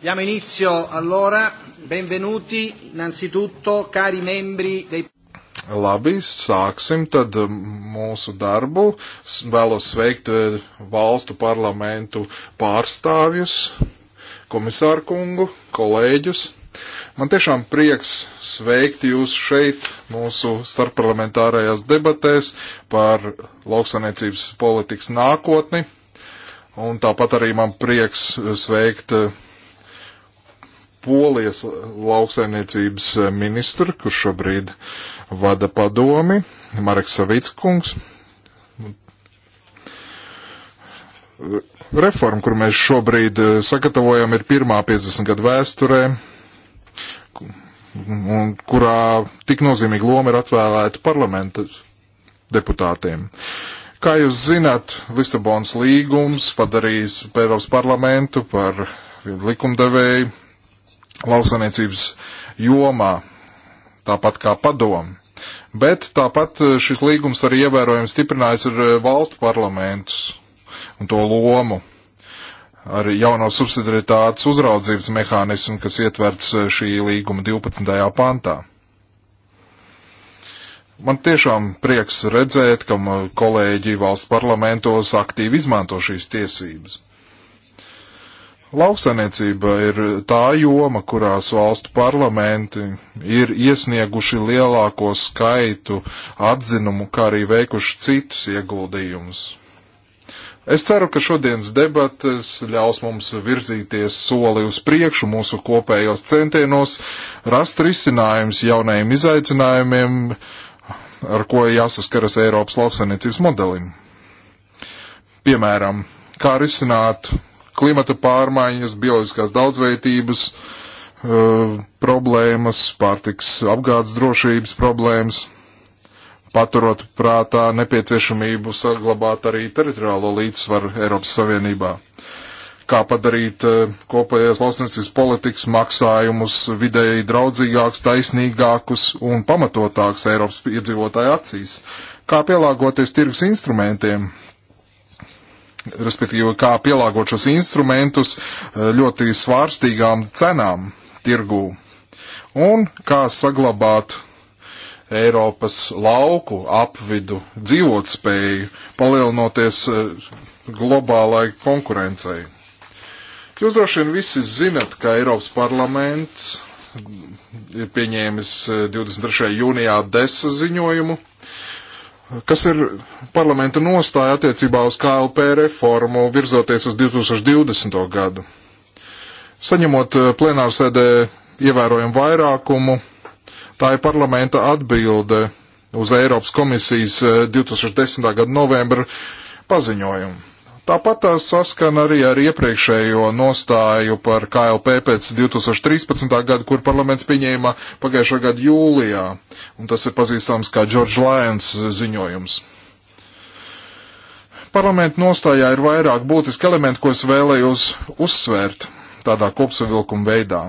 Diamo inizio allora, benvenuti innanzitutto cari membri dei. Labi, sāksim tad mūsu darbu. Vēlos sveikt e, valstu parlamentu pārstāvjus, komisāru kungu, kolēģus. Man tiešām prieks sveikt jūs šeit mūsu starpparlamentārajās debatēs par lauksaniecības politikas nākotni. Un tāpat arī man prieks e, sveikt uh, polijas lauksainiecības eh, ministru, kurš šobrīd vada padomi, Mareks Savickungs. Reforma, kur mēs šobrīd eh, sagatavojam, ir pirmā 50 gadu vēsturē, un kurā tik nozīmīga loma ir atvēlēta parlamenta deputātiem. Kā jūs zināt, Lisabonas līgums padarīs Eiropas parlamentu par likumdevēju lauksaniecības jomā, tāpat kā padomu. Bet tāpat eh, šis līgums arī ievērojami stiprinājis ar eh, valstu parlamentus un to lomu. Ar jauno subsidiaritātes uzraudzības mehānismu, kas ietverts eh, šī līguma 12. pantā. Man tiešām prieks redzēt, ka kolēģi valsts parlamentos aktīvi izmanto šīs tiesības. Lauksaimniecība ir tā joma, kurās valstu parlamenti ir iesnieguši lielāko skaitu atzinumu, kā arī veikuši citus ieguldījumus. Es ceru, ka šodienas debates ļaus mums virzīties soli uz priekšu mūsu kopējos centienos, rast risinājums jaunajiem izaicinājumiem, ar ko jāsaskaras Eiropas lauksaimniecības modelim. Piemēram, kā risināt klimata pārmaiņas, bioloģiskās daudzveidības uh, problēmas, pārtiks apgādes drošības problēmas, paturot prātā nepieciešamību saglabāt arī teritoriālo līdzsvaru Eiropas Savienībā. Kā padarīt uh, kopējās lauksaimniecības politikas maksājumus vidēji draudzīgākus, taisnīgākus un pamatotākus Eiropas iedzīvotāju acīs? Kā pielāgoties tirgus instrumentiem, respektīvi, kā pielāgot šos instrumentus eh, ļoti svārstīgām cenām tirgū un kā saglabāt Eiropas lauku apvidu dzīvotspēju, palielinoties eh, globālai konkurencei. Jūs droši vien visi zinat, ka Eiropas parlaments ir pieņēmis eh, 23. jūnijā desa ziņojumu, Kas ir parlamenta nostāja attiecībā uz KLP reformu virzoties uz 2020. gadu? Saņemot eh, plenārsēdē ievērojumu vairākumu, tā ir parlamenta atbilde uz Eiropas komisijas 2010. Eh, gada novembra paziņojumu. Tāpat tā saskana arī ar iepriekšējo nostāju par KLP pēc 2013. gada, kur parlaments pieņēma pagājušā gada jūlijā, un tas ir pazīstams kā George Lyons ziņojums. Parlamenta nostājā ir vairāk būtiski elementi, ko es vēlējos uzsvērt tādā kopsavilkuma veidā.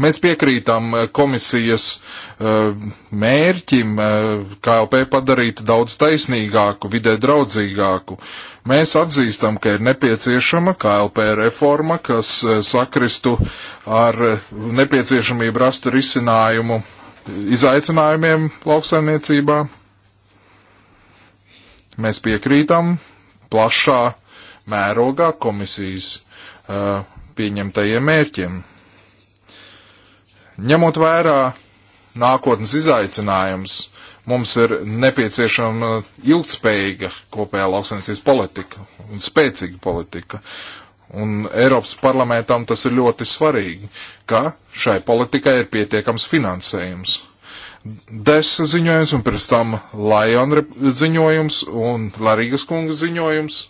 Mēs piekrītam eh, komisijas eh, mērķim eh, KLP padarīt daudz taisnīgāku, vidē draudzīgāku. Mēs atzīstam, ka ir nepieciešama KLP reforma, kas sakristu ar nepieciešamību rast risinājumu izaicinājumiem lauksaimniecībā. Mēs piekrītam plašā mērogā komisijas uh, pieņemtajiem mērķiem. Ņemot vērā nākotnes izaicinājums, mums ir nepieciešama ilgspējīga kopējā lauksaimniecības politika un spēcīga politika. Un Eiropas parlamentam tas ir ļoti svarīgi, ka šai politikai ir pietiekams finansējums. Desa ziņojums un pirms tam Lajona ziņojums un Larīgas kunga ziņojums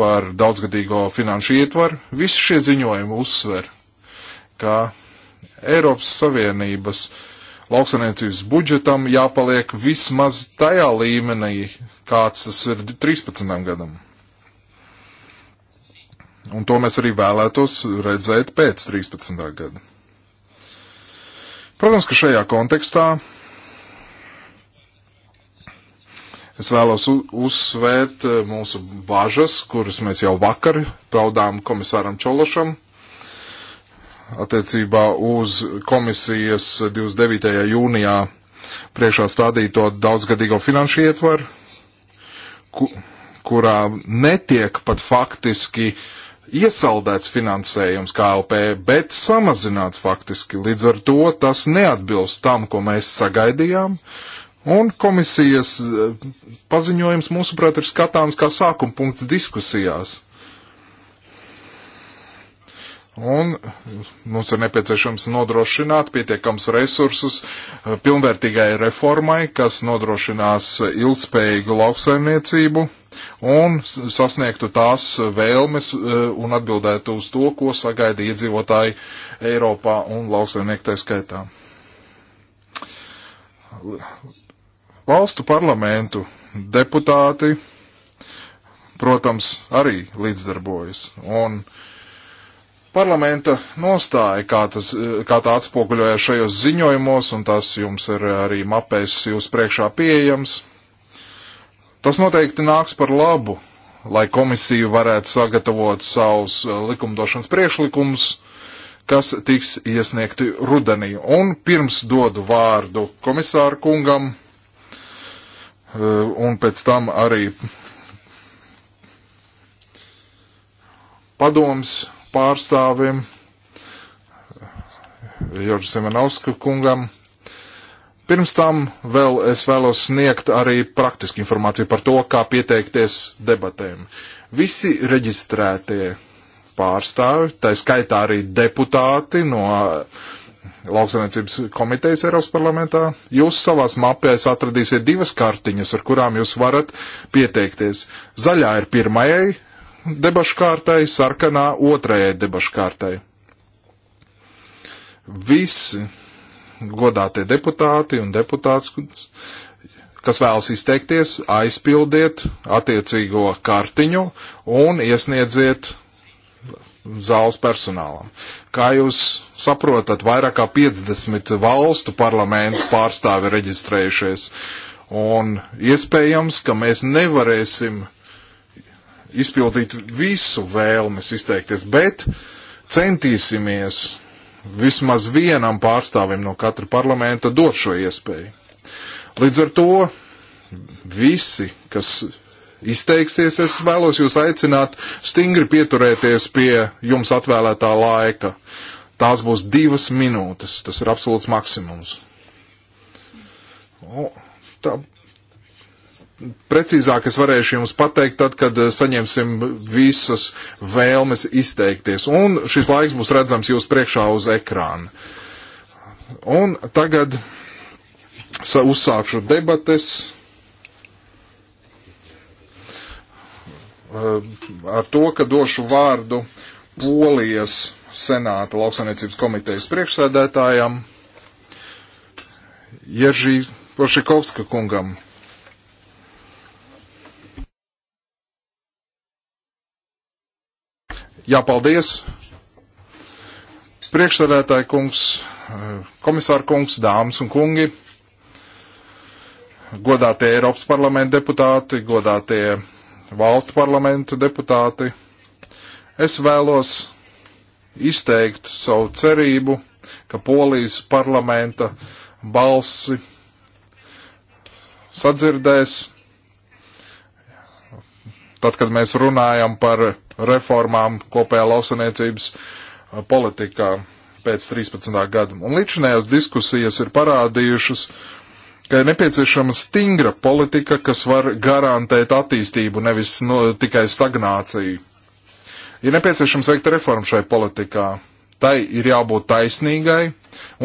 par daudzgadīgo finanšu ietvaru. Visi šie ziņojumi uzsver, ka Eiropas Savienības lauksaimniecības budžetam jāpaliek vismaz tajā līmenī, kāds tas ir 13. gadam. Un to mēs arī vēlētos redzēt pēc 13. gada. Protams, ka šajā kontekstā Es vēlos uzsvērt eh, mūsu bažas, kuras mēs jau vakar paudām komisāram Čološam attiecībā uz komisijas 29. jūnijā priekšā stādīto daudzgadīgo finanšu ietvaru, ku, kurā netiek pat faktiski iesaldēts finansējums KLP, bet samazināts faktiski. Līdz ar to tas neatbilst tam, ko mēs sagaidījām, Un komisijas eh, paziņojums, mūsuprāt, ir skatāms kā sākuma punkts diskusijās. Un mums ir nepieciešams nodrošināt pietiekams resursus eh, pilnvērtīgai reformai, kas nodrošinās ilgspējīgu lauksaimniecību un sasniegtu tās vēlmes eh, un atbildētu uz to, ko sagaida iedzīvotāji Eiropā un lauksaimnieku tā skaitā. Valstu parlamentu deputāti, protams, arī līdzdarbojas. Un, uh, Parlamenta nostāja, kā, tas, kā tā atspoguļoja šajos ziņojumos, un tas jums ir arī mapēs jūs priekšā pieejams, tas noteikti nāks par labu, lai komisija varētu sagatavot savus eh, likumdošanas priekšlikumus, kas tiks iesniegti rudenī. Un pirms dodu vārdu komisāru kungam, eh, un pēc tam arī padoms pārstāvim, Jorgu Semenovsku kungam. Pirms tam vēl es vēlos sniegt arī praktisku informāciju par to, kā pieteikties debatēm. Visi reģistrētie pārstāvi, tā skaitā arī deputāti no lauksaimniecības komitejas Eiropas parlamentā, jūs savās mapēs atradīsiet divas kartiņas, ar kurām jūs varat pieteikties. Zaļā ir pirmajai debašu kārtai, sarkanā otrajai debašu kārtai. Visi godātie deputāti un deputāts, kas vēlas izteikties, aizpildiet attiecīgo kartiņu un iesniedziet zāles personālam. Kā jūs saprotat, vairāk kā 50 valstu parlamentu pārstāvi reģistrējušies, un iespējams, ka mēs nevarēsim uh, izpildīt visu vēlmes izteikties, bet centīsimies vismaz vienam pārstāvim no katra parlamenta dot šo iespēju. Līdz ar to visi, kas izteiksies, es vēlos jūs aicināt stingri pieturēties pie jums atvēlētā laika. Tās būs divas minūtes, tas ir absolūts maksimums. O, tā, Precīzāk es varēšu jums pateikt tad, kad eh, saņemsim visas vēlmes izteikties. Un šis laiks būs redzams jūs priekšā uz ekrāna. Un tagad uzsākšu debates. Eh, ar to, ka došu vārdu Polijas senāta lauksaimniecības komitejas priekšsēdētājam Jeržī Pošikovska kungam. Jāpaldies. Priekšsēdētāji kungs, komisāra kungs, dāmas un kungi, godātie Eiropas parlamenta deputāti, godātie valstu parlamentu deputāti, es vēlos izteikt savu cerību, ka Polijas parlamenta balsi sadzirdēs, tad, kad mēs runājam par reformām kopējā lausaniecības uh, politikā pēc 13. gada. Un līdzinējās diskusijas ir parādījušas, ka ir nepieciešama stingra politika, kas var garantēt attīstību, nevis no, nu, tikai stagnāciju. Ir nepieciešams veikt reformu šai politikā. Tai ir jābūt taisnīgai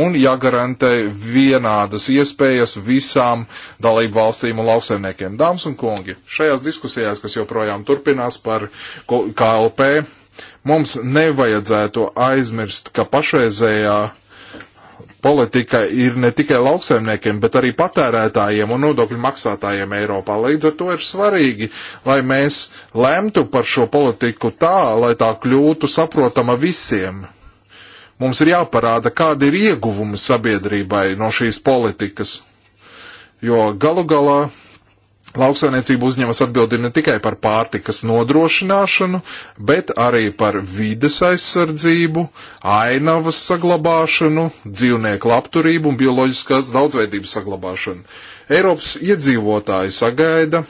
un jāgarantē vienādas iespējas visām dalību valstīm un lauksaimniekiem. Dāmas un kungi, šajās diskusijās, kas joprojām turpinās par KLP, mums nevajadzētu aizmirst, ka pašreizējā politika ir ne tikai lauksaimniekiem, bet arī patērētājiem un nodokļu maksātājiem Eiropā. Līdz ar to ir svarīgi, lai mēs lemtu par šo politiku tā, lai tā kļūtu saprotama visiem. Mums ir jāparāda, kāda ir ieguvumi sabiedrībai no šīs politikas, jo galu galā lauksainiecība uzņemas atbildību ne tikai par pārtikas nodrošināšanu, bet arī par vides aizsardzību, ainavas saglabāšanu, dzīvnieku labturību un bioloģiskās daudzveidības saglabāšanu. Eiropas iedzīvotāji sagaida,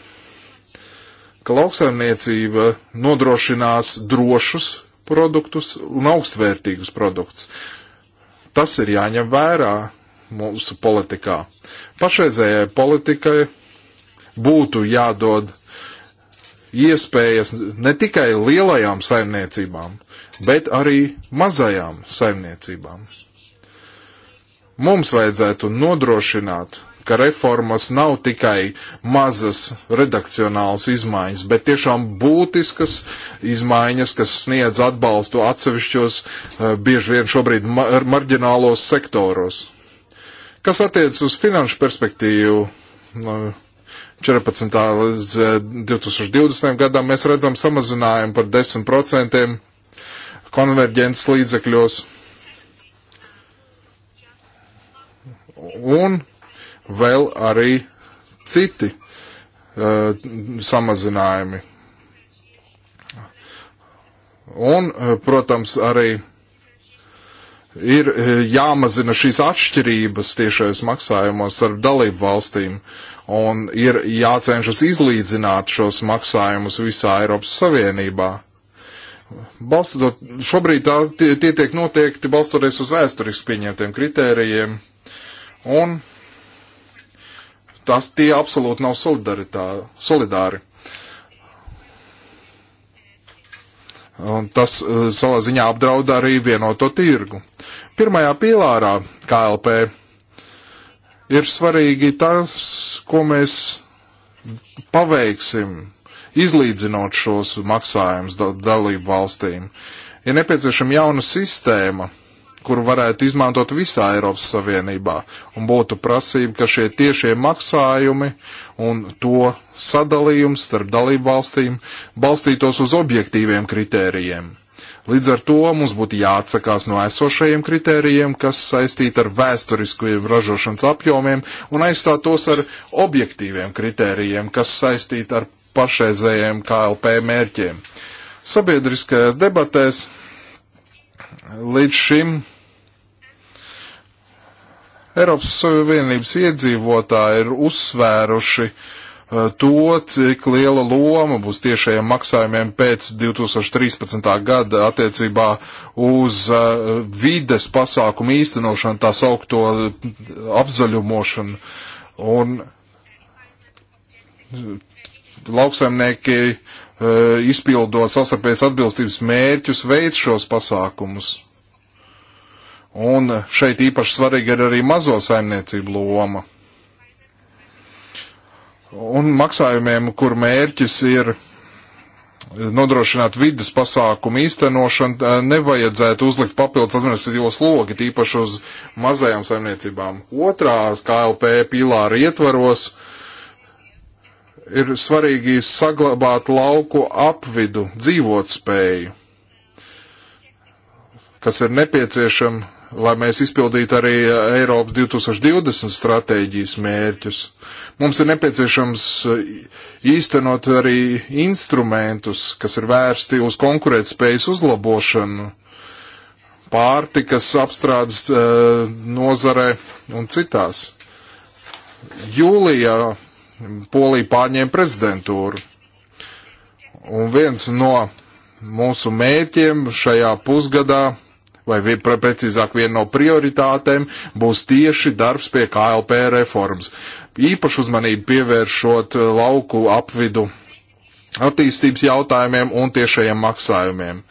ka lauksaimniecība nodrošinās drošus, produktus un augstvērtīgus produktus. Tas ir jāņem vērā mūsu politikā. Pašreizējai politikai būtu jādod iespējas ne tikai lielajām saimniecībām, bet arī mazajām saimniecībām. Mums vajadzētu nodrošināt, ka reformas nav tikai mazas redakcionālas izmaiņas, bet tiešām būtiskas izmaiņas, kas sniedz atbalstu atsevišķos, eh, bieži vien šobrīd mar marģinālos sektoros. Kas attiecas uz finanšu perspektīvu? 14. līdz 2020. Eh, gadam mēs redzam samazinājumu par 10% konverģences līdzekļos. Un vēl arī citi uh, samazinājumi. Un, eh, protams, arī ir eh, jāmazina šīs atšķirības tiešais maksājumos starp dalību valstīm, un ir jācenšas izlīdzināt šos maksājumus visā Eiropas Savienībā. Balstot, šobrīd tā, tie, tie tiek noteikti balstoties uz vēsturiski pieņemtiem kritērijiem, un tas tie absolūti nav solidāri. Un tas uh, savā ziņā apdraud arī vienoto tirgu. Pirmajā pīlārā KLP ir svarīgi tas, ko mēs paveiksim, izlīdzinot šos maksājumus dalību valstīm. Ir nepieciešama jauna sistēma, kuru varētu izmantot visā Eiropas Savienībā. Un būtu prasība, ka šie tiešie maksājumi un to sadalījums starp dalību valstīm balstītos uz objektīviem kritērijiem. Līdz ar to mums būtu jāatsakās no esošajiem kritērijiem, kas saistīti ar vēsturiskajiem ražošanas apjomiem, un aizstāt tos ar objektīviem kritērijiem, kas saistīti ar pašreizējiem KLP mērķiem. Sabiedriskajās debatēs līdz šim Eiropas Savienības iedzīvotāji ir uzsvēruši eh, to, cik liela loma būs tiešajiem maksājumiem pēc 2013. gada attiecībā uz eh, vides pasākumu īstenošanu, tā saukto eh, apzaļumošanu. Un lauksaimnieki izpildot sasarpējas atbilstības mērķus, veids šos pasākumus. Un šeit īpaši svarīga ir arī mazo saimniecību loma. Un maksājumiem, kur mērķis ir nodrošināt vidas pasākumu īstenošanu, eh, nevajadzētu uzlikt papildus administratīvo slogi, tīpaši uz mazajām saimniecībām. Otrā KLP pīlāra ietvaros ir svarīgi saglabāt lauku apvidu dzīvotspēju, kas ir nepieciešama lai mēs izpildītu arī eh, Eiropas 2020 stratēģijas mērķus. Mums ir nepieciešams eh, īstenot arī instrumentus, kas ir vērsti uz konkurētspējas uzlabošanu pārtikas apstrādes eh, nozarē un citās. Jūlijā Polija pārņēma prezidentūru. Un viens no mūsu mērķiem šajā pusgadā vai precīzāk viena no prioritātēm būs tieši darbs pie KLP reformas. Īpašu uzmanību pievēršot eh, lauku apvidu attīstības jautājumiem un tiešajiem maksājumiem.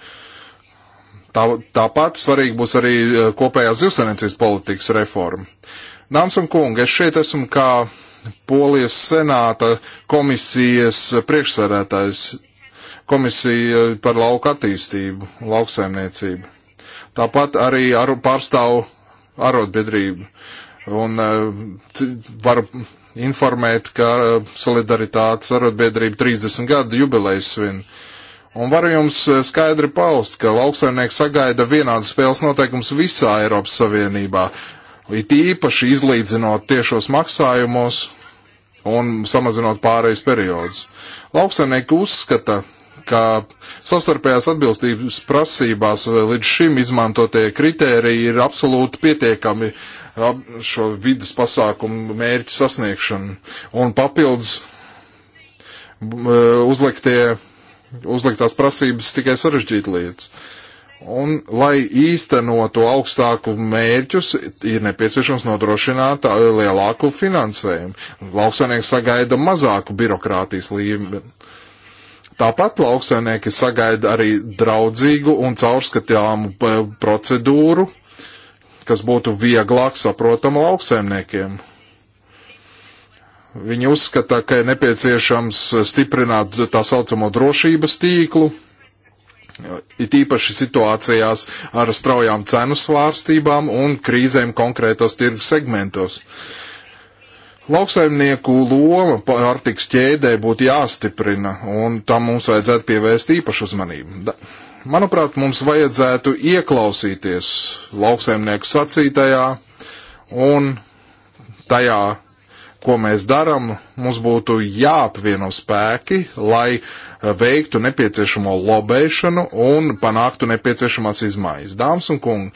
Tā, tāpat svarīgi būs arī eh, kopējās zivsainiecības politikas reforma. Dāmas un kungi, es šeit esmu kā Polijas senāta komisijas priekšsarētājs komisija par lauka attīstību, lauksaimniecību. Tāpat arī ar, pārstāv arotbiedrību. Un e, var informēt, ka e, solidaritātes arotbiedrība 30 gadu jubilejas svin. Un varu jums e, skaidri paust, ka lauksaimnieks sagaida vienādas spēles noteikums visā Eiropas Savienībā, it īpaši izlīdzinot tiešos maksājumos un samazinot pārejas periodus. Lauksaimnieki uzskata, ka savstarpējās atbilstības prasībās līdz šim izmantotie kritēriji ir absolūti pietiekami šo vidas pasākumu mērķu sasniegšanu. Un papildus e, uzliktie, uzliktās prasības tikai sarežģīt lietas. Un, lai īstenotu augstāku mērķus, ir nepieciešams nodrošināt e, lielāku finansējumu. Lauksainieks sagaida mazāku birokrātijas līmeni. Tāpat lauksainieki sagaida arī draudzīgu un caurskatāmu eh, procedūru, kas būtu vieglāk saprotama lauksaimniekiem. Viņi uzskata, ka ir nepieciešams stiprināt tā saucamo drošības tīklu, it īpaši situācijās ar straujām cenu svārstībām un krīzēm konkrētos tirgus segmentos. Uh, Lauksaimnieku loma pārtiks ķēdē būtu jāstiprina, un tam mums vajadzētu pievērst īpašu uzmanību. Da. Manuprāt, mums vajadzētu ieklausīties lauksaimnieku sacītajā un tajā, ko mēs darām, mums būtu jāapvieno spēki, lai eh, veiktu nepieciešamo lobēšanu un panāktu nepieciešamās izmaiņas. Dāmas un kungi,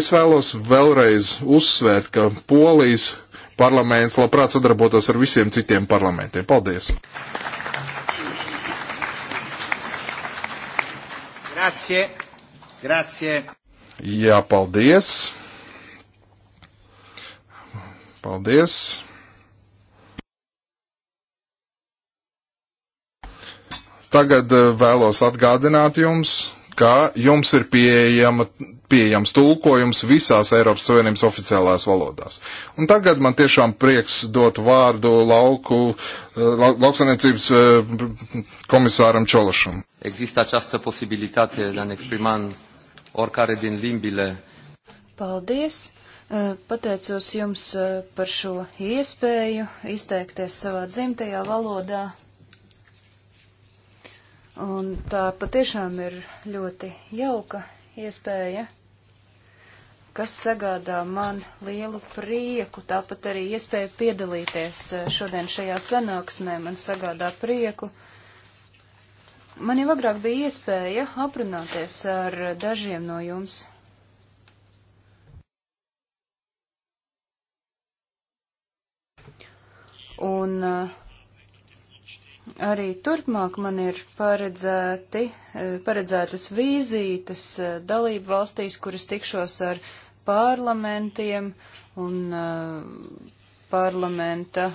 es vēlos vēlreiz uzsvērt, ka polijas parlaments labprāt sadarbotos ar visiem citiem parlamentiem. Paldies! Grazie. Grazie. Jā, paldies. Paldies. Tagad eh, vēlos atgādināt jums, ka jums ir pieejama pieejams tulkojums visās Eiropas Savienības oficiālās valodās. Un tagad man tiešām prieks dot vārdu lauku, eh, la, lauksaniecības eh, komisāram Čološam. Există această posibilitate de a ne exprima în oricare din limbile. Paldies! Eh, pateicos jums par šo iespēju izteikties savā dzimtajā valodā. Un tā patiešām ir ļoti jauka iespēja kas sagādā man lielu prieku, tāpat arī iespēja piedalīties eh, šodien šajā sanāksmē, man sagādā prieku. Man jau agrāk bija iespēja aprunāties ar dažiem no jums. Un uh, arī turpmāk man ir paredzēti, eh, paredzētas vīzītes dalību valstīs, kuras tikšos ar parlamentiem un uh, parlamenta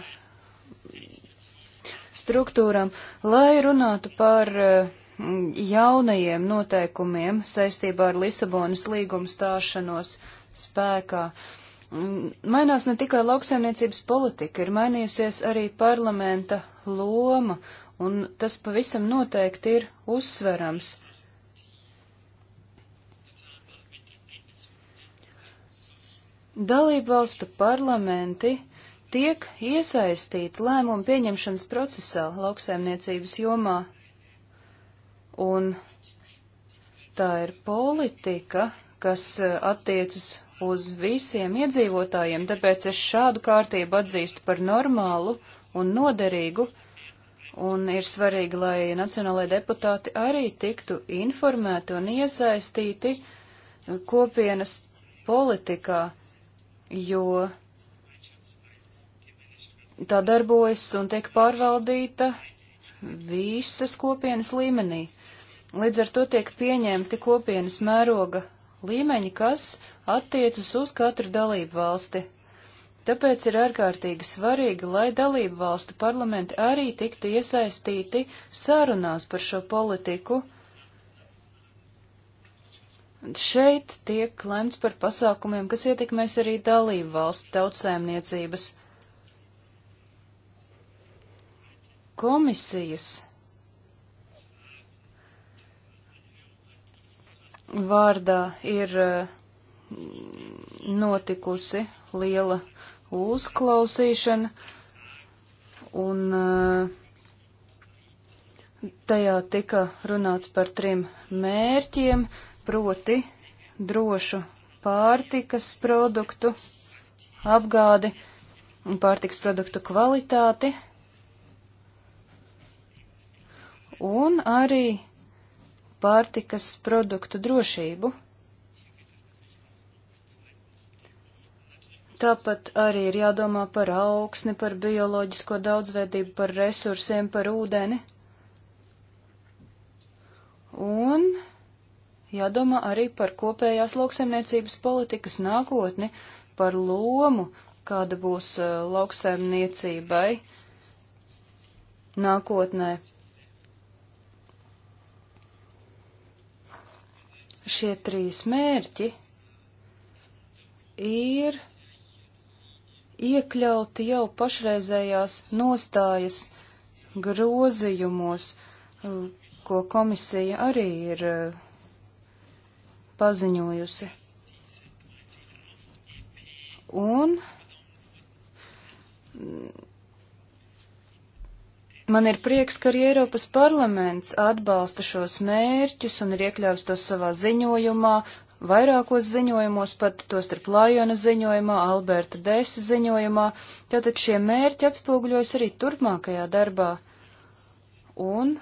struktūram, lai runātu par uh, jaunajiem noteikumiem saistībā ar Lisabonas līgumu stāšanos spēkā. Mm, mainās ne tikai lauksaimniecības politika, ir mainījusies arī parlamenta loma, un tas pavisam noteikti ir uzsverams. Uh, Dalībvalstu parlamenti tiek iesaistīti lēmumu pieņemšanas procesā lauksaimniecības jomā, un tā ir politika, kas e, attiecas uz visiem iedzīvotājiem, tāpēc es šādu kārtību atzīstu par normālu un noderīgu, un ir svarīgi, lai nacionālai deputāti arī tiktu informēti un iesaistīti e, kopienas politikā jo tā darbojas un tiek pārvaldīta visas kopienas līmenī. Līdz ar to tiek pieņemti kopienas mēroga līmeņi, kas attiecas uz katru dalību valsti. Tāpēc ir ārkārtīgi svarīgi, lai dalību valstu parlamenti arī tiktu iesaistīti sārunās par šo politiku, Šeit tiek lemts par pasākumiem, kas ietekmēs arī dalību valstu tautsēmniecības. Komisijas vārdā ir mm, notikusi liela uzklausīšana, un mm, tajā tika runāts par trim mērķiem proti drošu pārtikas produktu apgādi un pārtikas produktu kvalitāti un arī pārtikas produktu drošību. Tāpat arī ir jādomā par augsni, par bioloģisko daudzveidību, par resursiem, par ūdeni. Un jādomā arī par kopējās lauksaimniecības politikas nākotni, par lomu, kāda būs uh, lauksaimniecībai nākotnē. Šie trīs mērķi ir iekļauti jau pašreizējās nostājas grozījumos, uh, ko komisija arī ir uh, paziņojusi. Un man ir prieks, ka arī Eiropas parlaments atbalsta šos mērķus un ir iekļāvis tos savā ziņojumā, vairākos ziņojumos, pat tos starp Lajona ziņojumā, Alberta Dēsa ziņojumā, tātad šie mērķi atspoguļojas arī turpmākajā darbā. Un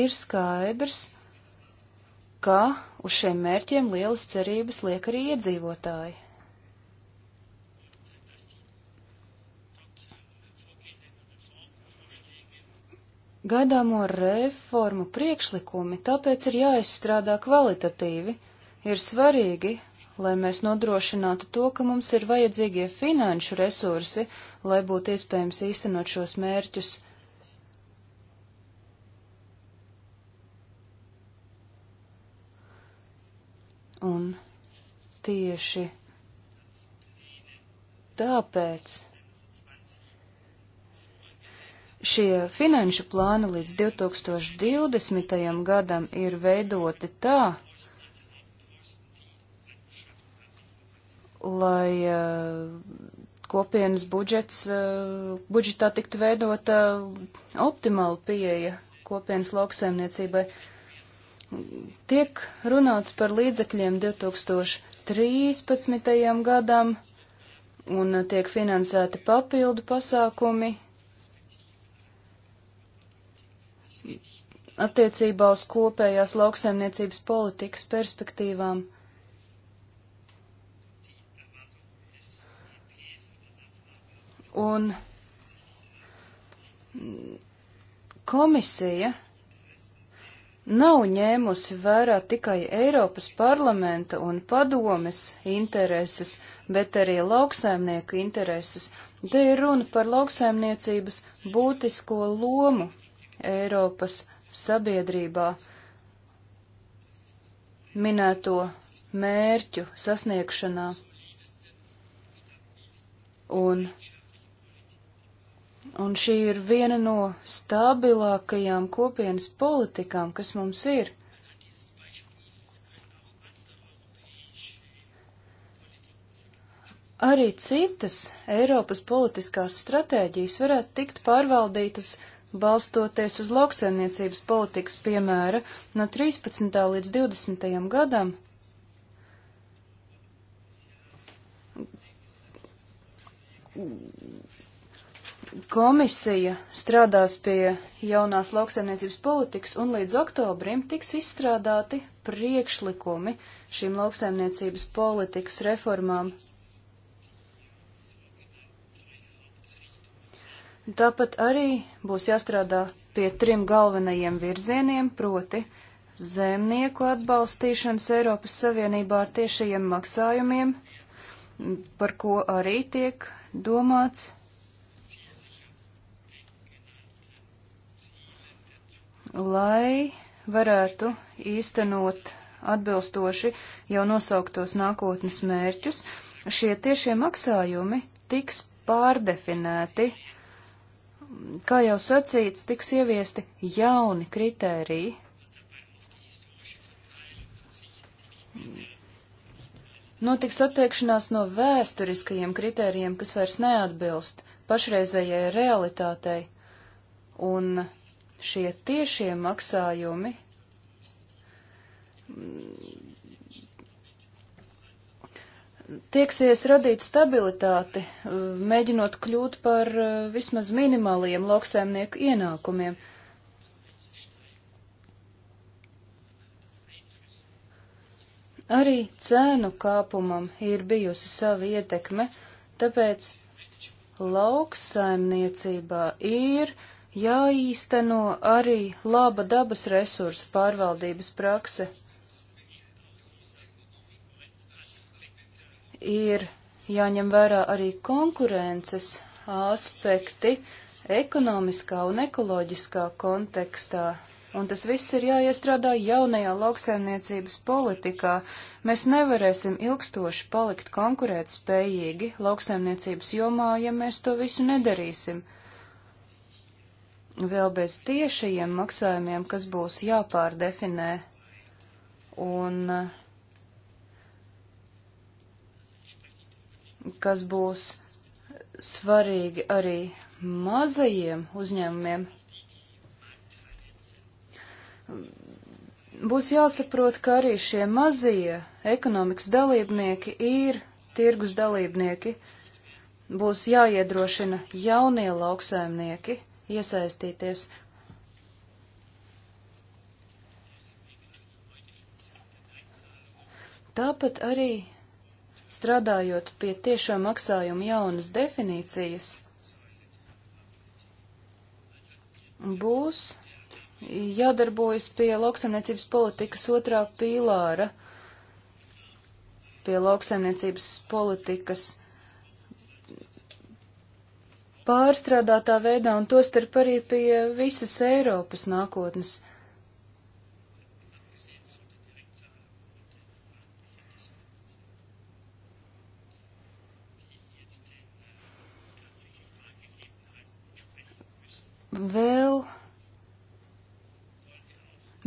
ir skaidrs, ka uz šiem mērķiem lielas cerības liek arī iedzīvotāji. Gaidāmo reformu priekšlikumi tāpēc ir jāizstrādā kvalitatīvi, ir svarīgi, lai mēs nodrošinātu to, ka mums ir vajadzīgie finanšu resursi, lai būtu iespējams īstenot šos mērķus. Tieši tāpēc šie finanšu plāni līdz 2020. gadam ir veidoti tā, lai uh, kopienas budžets, uh, budžetā tiktu veidota uh, optimāla pieeja kopienas lauksaimniecībai. Tiek runāts par līdzekļiem 2020. 2013. gadam un uh, tiek finansēti papildu pasākumi attiecībā uz kopējās lauksaimniecības politikas perspektīvām. Un mm, komisija nav ņēmusi vērā tikai Eiropas parlamenta un padomes intereses, bet arī lauksaimnieku intereses. Te ir runa par lauksaimniecības būtisko lomu Eiropas sabiedrībā minēto mērķu sasniegšanā. Un Un šī ir viena no stabilākajām kopienas politikām, kas mums ir. Arī citas Eiropas politiskās stratēģijas varētu tikt pārvaldītas balstoties uz lauksaimniecības politikas piemēra no 13. līdz 20. gadam. Komisija strādās pie jaunās lauksaimniecības politikas un līdz oktobrim tiks izstrādāti priekšlikumi šīm lauksaimniecības politikas reformām. Tāpat arī būs jāstrādā pie trim galvenajiem virzieniem, proti zemnieku atbalstīšanas Eiropas Savienībā ar tiešajiem maksājumiem, par ko arī tiek domāts lai varētu īstenot atbilstoši jau nosauktos nākotnes mērķus, šie tiešie maksājumi tiks pārdefinēti. Kā jau sacīts, tiks ieviesti jauni kritēriji. Notiks attiekšanās no vēsturiskajiem kritērijiem, kas vairs neatbilst pašreizējai realitātei, un šie tiešie maksājumi tieksies radīt stabilitāti, mēģinot kļūt par eh, vismaz minimāliem lauksēmnieku ienākumiem. Arī cēnu kāpumam ir bijusi sava ietekme, tāpēc lauksaimniecībā ir uh, jāīsteno arī laba dabas resursu pārvaldības prakse. Ir jāņem vērā arī konkurences aspekti ekonomiskā un ekoloģiskā kontekstā, un tas viss ir jāiestrādā jaunajā lauksaimniecības politikā. Mēs nevarēsim ilgstoši palikt konkurētspējīgi lauksaimniecības jomā, ja mēs to visu nedarīsim vēl bez tiešajiem maksājumiem, kas būs jāpārdefinē. Un eh, kas būs svarīgi arī mazajiem uzņēmumiem. Būs jāsaprot, ka arī šie mazie ekonomikas dalībnieki ir tirgus dalībnieki, būs jāiedrošina jaunie lauksaimnieki iesaistīties. Tāpat arī strādājot pie tiešā maksājuma jaunas definīcijas, būs jādarbojas pie lauksaimniecības politikas otrā pīlāra, pie lauksaimniecības politikas pārstrādātā veidā un tostarp arī pie visas Eiropas nākotnes. Vēl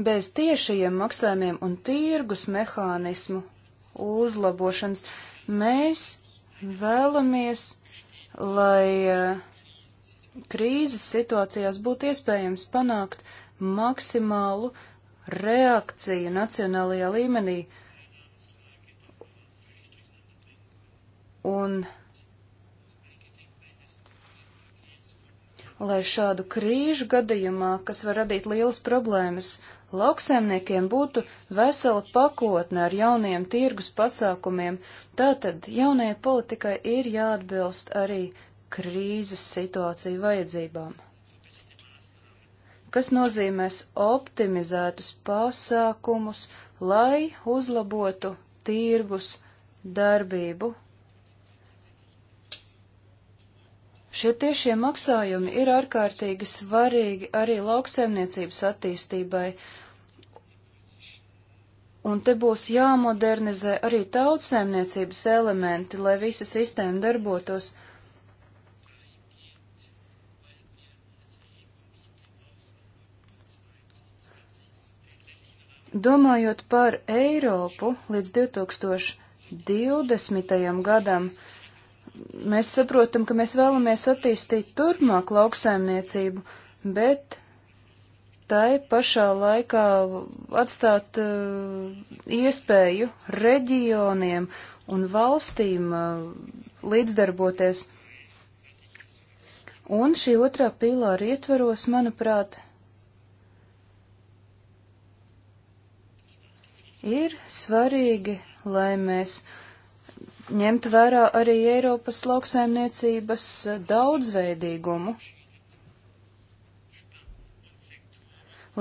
bez tiešajiem maksājumiem un tirgus mehānismu uzlabošanas mēs vēlamies, lai uh, krīzes situācijās būtu iespējams panākt maksimālu reakciju nacionālajā līmenī. Un, lai šādu krīžu gadījumā, kas var radīt lielas problēmas, Lauksaimniekiem būtu vesela pakotne ar jauniem tirgus pasākumiem, tātad jaunajai politikai ir jāatbilst arī krīzes situāciju vajadzībām. Kas nozīmēs optimizētus pasākumus, lai uzlabotu tirgus darbību. Šie tiešie maksājumi ir ārkārtīgi svarīgi arī lauksaimniecības attīstībai, un te būs jāmodernizē arī tautsaimniecības elementi, lai visa sistēma darbotos Domājot par Eiropu līdz 2020. gadam, mēs saprotam, ka mēs vēlamies attīstīt turpmāk lauksaimniecību, bet tai pašā laikā atstāt uh, iespēju reģioniem un valstīm uh, līdzdarboties. Un šī otrā pīlāra ietvaros, manuprāt, Ir svarīgi, lai mēs ņemtu vērā arī Eiropas lauksaimniecības eh, daudzveidīgumu,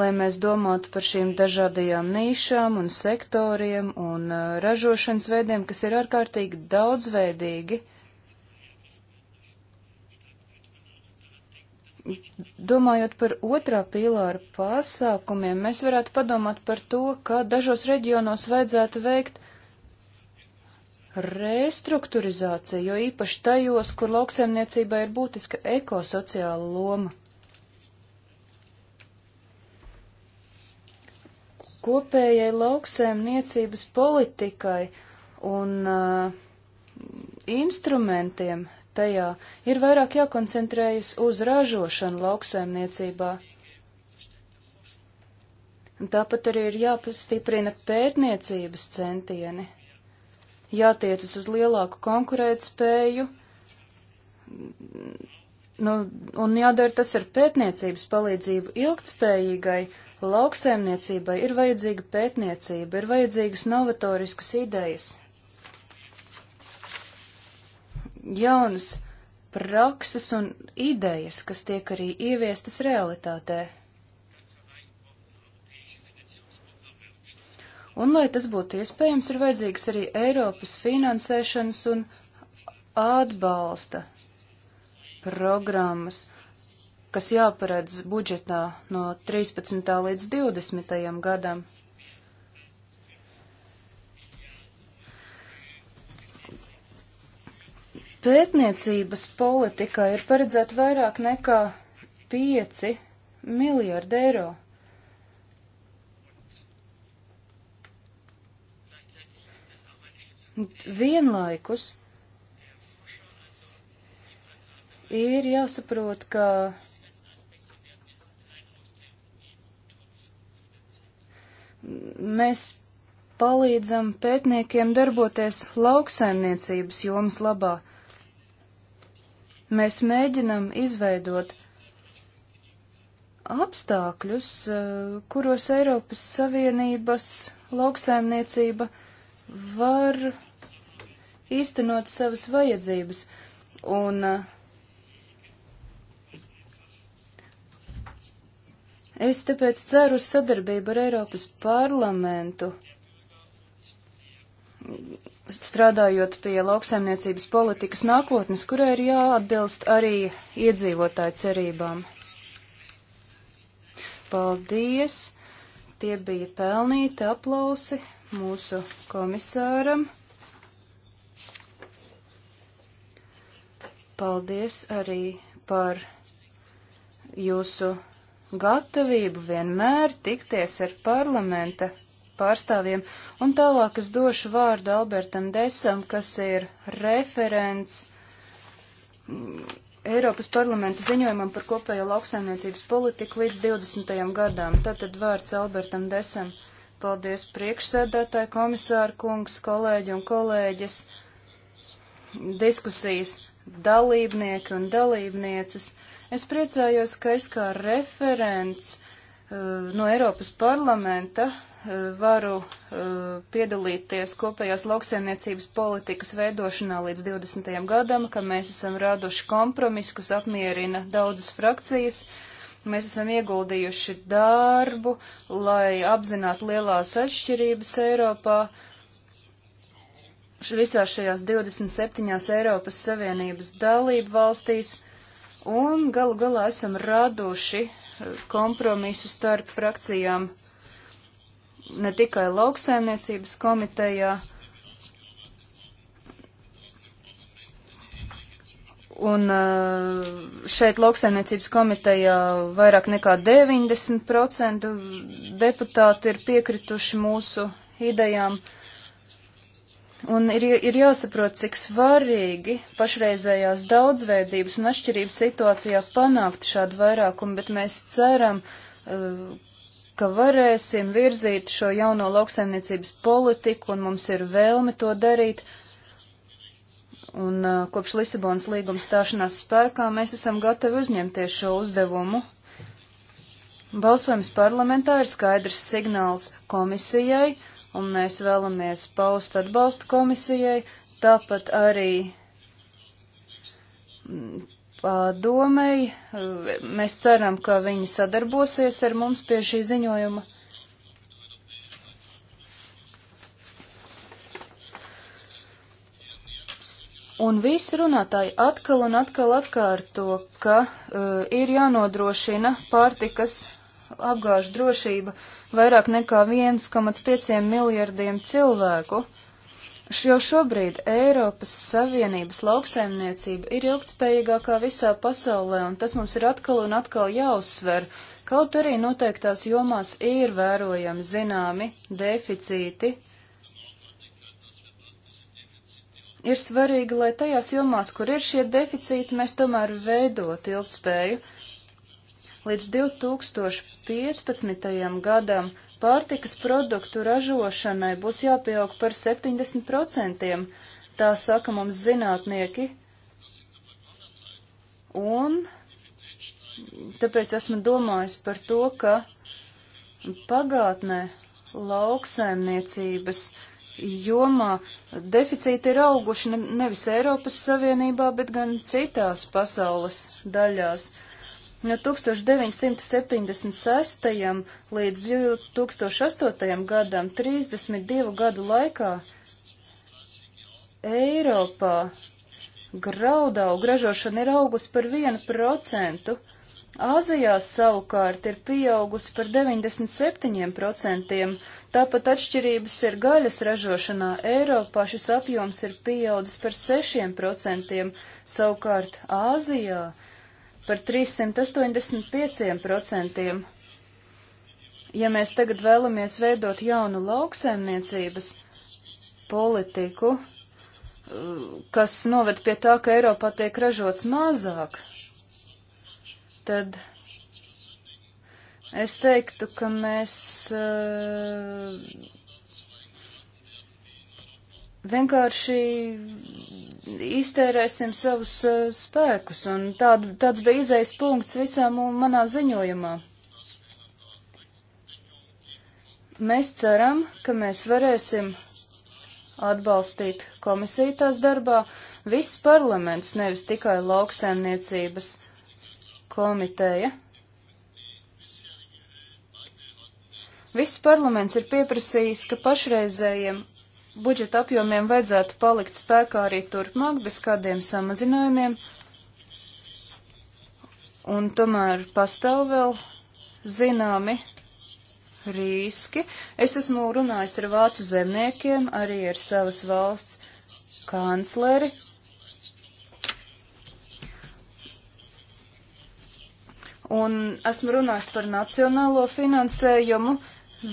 lai mēs domātu par šīm dažādajām nīšām un sektoriem un eh, ražošanas veidiem, kas ir ārkārtīgi daudzveidīgi. Domājot par otrā pīlāra pasākumiem, mēs varētu padomāt par to, ka dažos reģionos vajadzētu veikt restruktūrizāciju, jo īpaši tajos, kur lauksaimniecībai ir būtiska ekosociāla loma. Kopējai lauksaimniecības politikai un uh, instrumentiem tajā, ir vairāk jākoncentrējas uz ražošanu lauksaimniecībā. Tāpat arī ir jāpastiprina pētniecības centieni, jātiecas uz lielāku konkurētspēju, nu, un jādara tas ar pētniecības palīdzību ilgtspējīgai lauksaimniecībai, ir vajadzīga pētniecība, ir vajadzīgas novatoriskas idejas jaunas prakses un idejas, kas tiek arī ieviestas realitātē. Un, lai tas būtu iespējams, ir vajadzīgs arī Eiropas finansēšanas un atbalsta programmas, kas jāparedz budžetā no 13. līdz 20. gadam. Pētniecības politikā ir paredzēta vairāk nekā 5 miljardi eiro. Vienlaikus ir jāsaprot, ka mēs palīdzam pētniekiem darboties lauksaimniecības jomas labā. Mēs mēģinam izveidot apstākļus, eh, kuros Eiropas Savienības lauksaimniecība var īstenot savas vajadzības. Un eh, es tāpēc ceru uz sadarbību ar Eiropas parlamentu strādājot pie lauksaimniecības politikas nākotnes, kurai ir jāatbilst arī iedzīvotāju cerībām. Paldies! Tie bija pelnīti aplausi mūsu komisāram. Paldies arī par jūsu gatavību vienmēr tikties ar parlamenta pārstāvjiem, un tālāk es došu vārdu Albertam Desam, kas ir referents mm, Eiropas parlamenta ziņojumam par kopējo lauksaimniecības politiku līdz 20. gadām. Tātad vārds Albertam Desam. Paldies priekšsēdētāji, komisāra kungs, kolēģi un kolēģis, diskusijas dalībnieki un dalībnieces. Es priecājos, ka es kā referents uh, no Eiropas parlamenta varu eh, piedalīties kopējās lauksaimniecības politikas veidošanā līdz 20. gadam, ka mēs esam raduši kompromisu, kas apmierina daudzas frakcijas. Mēs esam ieguldījuši darbu, lai apzinātu lielās atšķirības Eiropā. Visās šajās 27 Eiropas Savienības dalību valstīs un galu galā esam raduši eh, kompromisu starp frakcijām ne tikai lauksaimniecības komitejā. Un uh, šeit lauksaimniecības komitejā vairāk nekā 90% deputāti ir piekrituši mūsu idejām. Un ir, ir jāsaprot, cik svarīgi pašreizējās daudzveidības un atšķirības situācijā panākt šādu vairākumu, bet mēs ceram, uh, ka varēsim virzīt šo jauno lauksaimniecības politiku, un mums ir vēlme to darīt. Un uh, kopš Lisabonas līguma stāšanās spēkā mēs esam gatavi uzņemties šo uzdevumu. Balsojums parlamentā ir skaidrs signāls komisijai, un mēs vēlamies paust atbalstu komisijai, tāpat arī mm, padomēji. Mēs ceram, ka viņi sadarbosies ar mums pie šī ziņojuma. Un visi runātāji atkal un atkal atkārto, ka uh, ir jānodrošina pārtikas apgāžu drošība vairāk nekā 1,5 miljardiem cilvēku. Uh, Jo šobrīd Eiropas Savienības lauksaimniecība ir ilgtspējīgākā visā pasaulē, un tas mums ir atkal un atkal jāuzsver, kaut arī noteiktās jomās ir vērojami zināmi deficīti. Ir svarīgi, lai tajās jomās, kur ir šie deficīti, mēs tomēr veidot ilgtspēju. Līdz 2015. gadam Pārtikas produktu ražošanai būs jāpieaug par 70%, tā saka mums zinātnieki. Un tāpēc esmu domājis par to, ka pagātnē lauksaimniecības jomā deficīti ir auguši nevis Eiropas Savienībā, bet gan citās pasaules daļās. No 1976. līdz 2008. gadam, 32 gadu laikā, Eiropā graudaugu gražošana ir augusi par 1%, Āzijā savukārt ir pieaugusi par 97%, tāpat atšķirības ir gaļas ražošanā, Eiropā šis apjoms ir pieaudzis par 6%, savukārt Āzijā par 385%. Ja mēs tagad vēlamies veidot jaunu lauksaimniecības politiku, kas noved pie tā, ka Eiropā tiek ražots mazāk, tad es teiktu, ka mēs uh, vienkārši iztērēsim savus uh, spēkus, un tād, tāds bija izējas punkts visā manā ziņojumā. Mēs ceram, ka mēs varēsim atbalstīt komisiju tās darbā, viss parlaments, nevis tikai lauksēmniecības komiteja. Viss parlaments ir pieprasījis, ka pašreizējiem budžeta apjomiem vajadzētu palikt spēkā arī turpmāk bez kādiem samazinājumiem, un tomēr pastāv vēl zināmi riski. Es esmu runājis ar vācu zemniekiem, arī ar savas valsts kancleri. Un esmu runājis par nacionālo finansējumu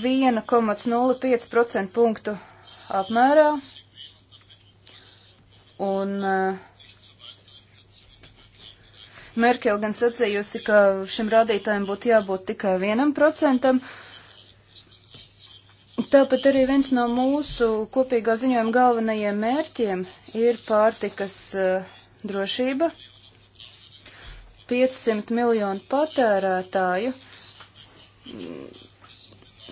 1,05% punktu apmērā. Un eh, Merkel gan sacījusi, ka šim rādītājam būtu jābūt tikai vienam procentam. Tāpat arī viens no mūsu kopīgā ziņojuma galvenajiem mērķiem ir pārtikas eh, drošība. 500 miljonu patērētāju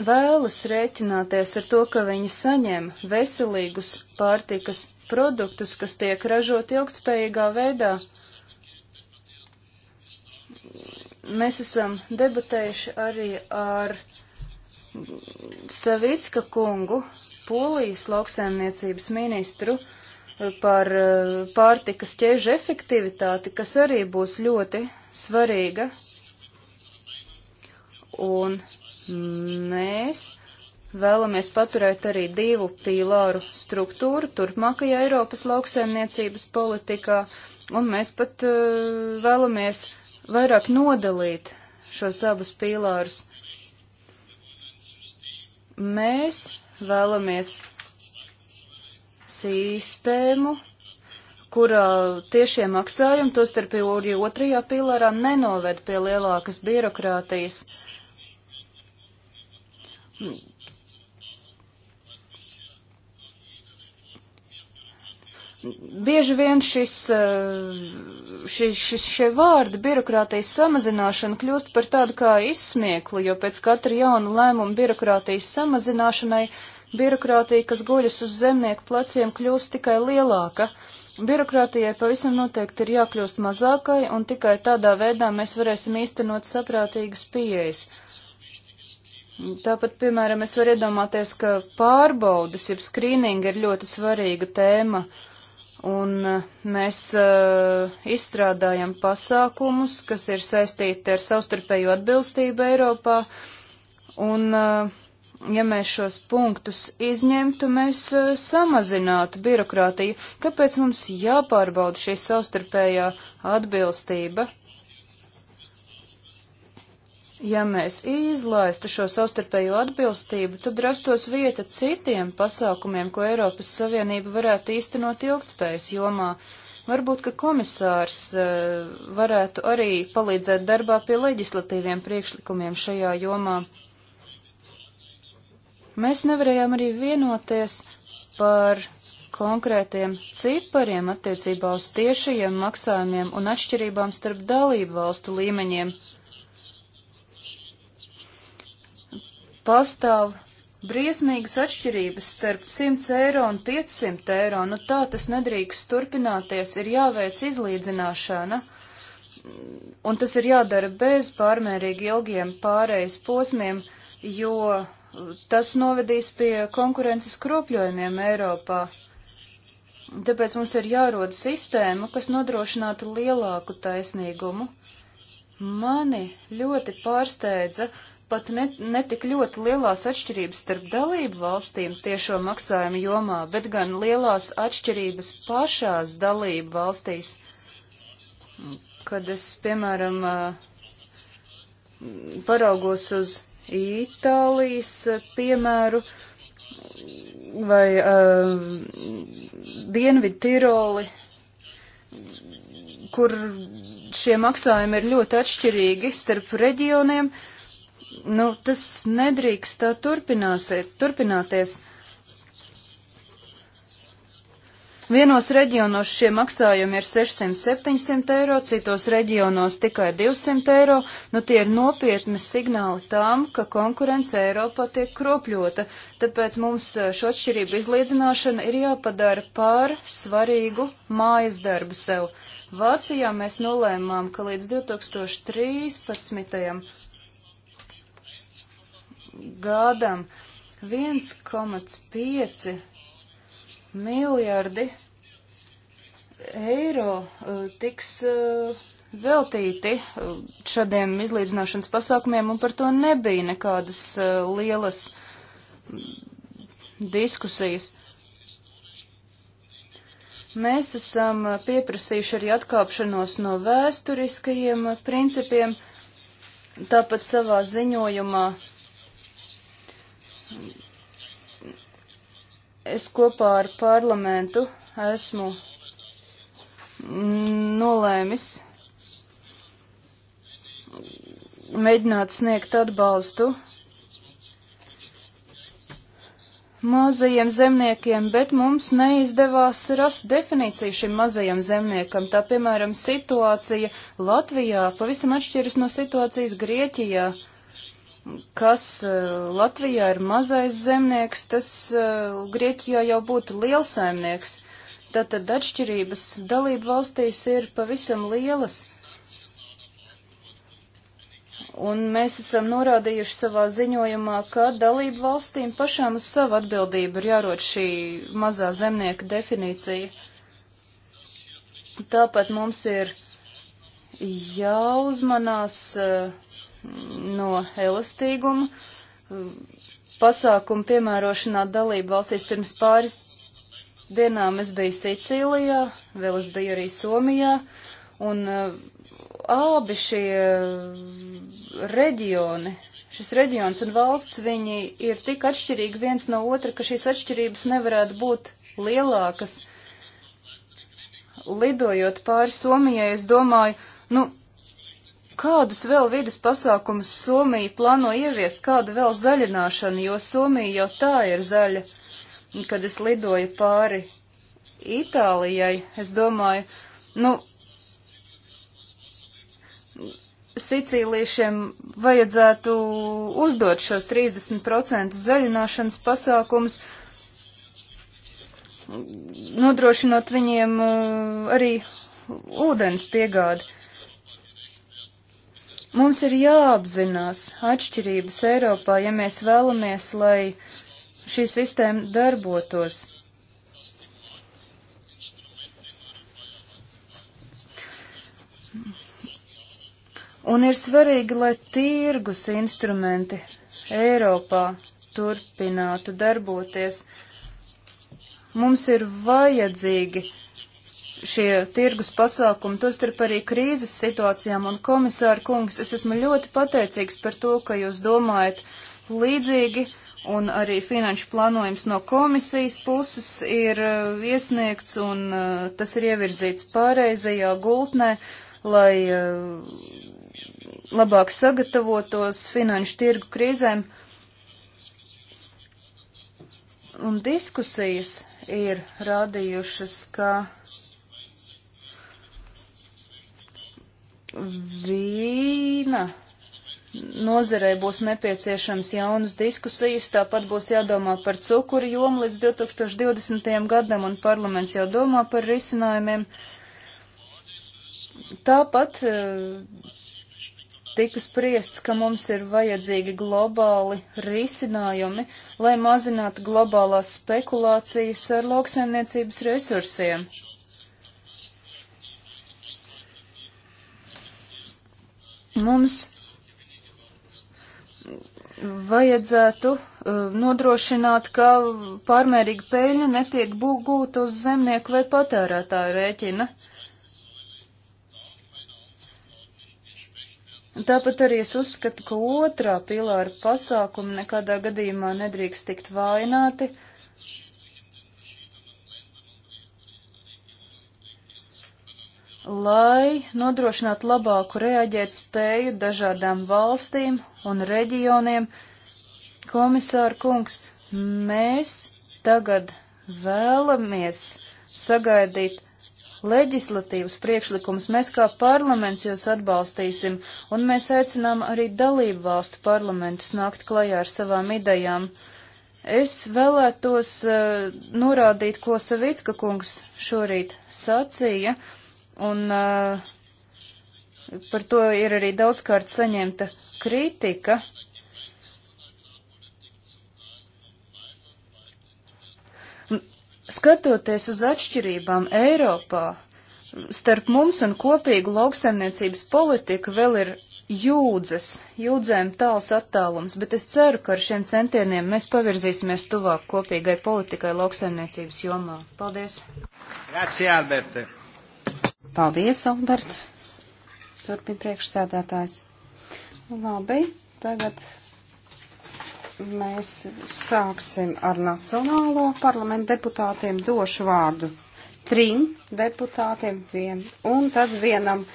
vēlas rēķināties ar to, ka viņi saņem veselīgus pārtikas produktus, kas tiek ražot ilgtspējīgā veidā. Mēs esam debatējuši arī ar Savicka kungu, Polijas lauksēmniecības ministru, par eh, pārtikas ķēžu efektivitāti, kas arī būs ļoti svarīga. Un Mēs vēlamies paturēt arī divu pīlāru struktūru turpmākajā Eiropas lauksaimniecības politikā, un mēs pat uh, vēlamies vairāk nodalīt šos abus pīlārus. Mēs vēlamies sistēmu, kurā tiešie maksājumi, tostarp arī otrajā pīlārā, nenoved pie lielākas birokrātijas. Uh, Hmm. Bieži vien šis, eh, šis, šis, šie vārdi birokrātijas samazināšana kļūst par tādu kā izsmieklu, jo pēc katra jauna lēmuma birokrātijas samazināšanai birokrātija, kas guļas uz zemnieku pleciem, kļūst tikai lielāka. Birokrātijai pavisam noteikti ir jākļūst mazākai, un tikai tādā veidā mēs varēsim īstenot saprātīgas pieejas. Tāpat, piemēram, es varu iedomāties, ka pārbaudas, jeb skrīninga ir ļoti svarīga tēma, un eh, mēs uh, izstrādājam pasākumus, kas ir saistīti ar savstarpēju atbilstību Eiropā, un, uh, ja mēs šos punktus izņemtu, mēs uh, samazinātu birokrātiju. Kāpēc mums jāpārbauda šī savstarpējā atbilstība? Ja mēs izlaistu šo savstarpējo atbilstību, tad rastos vieta citiem pasākumiem, ko Eiropas Savienība varētu īstenot ilgtspējas jomā. Varbūt, ka komisārs uh, varētu arī palīdzēt darbā pie leģislatīviem priekšlikumiem šajā jomā. Mēs nevarējām arī vienoties par konkrētiem cipariem attiecībā uz tiešajiem maksājumiem un atšķirībām starp dalību valstu līmeņiem. pastāv briesmīgas atšķirības starp 100 eiro un 500 eiro, nu tā tas nedrīkst turpināties, ir jāveic izlīdzināšana, un tas ir jādara bez pārmērīgi ilgiem pārejas posmiem, jo tas novedīs pie konkurences kropļojumiem Eiropā. Tāpēc mums ir jārod sistēma, kas nodrošinātu lielāku taisnīgumu. Mani ļoti pārsteidza, pat ne, netik ļoti lielās atšķirības starp dalību valstīm tiešo maksājumu jomā, bet gan lielās atšķirības pašās dalību valstīs. Kad es, piemēram, paraugos uz Itālijas piemēru vai uh, Dienvidu Tiroli, kur šie maksājumi ir ļoti atšķirīgi starp reģioniem, uh, nu, tas nedrīkst uh, tā turpināties. Vienos reģionos šie maksājumi ir 600-700 eiro, citos reģionos tikai 200 eiro. Nu, tie ir nopietni signāli tām, ka konkurence Eiropā tiek kropļota. Tāpēc mums uh, šo atšķirību izlīdzināšana ir jāpadara pār svarīgu mājas darbu sev. Vācijā mēs nolēmām, ka līdz 2013 gadam 1,5 miljardi eiro e, tiks e, veltīti e, šādiem izlīdzināšanas pasākumiem, un par to nebija nekādas lielas diskusijas. Mēs esam pieprasījuši arī atkāpšanos no vēsturiskajiem principiem, tāpat savā ziņojumā Es kopā ar parlamentu esmu nolēmis mēģināt sniegt atbalstu mazajiem zemniekiem, bet mums neizdevās rast definīciju šim mazajam zemniekam. Tā, piemēram, situācija Latvijā pavisam atšķiras no situācijas Grieķijā. Uh, kas eh, Latvijā ir mazais zemnieks, tas eh, Grieķijā jau būtu liels saimnieks. Tātad atšķirības dalību valstīs ir pavisam lielas. Un mēs esam norādījuši savā ziņojumā, ka dalību valstīm pašām uz savu atbildību ir jārot šī mazā zemnieka definīcija. Tāpat mums ir jāuzmanās uh, no elastīguma. Pasākumu piemērošanā dalību valstīs pirms pāris dienām es biju Sicīlijā, vēl es biju arī Somijā, un uh, abi šie uh, reģioni, šis reģions un valsts, viņi ir tik atšķirīgi viens no otra, ka šīs atšķirības nevarētu būt lielākas. Lidojot pāri Somijai, es domāju, nu, Kādus vēl vidas pasākumus Somija plāno ieviest, kādu vēl zaļināšanu, jo Somija jau tā ir zaļa. Kad es lidoju pāri Itālijai, es domāju, nu, sicīliešiem vajadzētu uzdot šos 30% zaļināšanas pasākumus, nodrošinot viņiem uh, arī ūdens piegādi. Mums ir jāapzinās atšķirības Eiropā, ja mēs vēlamies, lai šī sistēma darbotos. Un ir svarīgi, lai tirgus instrumenti Eiropā turpinātu darboties. Mums ir vajadzīgi šie tirgus pasākumi, tostarp arī krīzes situācijām, un komisāra kungs, es esmu ļoti pateicīgs par to, ka jūs domājat līdzīgi, un arī finanšu plānojums no komisijas puses ir uh, iesniegts, un uh, tas ir ievirzīts pārreizajā gultnē, lai uh, labāk sagatavotos finanšu tirgu krīzēm. Un diskusijas ir rādījušas, ka vīna nozarei būs nepieciešams jaunas diskusijas, tāpat būs jādomā par cukuru jomu līdz 2020. gadam, un parlaments jau domā par risinājumiem. Tāpat eh, tika spriests, ka mums ir vajadzīgi globāli risinājumi, lai mazinātu globālās spekulācijas ar lauksaimniecības resursiem. mums vajadzētu uh, nodrošināt, ka pārmērīga peļņa netiek gūta uz zemnieku vai patērētāju rēķina. Tāpat arī es uzskatu, ka otrā pilāra pasākumi nekādā gadījumā nedrīkst tikt vājināti, uh, lai nodrošinātu labāku reaģēt spēju dažādām valstīm un reģioniem. Komisāra kungs, mēs tagad vēlamies sagaidīt leģislatīvas priekšlikumus mēs kā parlaments jūs atbalstīsim, un mēs aicinām arī dalību valstu parlamentus nākt klajā ar savām idejām. Es vēlētos uh, norādīt, ko Savicka kungs šorīt sacīja, uh, Un uh, par to ir arī daudzkārt saņemta kritika. Skatoties uz atšķirībām Eiropā, starp mums un kopīgu lauksaimniecības politiku vēl ir jūdzes, jūdzēm tāls attālums, bet es ceru, ka ar šiem centieniem mēs pavirzīsimies tuvāk kopīgai politikai lauksaimniecības jomā. Paldies! Grazie, Alberte! Paldies, Albert. Turpin priekšsēdētājs. Labi, tagad mēs sāksim ar Nacionālo parlamentu deputātiem. Došu vārdu trim deputātiem vien, un tad vienam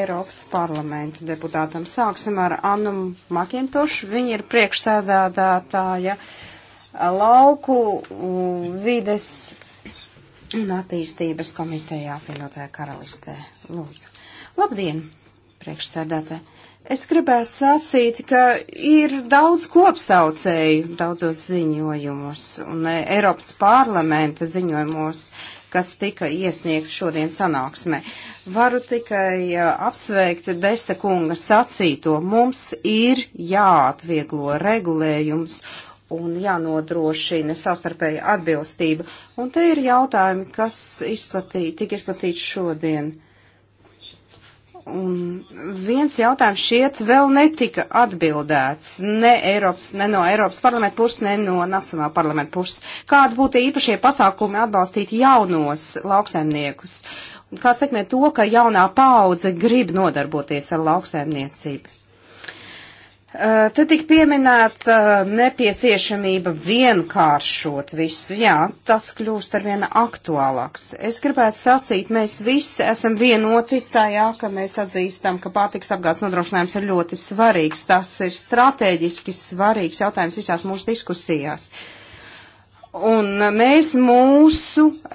Eiropas parlamentu deputātam. Sāksim ar Annu Makintošu. Viņa ir priekšsēdētāja lauku vides un attīstības komitejā apvienotajā karalistē. Lūdzu. Labdien, priekšsēdētāji. Es gribētu sacīt, ka ir daudz kopsaucēju daudzos ziņojumos un e, Eiropas parlamenta ziņojumos, kas tika iesniegts šodien sanāksmē. Varu tikai e, apsveikt Desta kunga sacīto. Mums ir jāatvieglo regulējums un jānodrošina savstarpēja atbilstība. Un te ir jautājumi, kas izplatī, tika izplatīti šodien. Un viens jautājums šiet vēl netika atbildēts ne, Eiropas, ne no Eiropas parlamenta puses, ne no Nacionāla parlamenta puses. Kādi būtu īpašie pasākumi atbalstīt jaunos lauksaimniekus? Kā sekmē to, ka jaunā paudze grib nodarboties ar lauksaimniecību? Eh, te tik pieminēta eh, nepieciešamība vienkāršot visu. Jā, tas kļūst ar viena aktuālāks. Es gribētu sacīt, mēs visi esam vienoti tajā, ka mēs atzīstam, ka pārtiks apgādes nodrošinājums ir ļoti svarīgs. Tas ir strateģiski svarīgs jautājums visās mūsu diskusijās. Un mēs mūsu uh,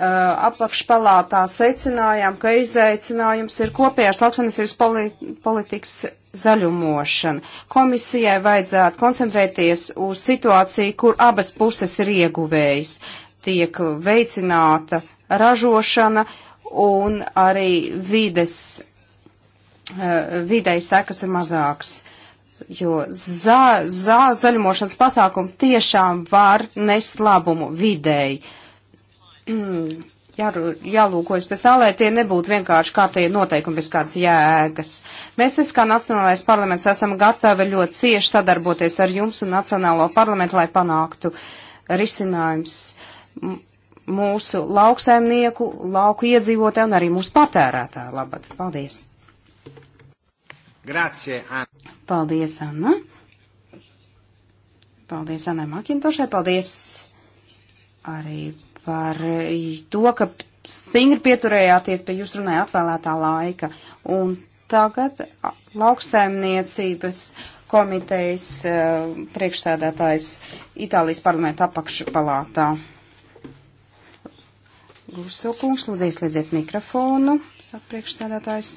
apakšpalātā secinājām, ka izaicinājums ir kopējās lauksanisības politi politikas zaļumošana. Komisijai vajadzētu koncentrēties uz situāciju, kur abas puses ir ieguvējis. Tiek veicināta ražošana un arī vides, eh, videi sekas ir mazāks. Jo za, za, zaļumošanas pasākumi tiešām var nest labumu videi mm jālūkojas pēc tā, lai tie nebūtu vienkārši kārtīgi noteikumi bez kādas jēgas. Mēs, es kā Nacionālais parlaments, esam gatavi ļoti cieši sadarboties ar jums un Nacionālo parlamentu, lai panāktu risinājums mūsu lauksaimnieku, lauku iedzīvotāju un arī mūsu patērētāju labad. Paldies! Grazie, Anna. Paldies, Anna. Paldies Anai Makintošai, paldies arī par eh, to, ka stingri pieturējāties pie jūs runāja atvēlētā laika. Un tagad lauksaimniecības komitejas eh, priekšsēdētājs Itālijas parlamenta apakšpalātā. Guso kungs, lūdzu, ieslēdziet mikrofonu, saka priekšsēdētājs.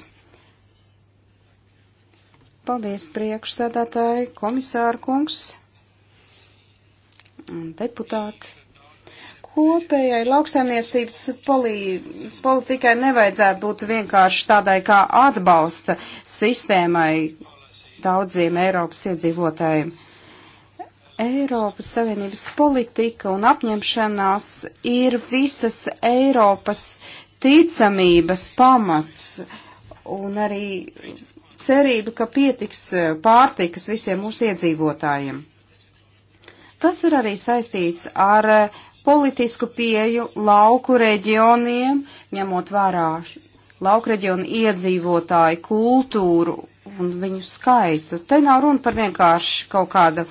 Paldies, priekšsēdētāji, komisāra kungs un deputāti. Kopējai lauksaimniecības politikai nevajadzētu būt vienkārši tādai kā atbalsta sistēmai daudziem Eiropas iedzīvotājiem. Eiropas Savienības politika un apņemšanās ir visas Eiropas ticamības pamats un arī cerība, ka pietiks pārtikas visiem mūsu iedzīvotājiem. Tas ir arī saistīts ar uh, politisku pieju lauku reģioniem, ņemot vērā lauku reģionu iedzīvotāju kultūru un viņu skaitu. Te nav runa par vienkārši kaut kādu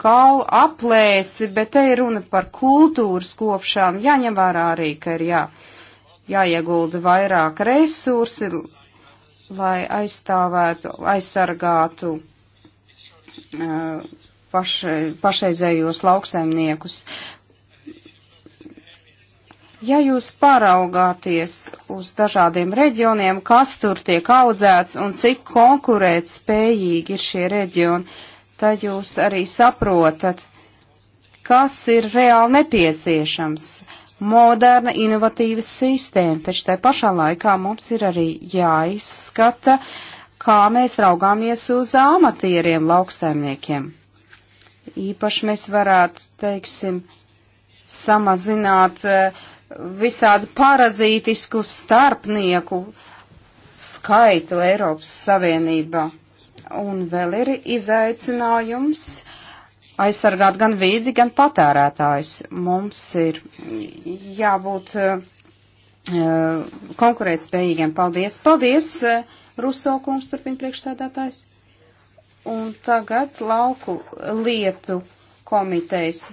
kalu aplēsi, bet te ir runa par kultūras kopšām. Jāņem vērā arī, ka ir jā, jāiegulda vairāk resursi, lai aizstāvētu, aizsargātu uh, pašai, pašreizējos lauksaimniekus. Ja jūs pāraugāties uz dažādiem reģioniem, kas tur tiek audzēts un cik konkurēt spējīgi ir šie reģioni, tad jūs arī saprotat, kas ir reāli nepieciešams. Moderna, inovatīva sistēma, taču tai pašā laikā mums ir arī jāizskata, kā mēs raugāmies uz amatieriem lauksaimniekiem. Īpaši mēs varētu, teiksim, samazināt uh, visādu parazītisku starpnieku skaitu Eiropas Savienībā. Un vēl ir izaicinājums aizsargāt gan vīdi, gan patērētājs. Mums ir jābūt uh, konkurētspējīgiem. Paldies! Paldies, uh, eh, Ruso kungs, turpina priekšsēdētājs. Un tagad lauku lietu komitejas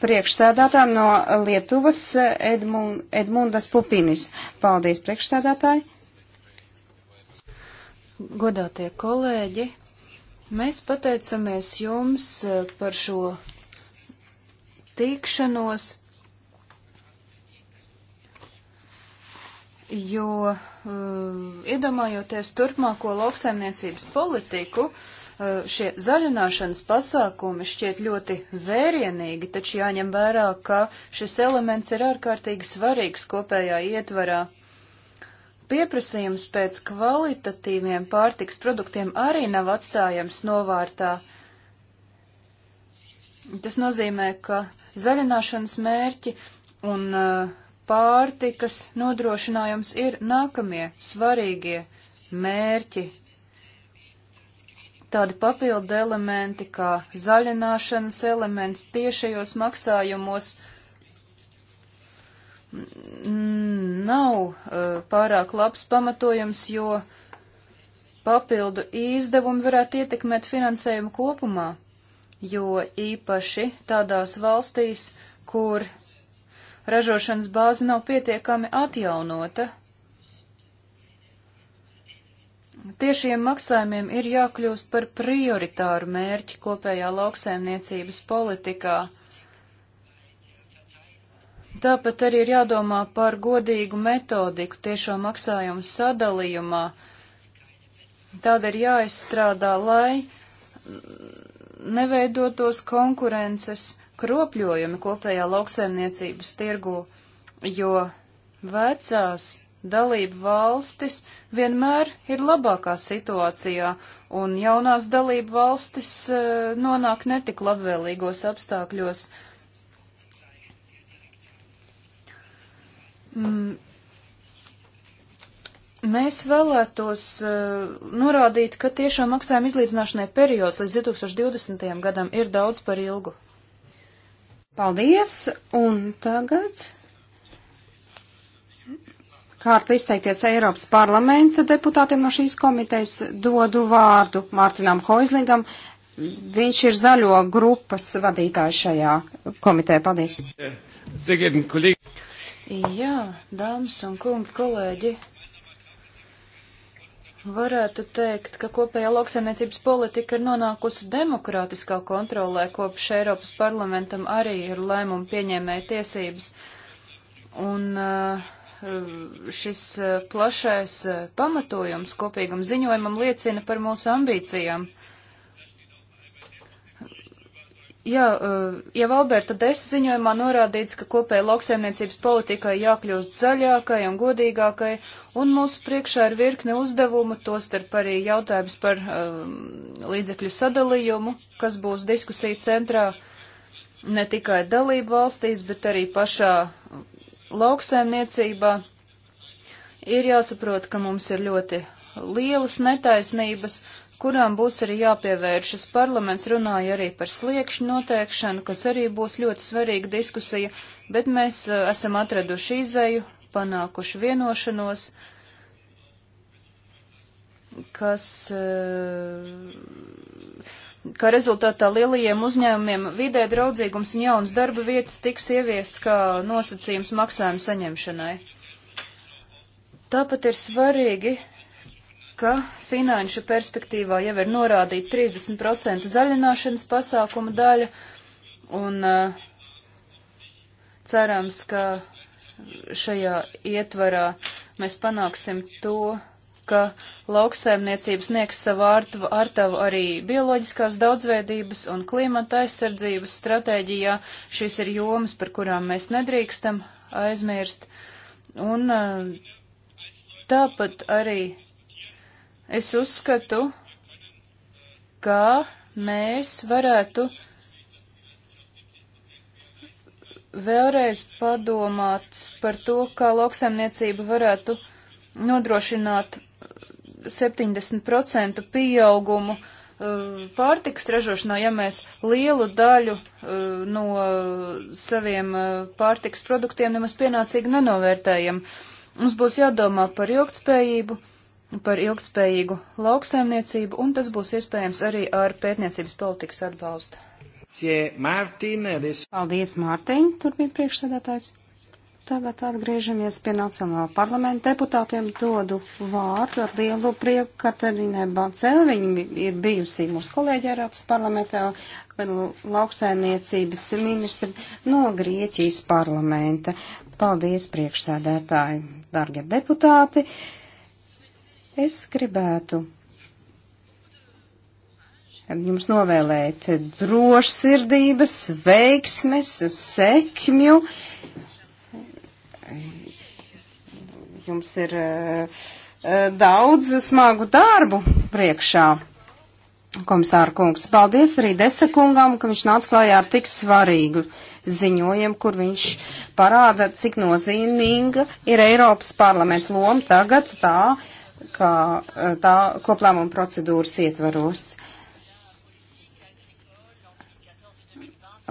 priekšsēdātājiem no Lietuvas eh, Edmund, Edmundas Pupinis. Paldies, priekšsēdātāji! Godātie kolēģi, mēs pateicamies jums eh, par šo tikšanos, jo eh, iedomājoties turpmāko lauksaimniecības politiku, uh, šie zaļināšanas pasākumi šķiet ļoti vērienīgi, taču jāņem vērā, ka šis elements ir ārkārtīgi svarīgs kopējā ietvarā. Pieprasījums pēc kvalitatīviem pārtiks produktiem arī nav atstājams novārtā. Tas nozīmē, ka zaļināšanas mērķi un uh, pārtikas nodrošinājums ir nākamie svarīgie mērķi tādi papildu elementi kā zaļināšanas elements tiešajos maksājumos nav uh, pārāk labs pamatojums, jo papildu izdevumi varētu ietekmēt finansējumu kopumā, jo īpaši tādās valstīs, kur ražošanas bāze nav pietiekami atjaunota, Tiešiem maksājumiem ir jākļūst par prioritāru mērķi kopējā lauksaimniecības politikā. Tāpat arī ir jādomā par godīgu metodiku tiešo maksājumu sadalījumā. Tāda ir jāizstrādā, lai neveidotos konkurences kropļojumi kopējā lauksaimniecības tirgu, jo vecās dalību valstis vienmēr ir labākā situācijā, un jaunās dalību valstis eh, nonāk netik labvēlīgos apstākļos. Mm. Mēs vēlētos uh, norādīt, ka tiešām maksājuma izlīdzināšanai periods līdz 2020. gadam ir daudz par ilgu. Paldies, un tagad kārta izteikties Eiropas parlamenta deputātiem no šīs komitejas. Dodu vārdu Mārtiņam Hoizlingam. Viņš ir zaļo grupas vadītājs šajā komitejā. Paldies! Jā, dāmas un kungi, kolēģi, Varētu teikt, ka kopējā lauksaimniecības politika ir nonākusi demokrātiskā kontrolē, kopš Eiropas parlamentam arī ir lēmumu pieņēmēja tiesības. Un uh, Eh, šis eh, plašais eh, pamatojums kopīgam ziņojumam liecina par mūsu ambīcijām. Jā, jau Alberta Desa ziņojumā norādīts, ka kopēja lauksaimniecības politikai jākļūst zaļākai un godīgākai, un mūsu priekšā ir virkne uzdevumu, tostarp arī jautājums par um, līdzekļu sadalījumu, kas būs diskusija centrā ne tikai dalību valstīs, bet arī pašā lauksaimniecībā ir jāsaprot, ka mums ir ļoti lielas netaisnības, kurām būs arī jāpievēršas. Parlaments runāja arī par sliekšņu noteikšanu, kas arī būs ļoti svarīga diskusija, bet mēs eh, esam atraduši izēju, panākuši vienošanos, kas eh, Kā rezultātā lielajiem uzņēmumiem vidē draudzīgums un jaunas darba vietas tiks ieviests kā nosacījums maksājumu saņemšanai. Tāpat ir svarīgi, ka finanšu perspektīvā jau ir norādīta 30% zaļināšanas pasākuma daļa, un uh, cerams, ka šajā ietvarā mēs panāksim to, ka lauksaimniecības sniegs savu ārtavu arī bioloģiskās daudzveidības un klimata aizsardzības stratēģijā. Šis ir jomas, par kurām mēs nedrīkstam aizmirst. Un eh, tāpat arī es uzskatu, ka mēs varētu vēlreiz padomāt par to, kā lauksaimniecība varētu nodrošināt 70% pieaugumu eh, pārtiks ražošanā, ja mēs lielu daļu eh, no eh, saviem pārtiks produktiem nemaz pienācīgi nenovērtējam. Mums būs jādomā par ilgtspējību, par ilgtspējīgu lauksaimniecību, un tas būs iespējams arī ar pētniecības politikas atbalstu. Paldies, Mārtiņ, turpina priekšsēdētājs. Tagad atgriežamies pie Nacionālā parlamenta deputātiem. Dodu vārdu ar lielu prieku Katarinai Bacēl. Viņa ir bijusi mūsu kolēģi Eiropas parlamentā, lauksainiecības ministri no Grieķijas parlamenta. Paldies, priekšsēdētāji, dargie deputāti. Es gribētu jums novēlēt drošsirdības, veiksmes, sekmju jums ir eh, eh, daudz smagu darbu priekšā. Komisāra kungs, paldies arī Desekungam, ka viņš nāca klājā ar tik svarīgu ziņojumu, kur viņš parāda, cik nozīmīga ir Eiropas parlamenta loma tagad tā, kā eh, tā koplēmuma procedūras ietvaros. Uh,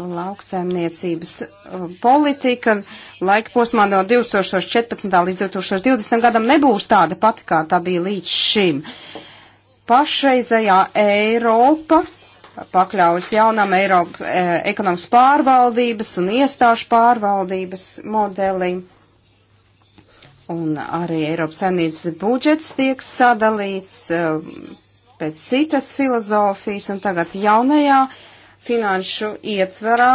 lauksaimniecības uh, politika laikposmā no 2014. līdz 2020. gadam nebūs tāda pati, kā tā bija līdz šim. Pašreizējā Eiropa pakļaujas jaunam Eiropa e, eh, ekonomikas pārvaldības un iestāžu pārvaldības modelim. Un arī Eiropas saimnības budžets tiek sadalīts e, pēc citas filozofijas, un tagad jaunajā uh, finanšu ietverā,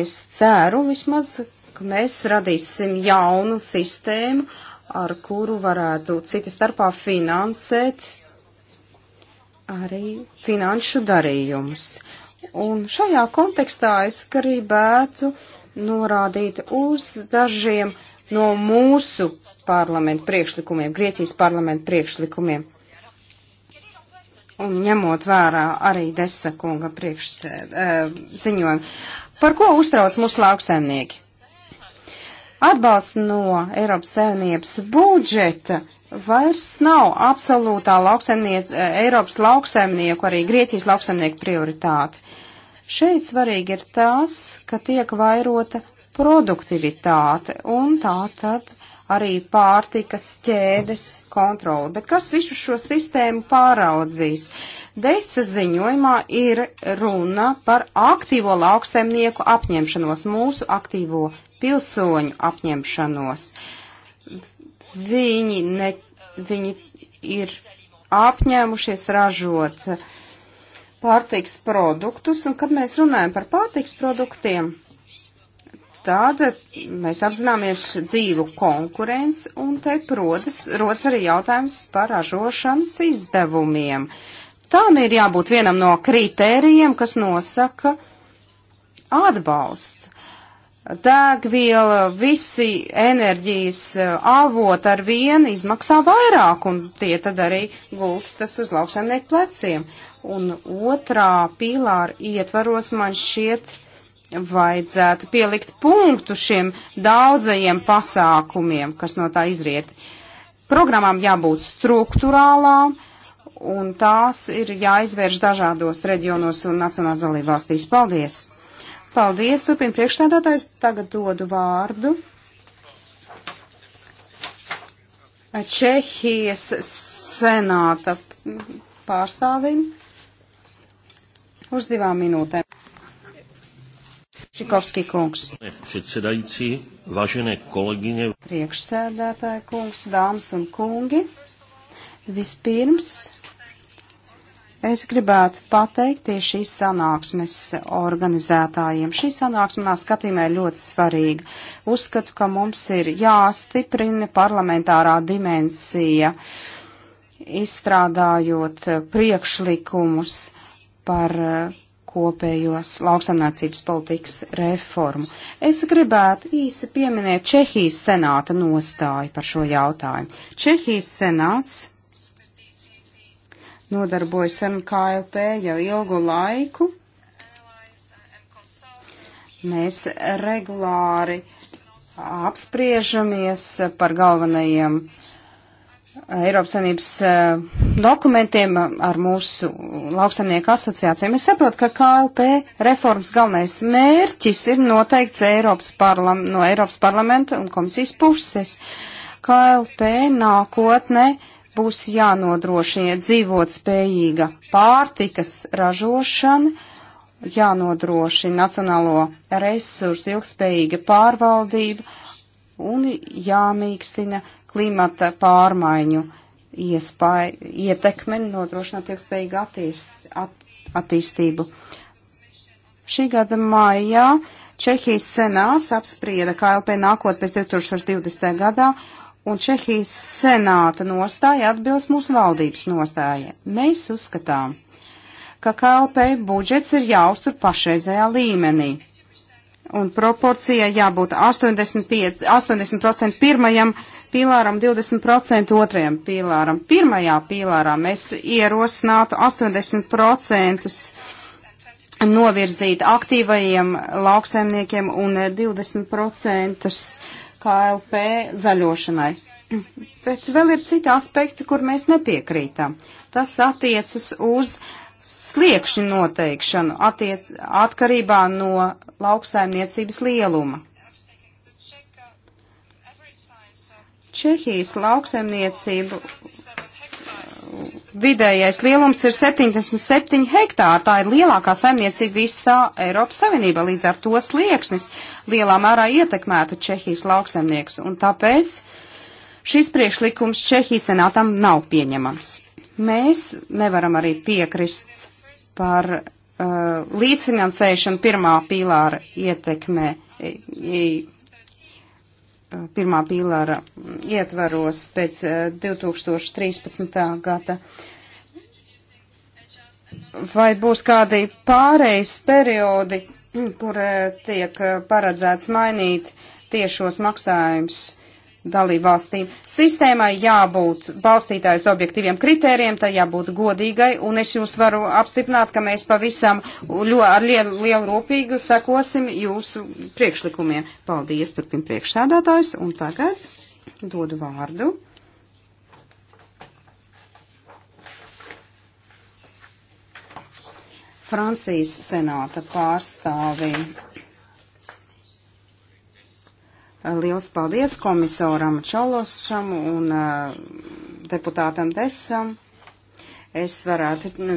es ceru vismaz, ka mēs radīsim jaunu sistēmu, ar kuru varētu cita starpā finansēt arī finanšu darījumus. Un šajā kontekstā es gribētu norādīt uz dažiem no mūsu parlamentu priekšlikumiem, Grieķijas parlamentu priekšlikumiem un ņemot vērā arī desakunga priekš uh, eh, ziņojumu. Par ko uztrauc mūsu lauksaimnieki? Atbalsts no Eiropas Savienības budžeta vairs nav absolūtā lauksaimniec, eh, Eiropas lauksaimnieku, arī Grieķijas lauksaimnieku prioritāte. Šeit svarīgi ir tas, ka tiek vairota produktivitāte, un tā tad arī pārtikas ķēdes kontroli. Bet kas visu šo sistēmu pāraudzīs? Deisa ziņojumā ir runa par aktīvo lauksemnieku apņemšanos, mūsu aktīvo pilsoņu apņemšanos. Viņi, ne, viņi ir apņēmušies ražot pārtiks produktus, un kad mēs runājam par pārtiks produktiem, Tad mēs apzināmies dzīvu konkurenci, un te prodas, rodas arī jautājums par ražošanas izdevumiem. Tām ir jābūt vienam no kritērijiem, kas nosaka atbalstu. Dēgviela, visi enerģijas eh, avot ar vienu izmaksā vairāk, un tie tad arī gulstas uz lauksaimnieku pleciem. Un otrā pīlāra ietvaros man šķiet, uh, vajadzētu pielikt punktu šiem daudzajiem pasākumiem, kas no tā izriet. Programām jābūt struktūrālām, un tās ir jāizvērš dažādos reģionos un nacionālās dalībvalstīs. Paldies! Paldies, turpina priekšstādātājs. Tagad dodu vārdu. Čehijas senāta pārstāvim uz divām minūtēm. Šikovski kungs. Priekšsēdētāji kungs, dāmas un kungi, vispirms es gribētu pateikties šīs sanāksmes organizētājiem. Šī sanāksme manā skatījumā ir ļoti svarīga. Uzskatu, ka mums ir jāstiprina parlamentārā dimensija, izstrādājot priekšlikumus par kopējos lauksamniecības politikas reformu. Es gribētu īsi pieminēt Čehijas senāta nostāju par šo jautājumu. Čehijas senāts nodarbojas ar KLP jau ilgu laiku. Mēs regulāri apspriežamies par galvenajiem uh, Eiropas Sanības eh, dokumentiem ar mūsu lauksaimnieku asociācijām. Es saprotu, ka KLP reformas galvenais mērķis ir noteikts Eiropas parlam, no Eiropas parlamenta un komisijas puses. KLP nākotne būs jānodrošina dzīvot spējīga pārtikas ražošana, jānodrošina nacionālo resursu ilgspējīga pārvaldība un jāmīkstina klimata pārmaiņu iespēju, ietekmi un nodrošināt ilgspējīgu attīst, at, attīstību. Šī gada maijā Čehijas senāts apsprieda KLP nākot pēc 2020. gadā, un Čehijas senāta nostāja atbilst mūsu valdības nostājai. Mēs uzskatām, ka KLP budžets ir jāuztur pašreizējā līmenī. Un proporcija jābūt 85, 80% pirmajam pīlāram, 20% otrajam pīlāram. Pirmajā pīlārā mēs ierosinātu 80% novirzīt aktīvajiem lauksaimniekiem un 20% KLP zaļošanai. Bet vēl ir citi aspekti, kur mēs nepiekrītam. Tas attiecas uz sliekšņu noteikšanu attiec, atkarībā no lauksaimniecības lieluma. Čehijas lauksemniecību vidējais lielums ir 77 hektāri. Tā ir lielākā saimniecība visā Eiropas Savienībā. Līdz ar to slieksnis lielā mērā ietekmētu Čehijas lauksemnieks. Un tāpēc šis priekšlikums Čehijas senātam nav pieņemams. Mēs nevaram arī piekrist par uh, līdzfinansēšanu pirmā pīlāra ietekmē. I, i, pirmā pīlāra ietvaros pēc 2013. Eh, gada. Vai būs kādi pārejas periodi, kur eh, tiek eh, paredzēts mainīt tiešos maksājumus dalībvalstīm. Sistēmai jābūt balstītājas objektīviem kritērijiem, tā jābūt godīgai, un es jūs varu apstiprināt, ka mēs pavisam ļo, ar lielu, lielu rūpīgu sekosim jūsu priekšlikumiem. Paldies, turpin priekšsēdētājs, un tagad dodu vārdu. Francijas senāta pārstāvīja Liels paldies komisoram Čolosam un uh, deputātam Desam. Es varētu nu,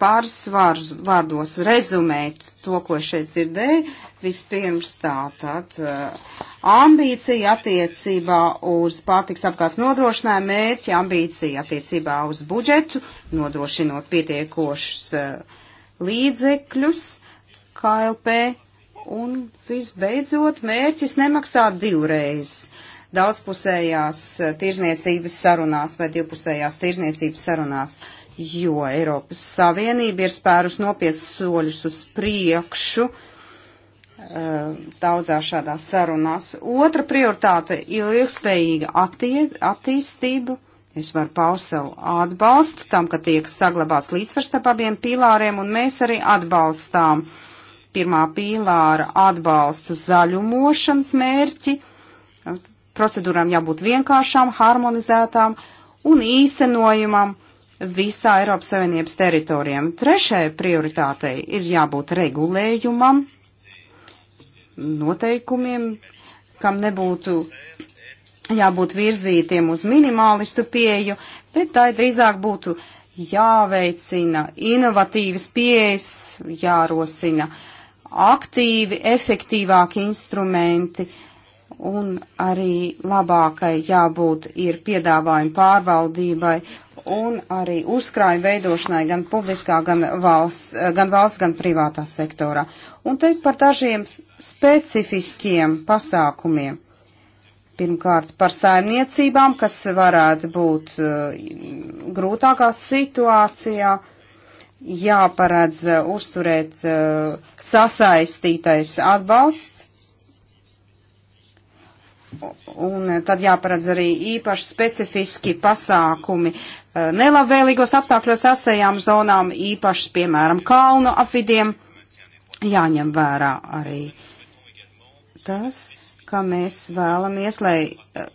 pāris vārdus, vārdos rezumēt to, ko šeit dzirdēju. Vispirms tā tad uh, ambīcija attiecībā uz pārtiks apkārts nodrošinājumu mērķi, ambīcija attiecībā uz budžetu, nodrošinot pietiekošus uh, līdzekļus KLP Un visbeidzot, mērķis nemaksāt divreiz daudzpusējās eh, tirzniecības sarunās vai divpusējās tirzniecības sarunās, jo Eiropas Savienība ir spērus nopietnus soļus uz priekšu eh, daudzās šādās sarunās. Otra prioritāte ir ilgspējīga attie, attīstība. Es varu paust savu atbalstu tam, ka tiek saglabāts līdzsvars starp abiem pīlāriem, un mēs arī atbalstām uh, pirmā pīlāra atbalstu zaļumošanas mērķi, procedūrām jābūt vienkāršām, harmonizētām un īstenojumam visā Eiropas Savienības teritorijām. Trešajai prioritātei ir jābūt regulējumam, noteikumiem, kam nebūtu jābūt virzītiem uz minimālistu pieju, bet tai drīzāk būtu jāveicina inovatīvas pieejas, jārosina uh, aktīvi, efektīvāki instrumenti un arī labākai jābūt ir piedāvājumu pārvaldībai un arī uzkrājumu veidošanai gan publiskā, gan valsts, gan, valsts, gan privātā sektorā. Un te par dažiem specifiskiem pasākumiem. Pirmkārt, par saimniecībām, kas varētu būt uh, grūtākā situācijā. Uh, jāparedz eh, uzturēt uh, sasaistītais atbalsts, un eh, tad jāparedz arī īpaši specifiski pasākumi uh, nelabvēlīgos apstākļos asējām zonām, īpaši, piemēram, kalnu apvidiem, jāņem vērā arī tas, ka mēs vēlamies, lai uh,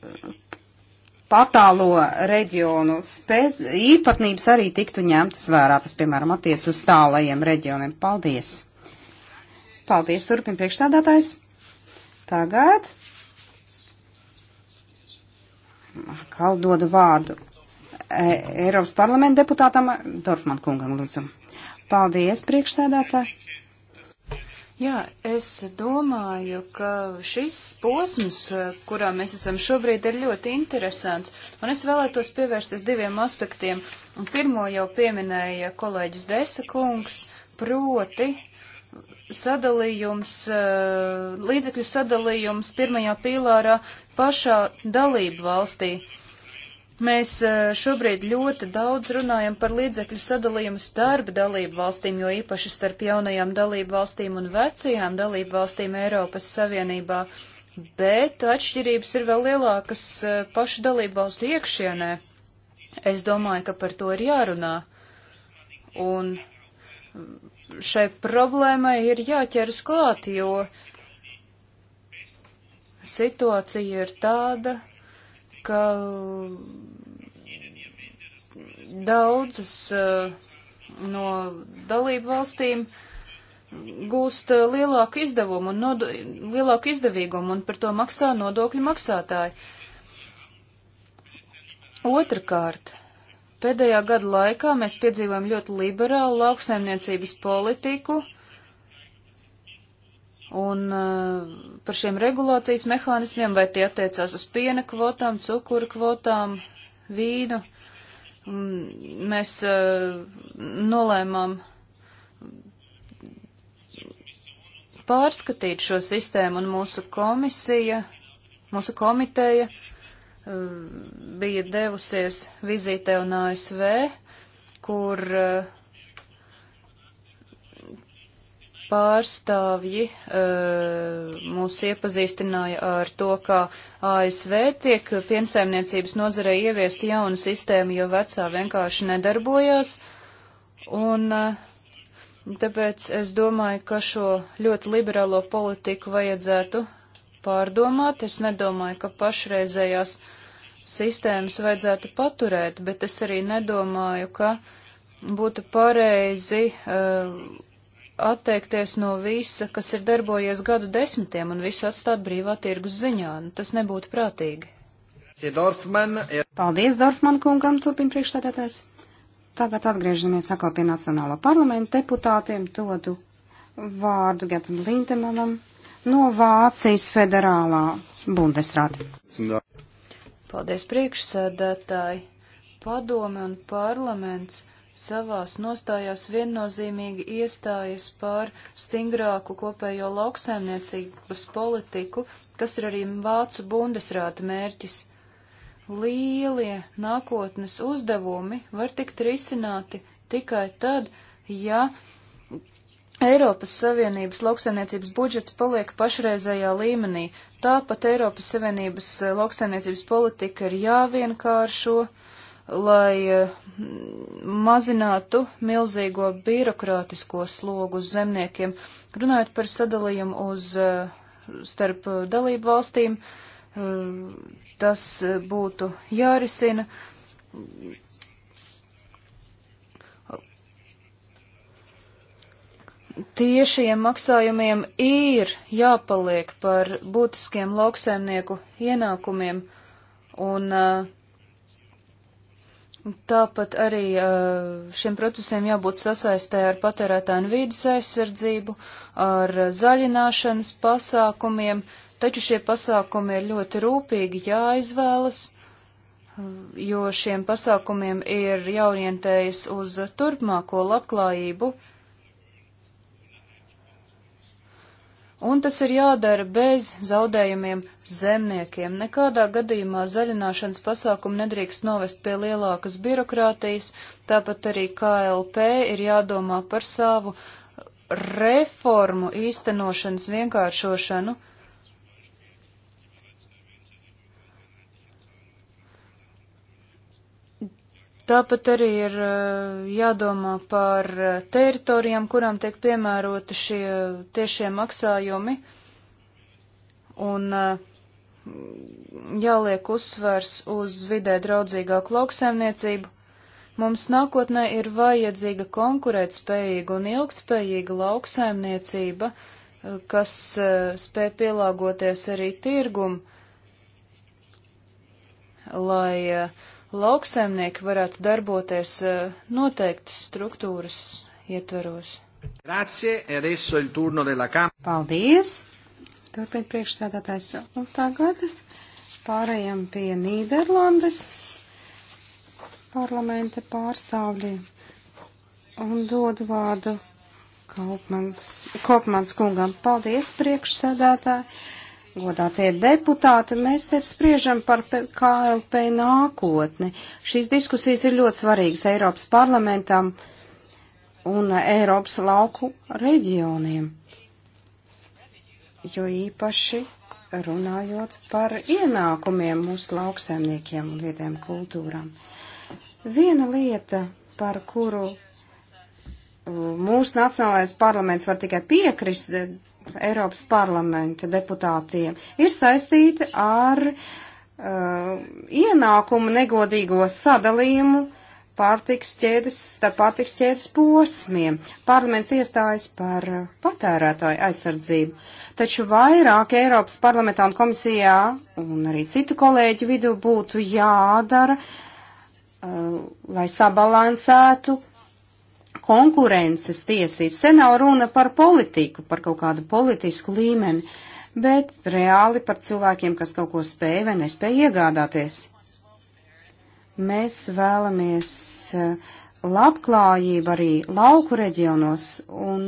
patālo reģionu spēc, īpatnības arī tiktu ņemtas vērā. Tas, piemēram, attiec uz tālajiem reģioniem. Paldies! Paldies, turpin priekšstādātājs. Tagad atkal dodu vārdu Ei Eiropas parlamenta deputātam Dorfman kungam, lūdzu. Paldies, priekšsēdētāji. Jā, es domāju, ka šis posms, kurā mēs esam šobrīd, ir ļoti interesants, un es vēlētos pievērsties diviem aspektiem. Un pirmo jau pieminēja kolēģis Desa kungs, proti sadalījums, eh, līdzekļu sadalījums pirmajā pīlārā pašā dalību valstī. Mēs eh, šobrīd ļoti daudz runājam par līdzekļu sadalījumu starp dalību valstīm, jo īpaši starp jaunajām dalību valstīm un vecajām dalību valstīm Eiropas Savienībā, bet atšķirības ir vēl lielākas eh, pašu dalību valstu iekšienē. Es domāju, ka par to ir jārunā. Un mm, šai problēmai ir jāķeras klāt, jo situācija ir tāda, ka Daudzas eh, no dalību valstīm gūst eh, lielāku izdevumu un nodo, lielāku izdevīgumu, un par to maksā nodokļu maksātāji. Otrakārt, pēdējā gada laikā mēs piedzīvojam ļoti liberālu lauksaimniecības politiku, un uh, par šiem regulācijas mehānismiem, vai tie attiecās uz piena kvotām, cukuru kvotām, vīnu. Uh, mēs uh, nolēmām pārskatīt šo sistēmu, un mūsu komisija, mūsu komiteja uh, bija devusies vizītē un ASV, kur uh, pārstāvji eh, mūs iepazīstināja ar to, ka ASV tiek piensaimniecības nozarei ieviest jaunu sistēmu, jo vecā vienkārši nedarbojās. Un eh, tāpēc es domāju, ka šo ļoti liberālo politiku vajadzētu pārdomāt. Es nedomāju, ka pašreizējās sistēmas vajadzētu paturēt, bet es arī nedomāju, ka būtu pareizi uh, atteikties no visa, kas ir darbojies gadu desmitiem, un visu atstāt brīvā tirgus ziņā. Nu, tas nebūtu prātīgi. E- Paldies, Dorfman kungam, turpin priekšstādātājs. Tagad atgriežamies atkal pie Nacionālo parlamentu deputātiem. Dodu vārdu Gatam Lindemanam no Vācijas federālā Bundesrāta. Paldies, priekšsēdētāji, padome un parlaments savās nostājās viennozīmīgi iestājas pār stingrāku kopējo lauksaimniecības politiku, kas ir arī Vācu bundesrāta mērķis. Lielie nākotnes uzdevumi var tikt risināti tikai tad, ja Eiropas Savienības lauksaimniecības budžets paliek pašreizējā līmenī. Tāpat Eiropas Savienības lauksaimniecības politika ir jāvienkāršo lai eh, mazinātu milzīgo birokrātisko slogu uz zemniekiem. Runājot par sadalījumu uz eh, starp eh, dalību valstīm, tas būtu jārisina. Tiešiem maksājumiem ir jāpaliek par būtiskiem lauksaimnieku ienākumiem, un uh, Tāpat arī šiem procesiem jābūt sasaistē ar patērētāju vīdes aizsardzību, ar zaļināšanas pasākumiem, taču šie pasākumi ir ļoti rūpīgi jāizvēlas, jo šiem pasākumiem ir jāorientējas uz turpmāko labklājību Un tas ir jādara bez zaudējumiem zemniekiem. Nekādā gadījumā zaļināšanas pasākumu nedrīkst novest pie lielākas birokrātijas, tāpat arī KLP ir jādomā par savu reformu īstenošanas vienkāršošanu, Tāpat arī ir eh, jādomā par eh, teritorijām, kurām tiek piemēroti šie tiešie maksājumi, un eh, jāliek uzsvers uz vidē draudzīgāku lauksaimniecību. Mums nākotnē ir vajadzīga konkurētspējīga un ilgtspējīga lauksaimniecība, kas spēj pielāgoties arī tirgumu, lai uh, lauksaimnieki varētu darboties eh, noteiktas struktūras ietveros. Grazie, e adesso il turno della Camera. Paldies! Turpiniet priekšsēdētājs. Un tagad pārējām pie Nīderlandes parlamenta pārstāvjiem un dodu vārdu Kopmans, Kopmans kungam. Paldies, priekšsēdētāji! godātie deputāti, mēs te spriežam par KLP nākotni. Šīs diskusijas ir ļoti svarīgas Eiropas parlamentam un Eiropas lauku reģioniem, jo īpaši runājot par ienākumiem mūsu lauksaimniekiem un vietējām kultūrām. Viena lieta, par kuru uh, mūsu nacionālais parlaments var tikai piekrist, starp Eiropas parlamenta deputātiem ir saistīti ar uh, ienākumu negodīgo sadalījumu pārtiks ķēdes, starp pārtiks ķēdes posmiem. Parlaments iestājas par patērētāju aizsardzību. Taču vairāk Eiropas parlamentā un komisijā un arī citu kolēģu vidū būtu jādara, uh, lai sabalansētu konkurences tiesības. Te nav runa par politiku, par kaut kādu politisku līmeni, bet reāli par cilvēkiem, kas kaut ko spēja vai nespēja iegādāties. Mēs vēlamies eh, labklājību arī lauku reģionos un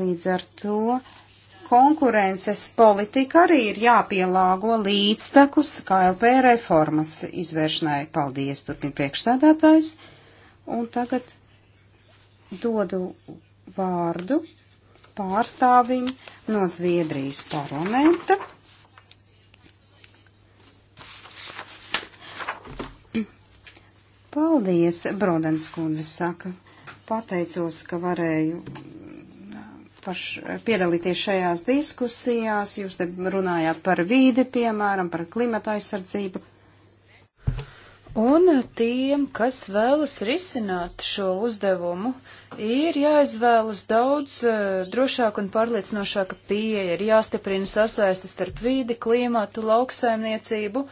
līdz ar to konkurences politika arī ir jāpielāgo līdztekus KLP reformas izvēršanai. Paldies, turpin priekšsēdētājs. Un tagad dodu vārdu pārstāvim no Zviedrijas parlamenta. Paldies, Brodens kundze saka. Pateicos, ka varēju mm, š, piedalīties šajās diskusijās. Jūs te runājāt par vīdi, piemēram, par klimata aizsardzību. Un tiem, kas vēlas risināt šo uzdevumu, ir jāizvēlas daudz eh, drošāka un pārliecinošāka pieeja, ir jāstiprina sasaistes starp vīdi, klimatu, lauksaimniecību,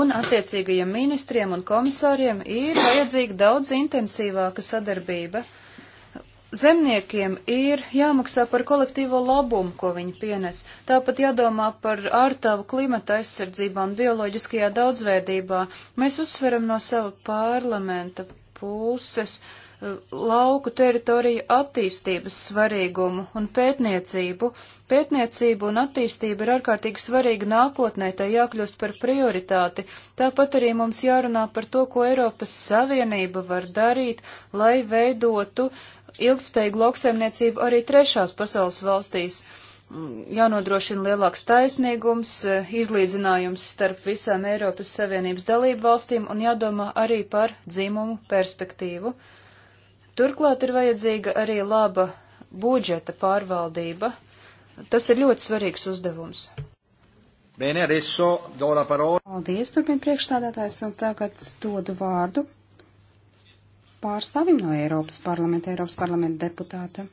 un attiecīgajiem ministriem un komisāriem ir vajadzīga daudz intensīvāka sadarbība zemniekiem ir jāmaksā par kolektīvo labumu, ko viņi pienes. Tāpat jādomā par ārtavu klimata aizsardzībā un bioloģiskajā daudzveidībā. Mēs uzsveram no sava parlamenta puses eh, lauku teritoriju attīstības svarīgumu un pētniecību. Pētniecība un attīstība ir ārkārtīgi svarīga nākotnē, tai jākļūst par prioritāti. Tāpat arī mums jārunā par to, ko Eiropas Savienība var darīt, lai veidotu uh, ilgspējīgu lauksaimniecību arī trešās pasaules valstīs. Mm, Jānodrošina lielāks taisnīgums, eh, izlīdzinājums starp visām Eiropas Savienības dalību valstīm un jādomā arī par dzimumu perspektīvu. Turklāt ir vajadzīga arī laba budžeta pārvaldība. Tas ir ļoti svarīgs uzdevums. Bene, adesso do la parola. Paldies, turpina priekšstādātājs, un tagad dodu vārdu pārstāvim no Eiropas parlamenta, Eiropas parlamenta deputāta.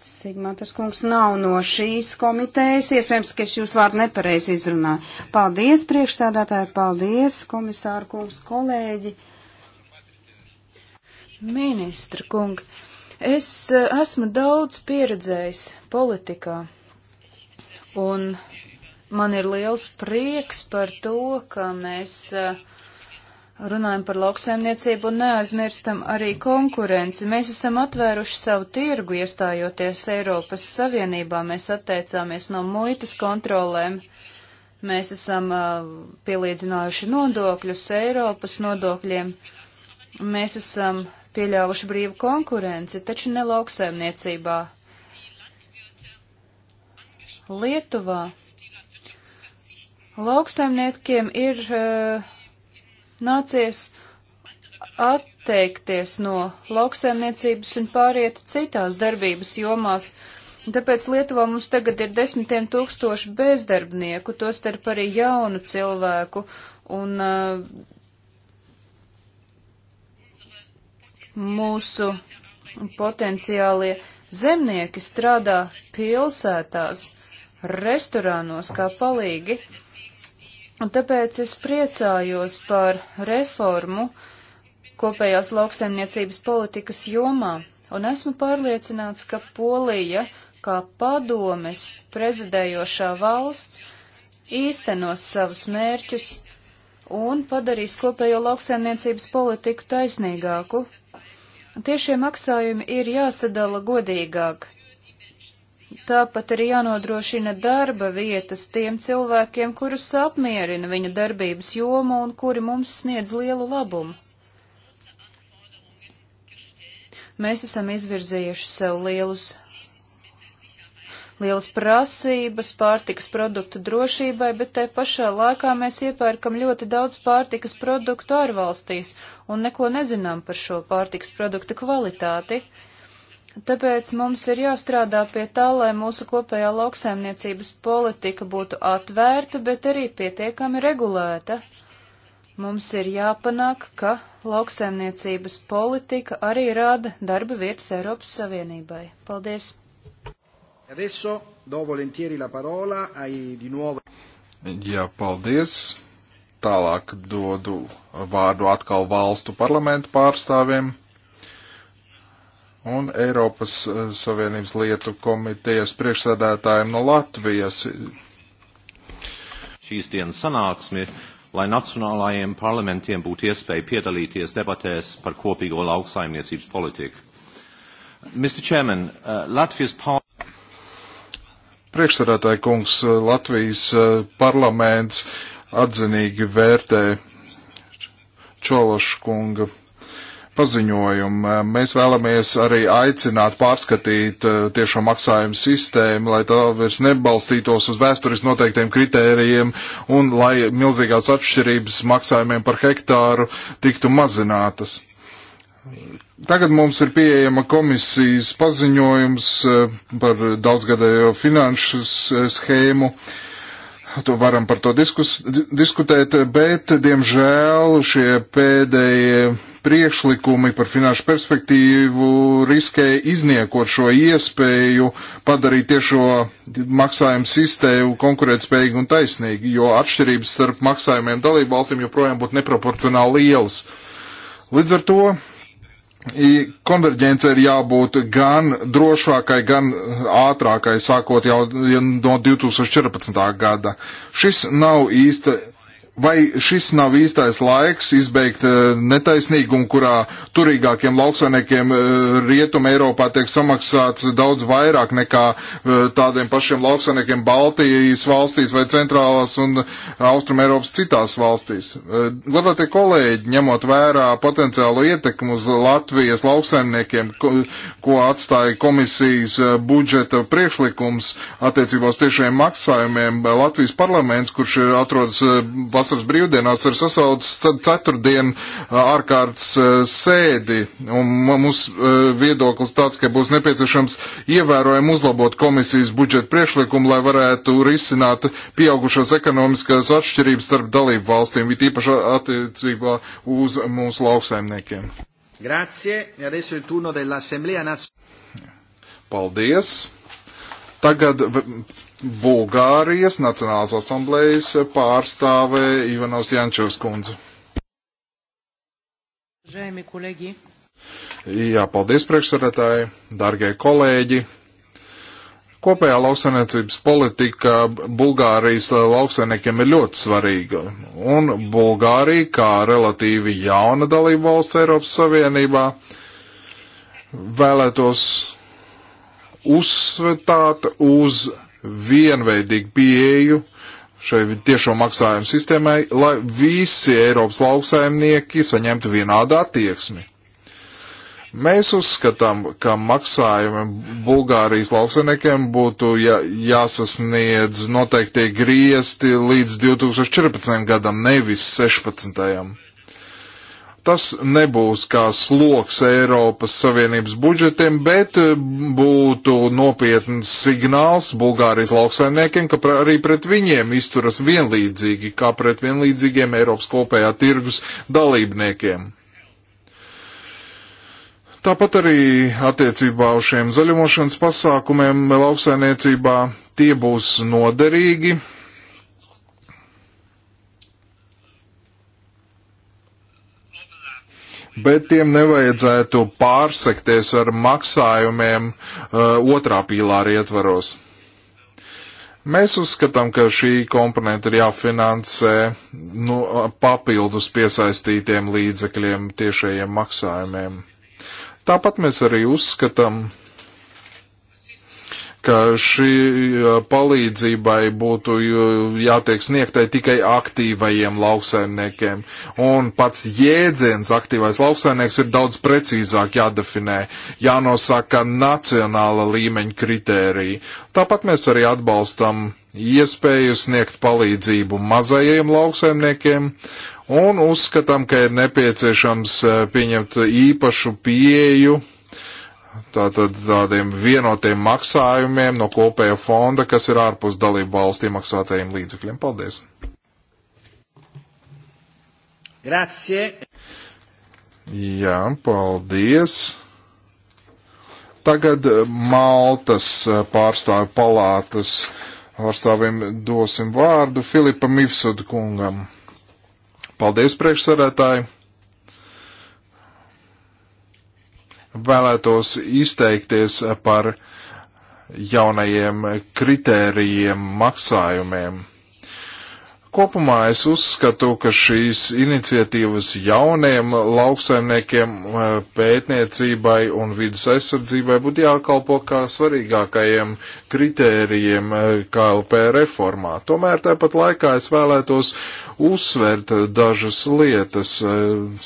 Sigmantas kungs nav no šīs komitejas, iespējams, ka es jūs vārdu nepareizi izrunāju. Paldies, priekšsēdētāji, paldies, komisāru kungs, kolēģi. Ministra kungi, es eh, esmu daudz pieredzējis politikā, un man ir liels prieks par to, ka mēs uh, runājam par lauksaimniecību un neaizmirstam arī konkurenci. Mēs esam atvēruši savu tirgu, iestājoties Eiropas Savienībā, mēs atteicāmies no muitas kontrolēm, mēs esam uh, pielīdzinājuši nodokļus Eiropas nodokļiem, mēs esam pieļāvuši brīvu konkurenci, taču ne lauksaimniecībā. Lietuvā lauksaimniekiem ir uh, nācies atteikties no lauksaimniecības un pāriet citās darbības jomās. Tāpēc Lietuvā mums tagad ir desmitiem tūkstoši bezdarbnieku, tostarp arī jaunu cilvēku, un uh, mūsu potenciālie zemnieki strādā pilsētās, restorānos kā palīgi. Uh, Un tāpēc es priecājos par reformu kopējās lauksaimniecības politikas jomā, un esmu pārliecināts, ka Polija, kā padomes prezidējošā valsts, īstenos savus mērķus un padarīs kopējo lauksaimniecības politiku taisnīgāku. Tiešie maksājumi ir jāsadala godīgāk, Tāpat ir jānodrošina darba vietas tiem cilvēkiem, kurus apmierina viņa darbības joma un kuri mums sniedz lielu labumu. Mēs esam izvirzījuši sev lielus, lielas prasības pārtikas produktu drošībai, bet te pašā laikā mēs iepērkam ļoti daudz pārtikas produktu ārvalstīs un neko nezinām par šo pārtikas produktu kvalitāti. Uh, Tāpēc mums ir jāstrādā pie tā, lai mūsu kopējā lauksaimniecības politika būtu atvērta, bet arī pietiekami regulēta. Mums ir jāpanāk, ka lauksaimniecības politika arī rāda darba vietas Eiropas Savienībai. Paldies! Adesso do volentieri la parola ai di nuovo. Jā, paldies! Tālāk dodu vārdu atkal valstu parlamentu pārstāvjiem un Eiropas eh, Savienības lietu komitejas priekšsēdētājiem no Latvijas. Šīs dienas sanāksmi, lai nacionālajiem parlamentiem būtu iespēja piedalīties debatēs par kopīgo lauksaimniecības politiku. Mr. Chairman, uh, Latvijas par... Priekšsēdētāji kungs, eh, Latvijas parlaments atzinīgi vērtē Čološa kunga paziņojumu. Mēs vēlamies arī aicināt pārskatīt tiešo maksājumu sistēmu, lai tā vairs nebalstītos uz vēsturiski noteiktiem kritērijiem un lai milzīgās atšķirības maksājumiem par hektāru tiktu mazinātas. Tagad mums ir pieejama komisijas paziņojums par daudzgadējo finanšu schēmu. Uh, to varam par to diskus, diskutēt, bet, diemžēl, šie pēdējie priekšlikumi par finanšu perspektīvu riskē izniekot šo iespēju padarīt tiešo maksājumu sistēmu konkurētspējīgu un taisnīgu, jo atšķirības starp maksājumiem dalībvalstīm joprojām būtu neproporcionāli lielas. Līdz ar to Konverģence ir jābūt gan drošākai, gan ātrākai, sākot jau no 2014. gada. Šis nav īsta Vai šis nav īstais laiks izbeigt eh, netaisnīgumu, kurā turīgākiem lauksainiekiem eh, Rietuma Eiropā tiek samaksāts daudz vairāk nekā eh, tādiem pašiem lauksainiekiem Baltijas valstīs vai centrālās un austrum Eiropas citās valstīs? Godātie kolēģi, ņemot vērā potenciālo ietekmu uz Latvijas lauksainiekiem, ko atstāja komisijas budžeta priekšlikums attiecībā uz tiešiem maksājumiem, Latvijas parlaments, kurš atrodas vasaras brīvdienās ir sasaucis ceturtdienu ārkārtas sēdi, un mums viedoklis tāds, ka būs nepieciešams ievērojami uzlabot komisijas budžeta priekšlikumu, lai varētu risināt pieaugušās ekonomiskās atšķirības starp dalību valstīm, it īpaši attiecībā uz mūsu lauksaimniekiem. Grazie, e adesso il turno dell'Assemblea nazionale. Paldies! Tagad Bulgārijas Nacionālās asamblējas pārstāve Ivanovs Jančevs kundze. Žēmi kolēģi. Jā, paldies priekšsarētāji, dargie kolēģi. Kopējā lauksainiecības politika Bulgārijas lauksainiekiem ir ļoti svarīga, un Bulgārija, kā relatīvi jauna dalība valsts Eiropas Savienībā, vēlētos uzsvetāt uz vienveidīgu pieeju šai tiešo maksājumu sistēmai, lai visi Eiropas lauksaimnieki saņemtu vienādu attieksmi. Mēs uzskatām, ka maksājumi Bulgārijas lauksaimniekiem būtu jā, jāsasniedz noteikti griesti līdz 2014. gadam, nevis 16. gadam. Tas nebūs kā sloks Eiropas Savienības budžetiem, bet eh, būtu nopietns signāls Bulgārijas lauksaimniekiem, ka arī pret viņiem izturas vienlīdzīgi, kā pret vienlīdzīgiem Eiropas kopējā tirgus dalībniekiem. Tāpat arī attiecībā uz šiem zaļumošanas pasākumiem lauksainiecībā tie būs noderīgi bet tiem nevajadzētu pārsekties ar maksājumiem uh, otrā pīlāra ietvaros. Mēs uzskatām, ka šī komponenta ir jāfinansē nu, papildus piesaistītiem līdzekļiem tiešajiem maksājumiem. Tāpat mēs arī uzskatām, ka šī uh, palīdzībai būtu uh, jātiek sniegtai tikai aktīvajiem lauksaimniekiem. Un pats jēdziens aktīvais lauksaimnieks ir daudz precīzāk jādefinē, jānosaka nacionāla līmeņa kritērija. Tāpat mēs arī atbalstam iespēju sniegt palīdzību mazajiem lauksaimniekiem un uzskatām, ka ir nepieciešams uh, pieņemt īpašu pieeju tātad tādiem vienotiem maksājumiem no kopēja fonda, kas ir ārpus dalību valstī maksātajiem līdzekļiem. Paldies! Grazie! Jā, paldies! Tagad Maltas pārstāvju palātas pārstāvim dosim vārdu Filipa Mifsudu kungam. Paldies, priekšsarētāji! vēlētos izteikties par jaunajiem kritērijiem maksājumiem. Kopumā es uzskatu, ka šīs iniciatīvas jauniem lauksaimniekiem eh, pētniecībai un vidas aizsardzībai būtu jākalpo kā svarīgākajiem kritērijiem eh, KLP reformā. Tomēr tāpat laikā es vēlētos uzsvērt dažas lietas eh,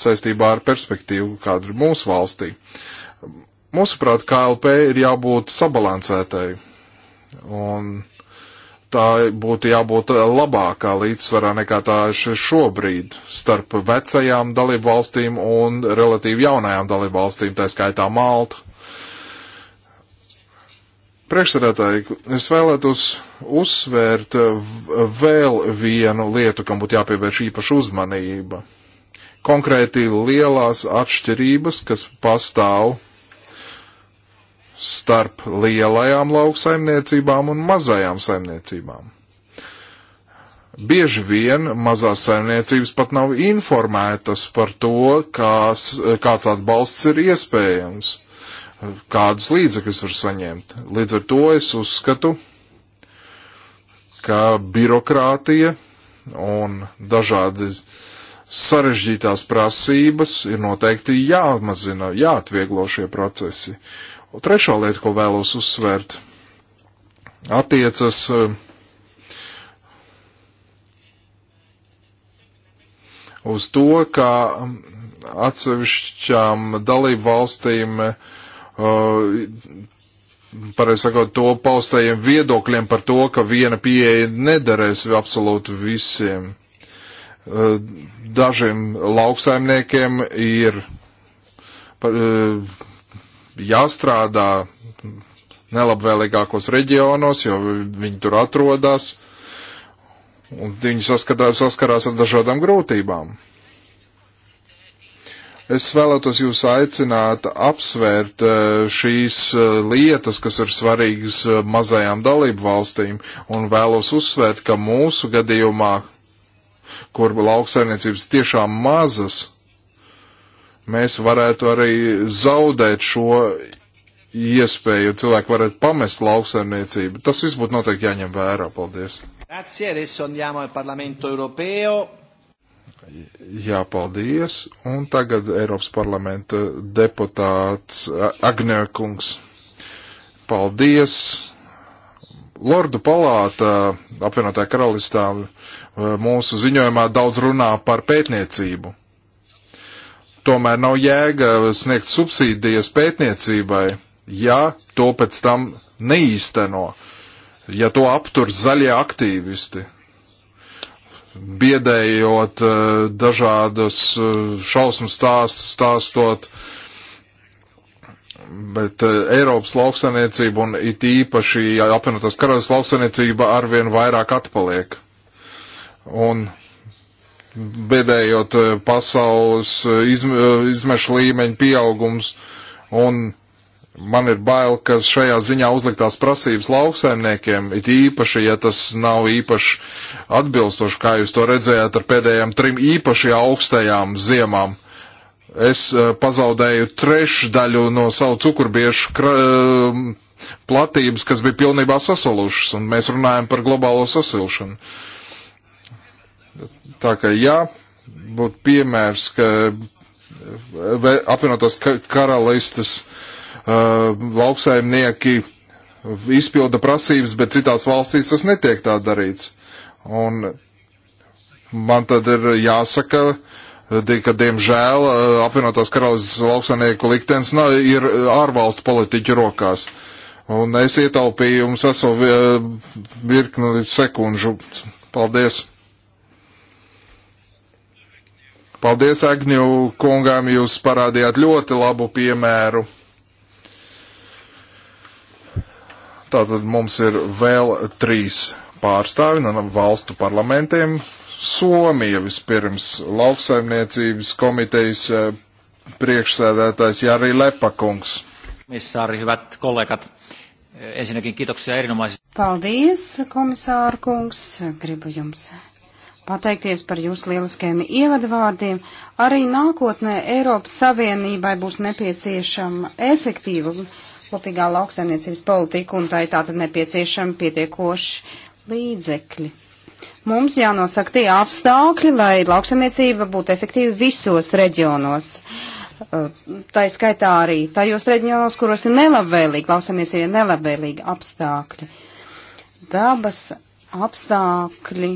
saistībā ar perspektīvu, kāda ir mūsu valstī. Mūsuprāt, KLP ir jābūt sabalansētai. Un tā būtu jābūt labākā līdzsvarā nekā tā šobrīd starp vecajām dalību valstīm un relatīvi jaunajām dalību valstīm, tā skaitā Malta. Priekšsarētāji, es vēlētos uzsvērt vēl vienu lietu, kam būtu jāpievērš īpaša uzmanība. Konkrēti lielās atšķirības, kas pastāv starp lielajām lauksaimniecībām un mazajām saimniecībām. Bieži vien mazās saimniecības pat nav informētas par to, kās, kāds atbalsts ir iespējams, kādus līdzekļus var saņemt. Līdz ar to es uzskatu, ka birokrātija un dažādi sarežģītās prasības ir noteikti jāmazina, jāatvieglo šie procesi. Uh, Un trešā lieta, ko vēlos uzsvērt, attiecas eh, uz to, ka atsevišķām dalību valstīm, eh, pareizi sakot, to paustajiem viedokļiem par to, ka viena pieeja nederēs absolūti visiem. Eh, dažiem lauksaimniekiem ir jāstrādā nelabvēlīgākos reģionos, jo viņi tur atrodas, un viņi saskatā, saskarās ar dažādām grūtībām. Es vēlētos jūs aicināt apsvērt eh, šīs eh, lietas, kas ir svarīgas eh, mazajām dalību valstīm, un vēlos uzsvērt, ka mūsu gadījumā, kur lauksaimniecības tiešām mazas, mēs varētu arī zaudēt šo iespēju, jo cilvēki varētu pamest lauksaimniecību. Tas viss būtu noteikti jāņem vērā. Paldies! Jā, paldies. Un tagad Eiropas parlamenta deputāts Agnēkungs. Paldies! Lordu palāta apvienotā karalistā mūsu ziņojumā daudz runā par pētniecību tomēr nav jēga sniegt subsīdijas pētniecībai, ja to pēc tam neīsteno, ja to aptur zaļie aktīvisti, biedējot eh, dažādas eh, šausmu stāstus, stāstot, bet eh, Eiropas lauksaniecība un it īpaši apvienotās karalas lauksaniecība arvien vairāk atpaliek. Un bedējot eh, pasaules eh, izm eh, izmešu līmeņu pieaugums, un man ir bail, ka šajā ziņā uzliktās prasības lauksaimniekiem, it īpaši, ja tas nav īpaši atbilstoši, kā jūs to redzējāt ar pēdējām trim īpaši augstajām ziemām. Es pazaudēju trešdaļu no savu cukurbiešu platības, kas bija pilnībā sasolušas, un mēs runājam par globālo sasilšanu. Uh, Tā ka, ja būtu piemērs, ka eh, apvienotās karalistas uh, lauksaimnieki izpilda prasības, bet citās valstīs tas netiek tā darīts. Un man tad ir jāsaka, ka diemžēl eh, apvienotās karalistas lauksaimnieku liktenis nav, ir ārvalstu politiķu rokās. Un es ietaupīju jums veselu virkni sekundžu. Paldies! Paldies Agņu kungām, jūs parādījāt ļoti labu piemēru. Tātad mums ir vēl trīs pārstāvi no valstu parlamentiem. Somija vispirms lauksaimniecības komitejas eh, priekšsēdētājs Jari Lepakungs. Komisāri, hyvät kollegat, eh, ensinnäkin kiitoksia erinomaisista. Paldies, komisāra kungs. Gribu jums pateikties par jūsu lieliskajiem ievadvārdiem. Arī nākotnē Eiropas Savienībai būs nepieciešama efektīva kopīgā lauksaimniecības politika, un tai tātad nepieciešama pietiekoši līdzekļi. Mums jānosaka tie apstākļi, lai lauksaimniecība būtu efektīva visos reģionos. Uh, tā ir skaitā arī tajos reģionos, kuros ir nelabvēlīgi, lauksaimniecība ir nelabvēlīgi apstākļi. Dabas apstākļi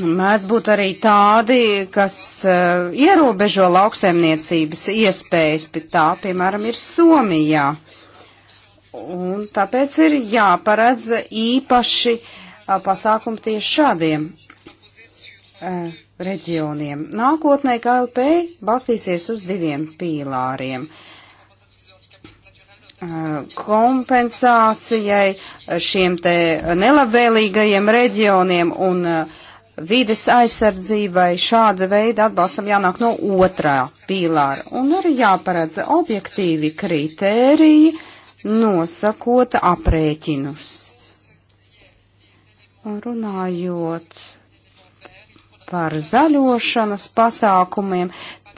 Mēdz būt arī tādi, kas uh, ierobežo lauksaimniecības iespējas, bet tā, piemēram, ir Somijā. Un tāpēc ir jāparedz īpaši uh, pasākumi tieši šādiem uh, reģioniem. Nākotnē KLP balstīsies uz diviem pīlāriem. Uh, kompensācijai šiem te nelabvēlīgajiem reģioniem un uh, vides aizsardzībai šāda veida atbalstam jānāk no otrā pīlāra. Un arī jāparedz objektīvi kritēriji, nosakot aprēķinus. Un runājot par zaļošanas pasākumiem,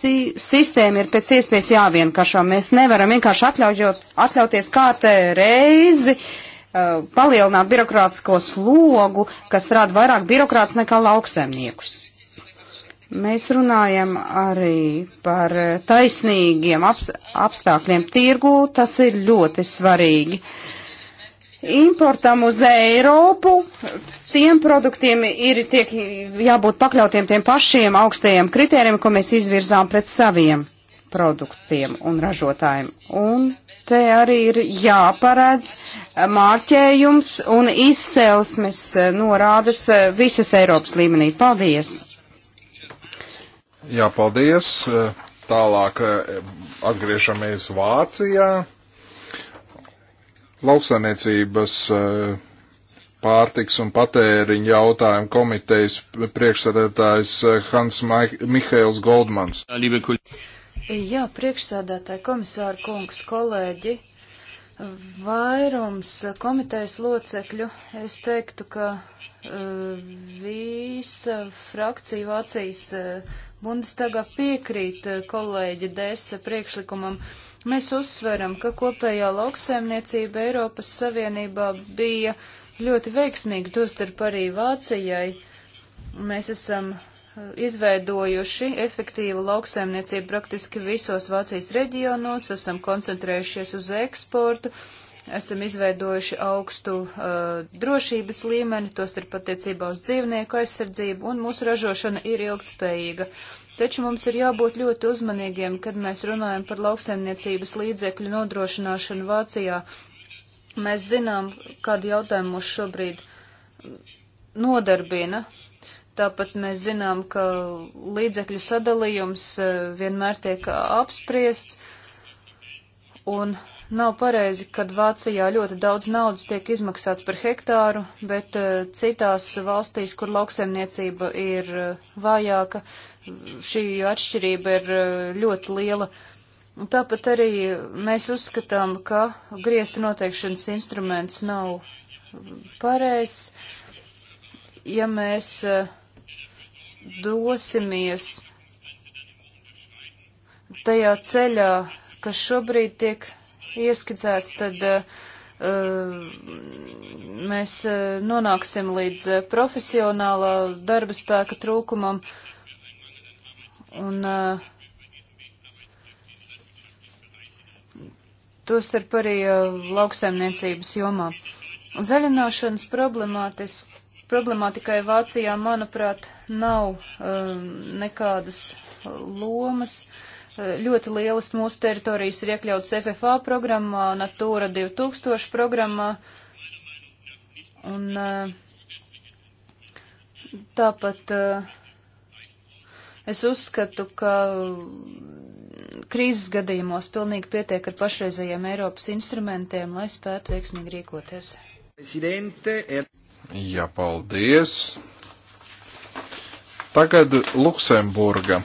sistēma ir pēc iespējas jāvienkāršā. Mēs nevaram vienkārši atļaujot, atļauties kārtē reizi uh, Uh, palielināt birokrātisko slogu, kas rada vairāk birokrāts nekā lauksēmniekus. Mēs runājam arī par taisnīgiem apstākļiem tirgū, tas ir ļoti svarīgi. Importam uz Eiropu tiem produktiem ir tiek jābūt pakļautiem tiem pašiem augstajiem kritērijiem, ko mēs izvirzām pret saviem produktiem un ražotājiem. Un te arī ir jāparedz mārķējums un izcelsmes norādes visas Eiropas līmenī. Paldies! Jā, paldies! Tālāk eh, atgriežamies Vācijā. Lauksaimniecības eh, pārtiks un patēriņa jautājumu komitejas priekšsēdētājs eh, Hans Mihails Goldmans. Jā, Jā, priekšsēdētāji, komisāra kungs, kolēģi, vairums komitejas locekļu, es teiktu, ka uh, visa frakcija Vācijas uh, Bundestagā piekrīt uh, kolēģi Desa priekšlikumam. Mēs uzsveram, ka kopējā lauksēmniecība Eiropas Savienībā bija ļoti veiksmīga, tostarp arī Vācijai. Mēs esam izveidojuši efektīvu lauksaimniecību praktiski visos Vācijas reģionos, esam koncentrējušies uz eksportu, esam izveidojuši augstu uh, drošības līmeni, tostarp attiecībā uz dzīvnieku aizsardzību, un mūsu ražošana ir ilgtspējīga. Taču mums ir jābūt ļoti uzmanīgiem, kad mēs runājam par lauksaimniecības līdzekļu nodrošināšanu Vācijā. Mēs zinām, kādi jautājumi mūs šobrīd nodarbina, Tāpat mēs zinām, ka līdzekļu sadalījums eh, vienmēr tiek apspriests, un nav pareizi, kad Vācijā ļoti daudz naudas tiek izmaksāts par hektāru, bet eh, citās valstīs, kur lauksaimniecība ir eh, vājāka, šī atšķirība ir ļoti liela. Un tāpat arī mēs uzskatām, ka griezta noteikšanas instruments nav pareizs. Ja mēs uh, dosimies tajā ceļā, kas šobrīd tiek ieskicēts, tad uh, mēs eh, nonāksim līdz eh, profesionālā darba spēka trūkumam. Un uh, tostarp arī uh, lauksaimniecības jomā. Zaļināšanas problemātiski problemātikai Vācijā, manuprāt, nav um, nekādas lomas. Uh, ļoti lielas mūsu teritorijas ir iekļautas FFA programmā, Natūra 2000 programmā. Un uh, tāpat uh, es uzskatu, ka krīzes gadījumos pilnīgi pietiek ar pašreizējiem Eiropas instrumentiem, lai spētu veiksmīgi rīkoties. Presidente... Er- Jā, paldies. Tagad Luksemburga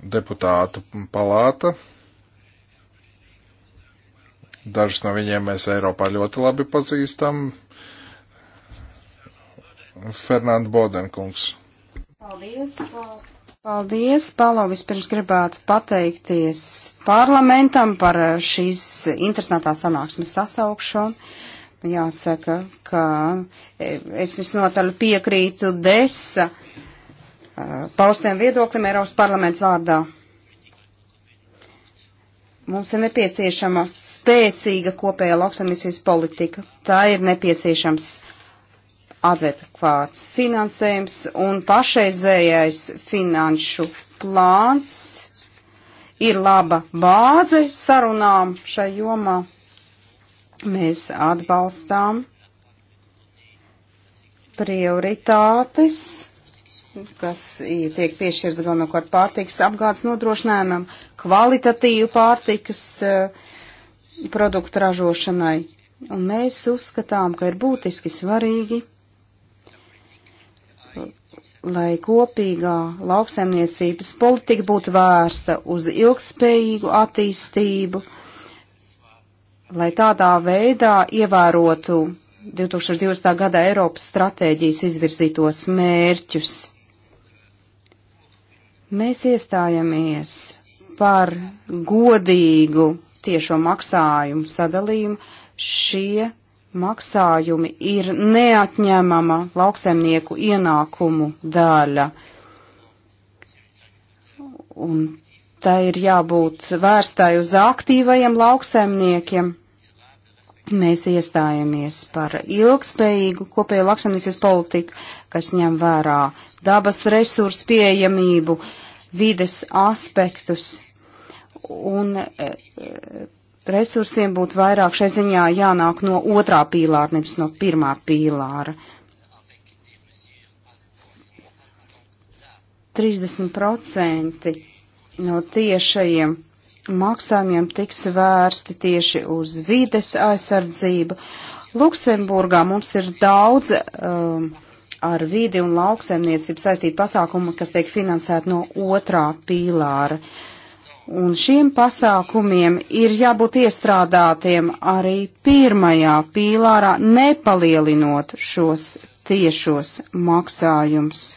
deputātu palāta. Dažus no viņiem mēs Eiropā ļoti labi pazīstam. Fernanda Bodenkungs. Paldies, pal paldies, Palo. Vispirms gribētu pateikties parlamentam par šīs interesantā sanāksmes sasaukšanu jāsaka, ka e, es visnotaļ piekrītu desa e, paustiem viedoklim Eiropas parlamentu vārdā. Mums ir nepieciešama spēcīga kopējā lauksaimniecības politika. Tā ir nepieciešams adekvāts finansējums un pašreizējais finanšu plāns ir laba bāze sarunām šai jomā. Mēs atbalstām prioritātes, kas tiek piešķirts galvenokārt pārtikas apgādes nodrošinājumam, kvalitatīvu pārtikas e, produktu ražošanai. Un mēs uzskatām, ka ir būtiski svarīgi, lai kopīgā lauksaimniecības politika būtu vērsta uz ilgspējīgu attīstību lai tādā veidā ievērotu 2020. gada Eiropas stratēģijas izvirzītos mērķus. Mēs iestājamies par godīgu tiešo maksājumu sadalījumu. Šie maksājumi ir neatņemama lauksaimnieku ienākumu daļa. Un tā ir jābūt vērstai uz aktīvajiem lauksaimniekiem. Mēs iestājamies par ilgspējīgu kopēju lauksaimniecības politiku, kas ņem vērā dabas resursu pieejamību, vides aspektus un e, resursiem būtu vairāk šai ziņā jānāk no otrā pīlāra, nevis no pirmā pīlāra. 30% no tiešajiem maksājumiem tiks vērsti tieši uz vides aizsardzību. Luksemburgā mums ir daudz um, ar vidi un lauksaimniecību saistīta pasākuma, kas tiek finansēta no otrā pīlāra. Un šiem pasākumiem ir jābūt iestrādātiem arī pirmajā pīlārā, nepalielinot šos tiešos maksājumus.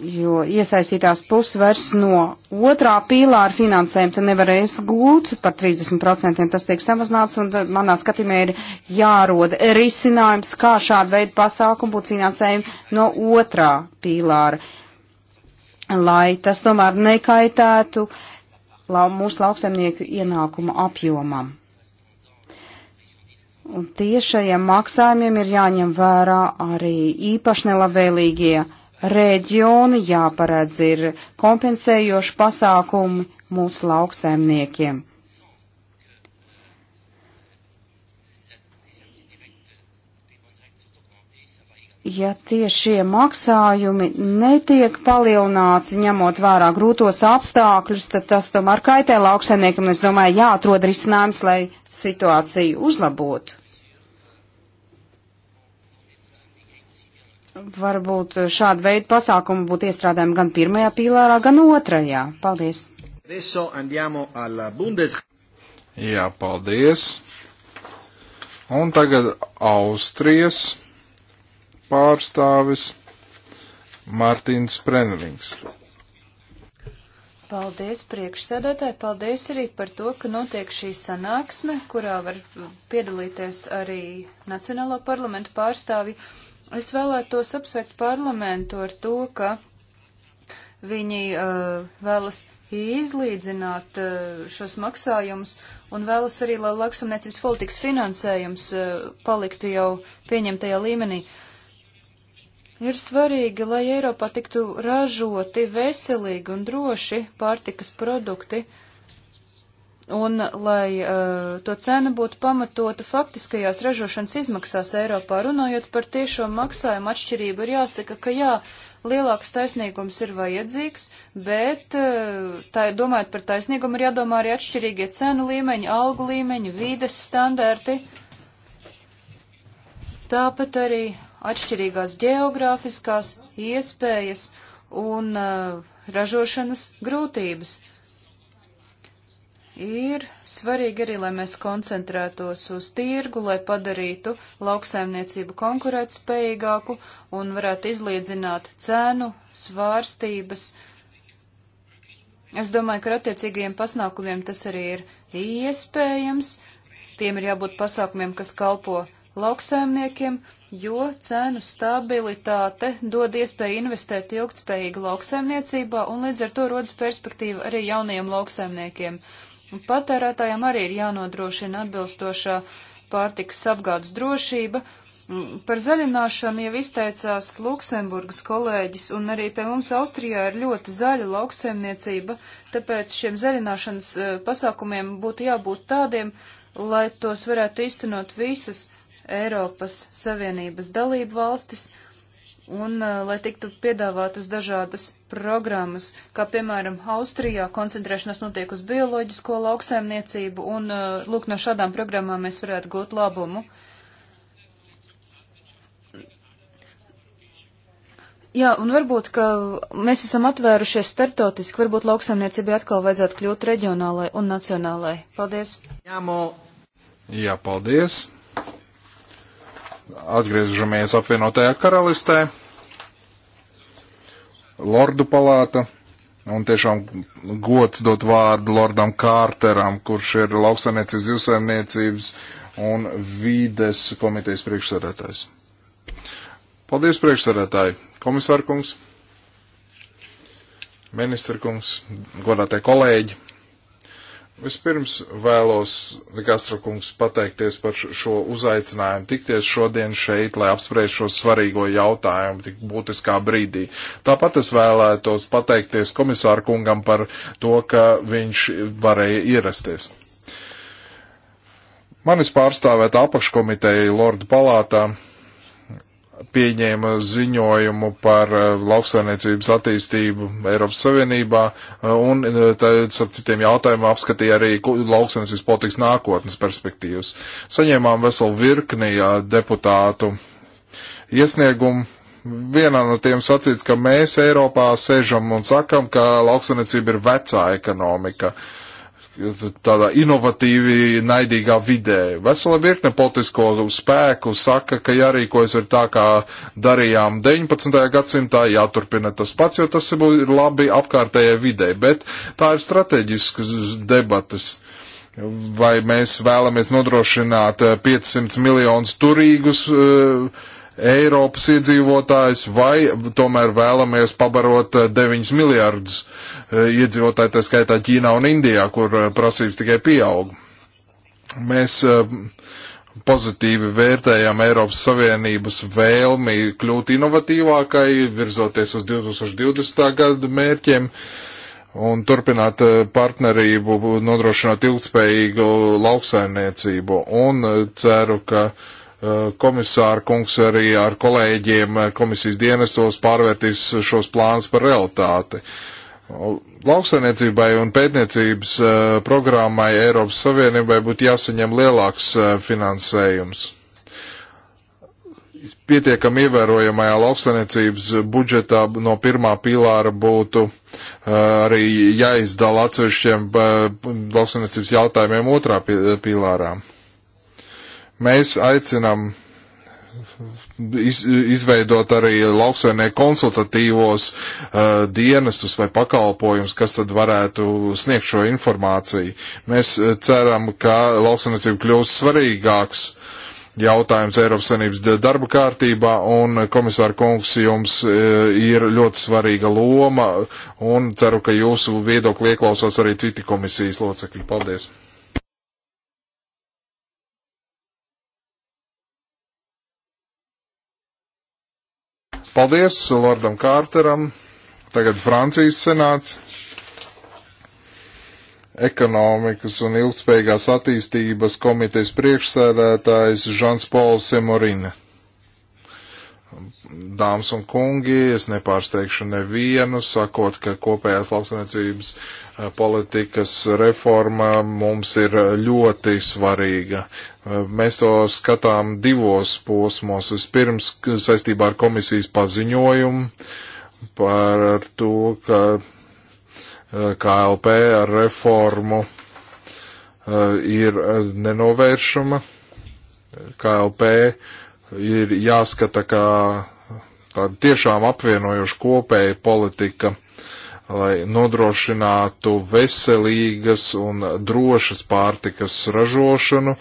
jo iesaistītās puses vairs no otrā pīlā ar finansējumu te nevarēs gūt par 30%, tas tiek samazināts, un manā skatījumā ir jāroda risinājums, kā šāda veida pasākumu būtu finansējumi no otrā pīlāra, lai tas tomēr nekaitētu lau, mūsu lauksaimnieku ienākumu apjomam. Un tiešajiem maksājumiem ir jāņem vērā arī īpaši nelabvēlīgie reģioni, jāparedz ir kompensējoši pasākumi mūsu lauksaimniekiem. Ja tiešie maksājumi netiek palielināti, ņemot vērā grūtos apstākļus, tad tas tomēr kaitē lauksaimniekam, un es domāju, jāatrod risinājums, lai situāciju uzlabotu. Varbūt šāda veida pasākumu būtu iestrādājumi gan pirmajā pīlārā, gan otrajā. Paldies! Jā, paldies! Un tagad Austrijas pārstāvis Mārtiņš Prenelings. Paldies priekšsēdētāji, paldies arī par to, ka notiek šī sanāksme, kurā var piedalīties arī Nacionālo parlamentu pārstāvi. Uh, Es vēlētos apsveikt parlamentu ar to, ka viņi uh, vēlas izlīdzināt uh, šos maksājumus un vēlas arī, lai lauksamniecības politikas finansējums uh, paliktu jau pieņemtajā līmenī. Ir svarīgi, lai Eiropā tiktu ražoti veselīgi un droši pārtikas produkti. Uh, un lai uh, to cena būtu pamatota faktiskajās ražošanas izmaksās Eiropā. Runājot par tiešo maksājumu atšķirību, ir jāsaka, ka jā, lielāks taisnīgums ir vajadzīgs, bet uh, tā, domājot par taisnīgumu, ir jādomā arī atšķirīgie cenu līmeņi, algu līmeņi, vīdes standarti. Tāpat arī atšķirīgās geogrāfiskās iespējas un uh, ražošanas grūtības ir svarīgi arī, lai mēs koncentrētos uz tirgu, lai padarītu lauksaimniecību konkurētspējīgāku un varētu izlīdzināt cenu svārstības. Es domāju, ka ar attiecīgajiem pasākumiem tas arī ir iespējams. Tiem ir jābūt pasākumiem, kas kalpo lauksaimniekiem, jo cenu stabilitāte dod iespēju investēt ilgtspējīgi lauksaimniecībā un līdz ar to rodas perspektīva arī jaunajiem lauksaimniekiem. Un patērētājiem arī ir jānodrošina atbilstošā pārtikas apgādes drošība. Mm, par zaļināšanu jau izteicās Luksemburgas kolēģis, un arī pie mums Austrijā ir ļoti zaļa lauksaimniecība, tāpēc šiem zaļināšanas eh, pasākumiem būtu jābūt tādiem, lai tos varētu iztenot visas Eiropas Savienības dalību valstis. Uh, un uh, lai tiktu piedāvātas dažādas programmas, kā piemēram Austrijā koncentrēšanās notiek uz bioloģisko lauksaimniecību, un uh, lūk, no šādām programmām mēs varētu gūt labumu. Jā, un varbūt, ka mēs esam atvērušies starptautiski, varbūt lauksaimniecībai atkal vajadzētu kļūt reģionālai un nacionālai. Paldies! Jā, paldies! Atgriežamies apvienotajā karalistē, Lordu palāta, un tiešām gods dot vārdu Lordam Kārteram, kurš ir lauksaimniecības, jūsaimniecības un vīdes komitejas priekšsēdētājs. Paldies, priekšsēdētāji! Komisārkungs, ministrkungs, godātie kolēģi! Vispirms vēlos Gastrokungs pateikties par šo uzaicinājumu tikties šodien šeit, lai apspriež šo svarīgo jautājumu tik būtiskā brīdī. Tāpat es vēlētos pateikties komisāru kungam par to, ka viņš varēja ierasties. Manis pārstāvēt apakškomiteju Lordu palātā pieņēma ziņojumu par eh, lauksainiecības attīstību Eiropas Savienībā eh, un eh, tad ar citiem jautājumiem apskatīja arī lauksainiecības politikas nākotnes perspektīvas. Saņēmām veselu virkni deputātu iesniegumu. Vienā no tiem sacīts, ka mēs Eiropā sežam un sakam, ka lauksainiecība ir vecā ekonomika. Uh, tādā inovatīvi naidīgā vidē. Vesela virkne politisko spēku saka, ka jārīkojas ir tā, kā darījām 19. gadsimtā, jāturpina tas pats, jo tas ir labi apkārtējai vidē, bet tā ir strateģiskas debatas. Vai mēs vēlamies nodrošināt 500 eh, miljonus turīgus uh, Eiropas iedzīvotājus, vai tomēr vēlamies pabarot 9 eh, miljārdus eh, iedzīvotāju, tā skaitā Ķīnā un Indijā, kur eh, prasības tikai pieaug. Mēs pozitīvi vērtējam Eiropas Savienības vēlmi kļūt inovatīvākai, virzoties uz 2020. gada mērķiem un turpināt partnerību, nodrošināt ilgspējīgu lauksaimniecību. Un ceru, ka uh, Eh, komisāra kungs arī ar kolēģiem eh, komisijas dienestos pārvērtīs šos plānus par realitāti. Lauksainiecībai un pētniecības eh, programmai Eiropas Savienībai būtu jāsaņem lielāks finansējums. Pietiekam ievērojamajā lauksainiecības budžetā no pirmā pīlāra būtu arī jāizdala atsevišķiem lauksainiecības jautājumiem otrā pīlārā. Pil Mēs aicinam iz, izveidot arī lauksaimnieku konsultatīvos uh, dienestus vai pakalpojumus, kas tad varētu sniegt šo informāciju. Mēs uh, ceram, ka lauksaimniecība kļūs svarīgāks jautājums Eiropas Savienības darba kārtībā, un uh, komisāra kungs jums uh, ir ļoti svarīga loma, un ceru, ka jūsu viedokli ieklausās arī citi komisijas locekļi. Paldies! Paldies Lordam Kārteram. Tagad Francijas senāts. Ekonomikas un ilgspējīgās attīstības komitejas priekšsēdētājs Žans Pols Semorina dāmas un kungi, es nepārsteigšu nevienu, sakot, ka kopējās lauksaimniecības eh, politikas reforma mums ir ļoti svarīga. Eh, mēs to skatām divos posmos. Vispirms saistībā ar komisijas paziņojumu par to, ka eh, KLP ar reformu ir nenovēršama. KLP ir jāskata kā tāda tiešām apvienojoša kopēja politika, lai nodrošinātu veselīgas un drošas pārtikas ražošanu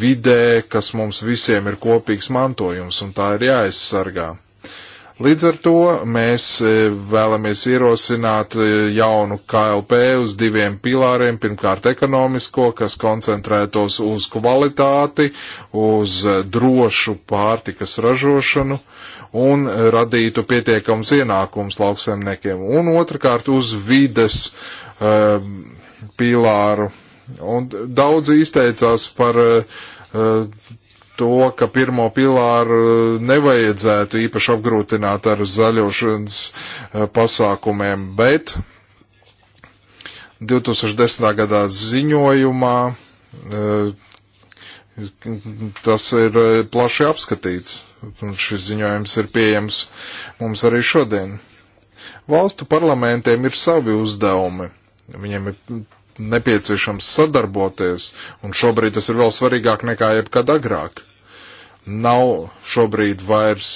vidē, kas mums visiem ir kopīgs mantojums, un tā ir jāaizsargā. Līdz ar to mēs e, vēlamies ierosināt e, jaunu KLP uz diviem pilāriem. Pirmkārt, ekonomisko, kas koncentrētos uz kvalitāti, uz drošu pārtikas ražošanu un radītu pietiekams ienākums lauksemniekiem. Un otrkārt uz vides uh, pīlāru. Un daudz izteicās par uh, to, ka pirmo pilāru nevajadzētu īpaši apgrūtināt ar zaļošanas eh, pasākumiem, bet 2010. gadā ziņojumā eh, tas ir plaši apskatīts. Šis ziņojums ir pieejams mums arī šodien. Valstu parlamentiem ir savi uzdevumi. Viņiem ir nepieciešams sadarboties, un šobrīd tas ir vēl svarīgāk nekā jebkad agrāk. Nav šobrīd vairs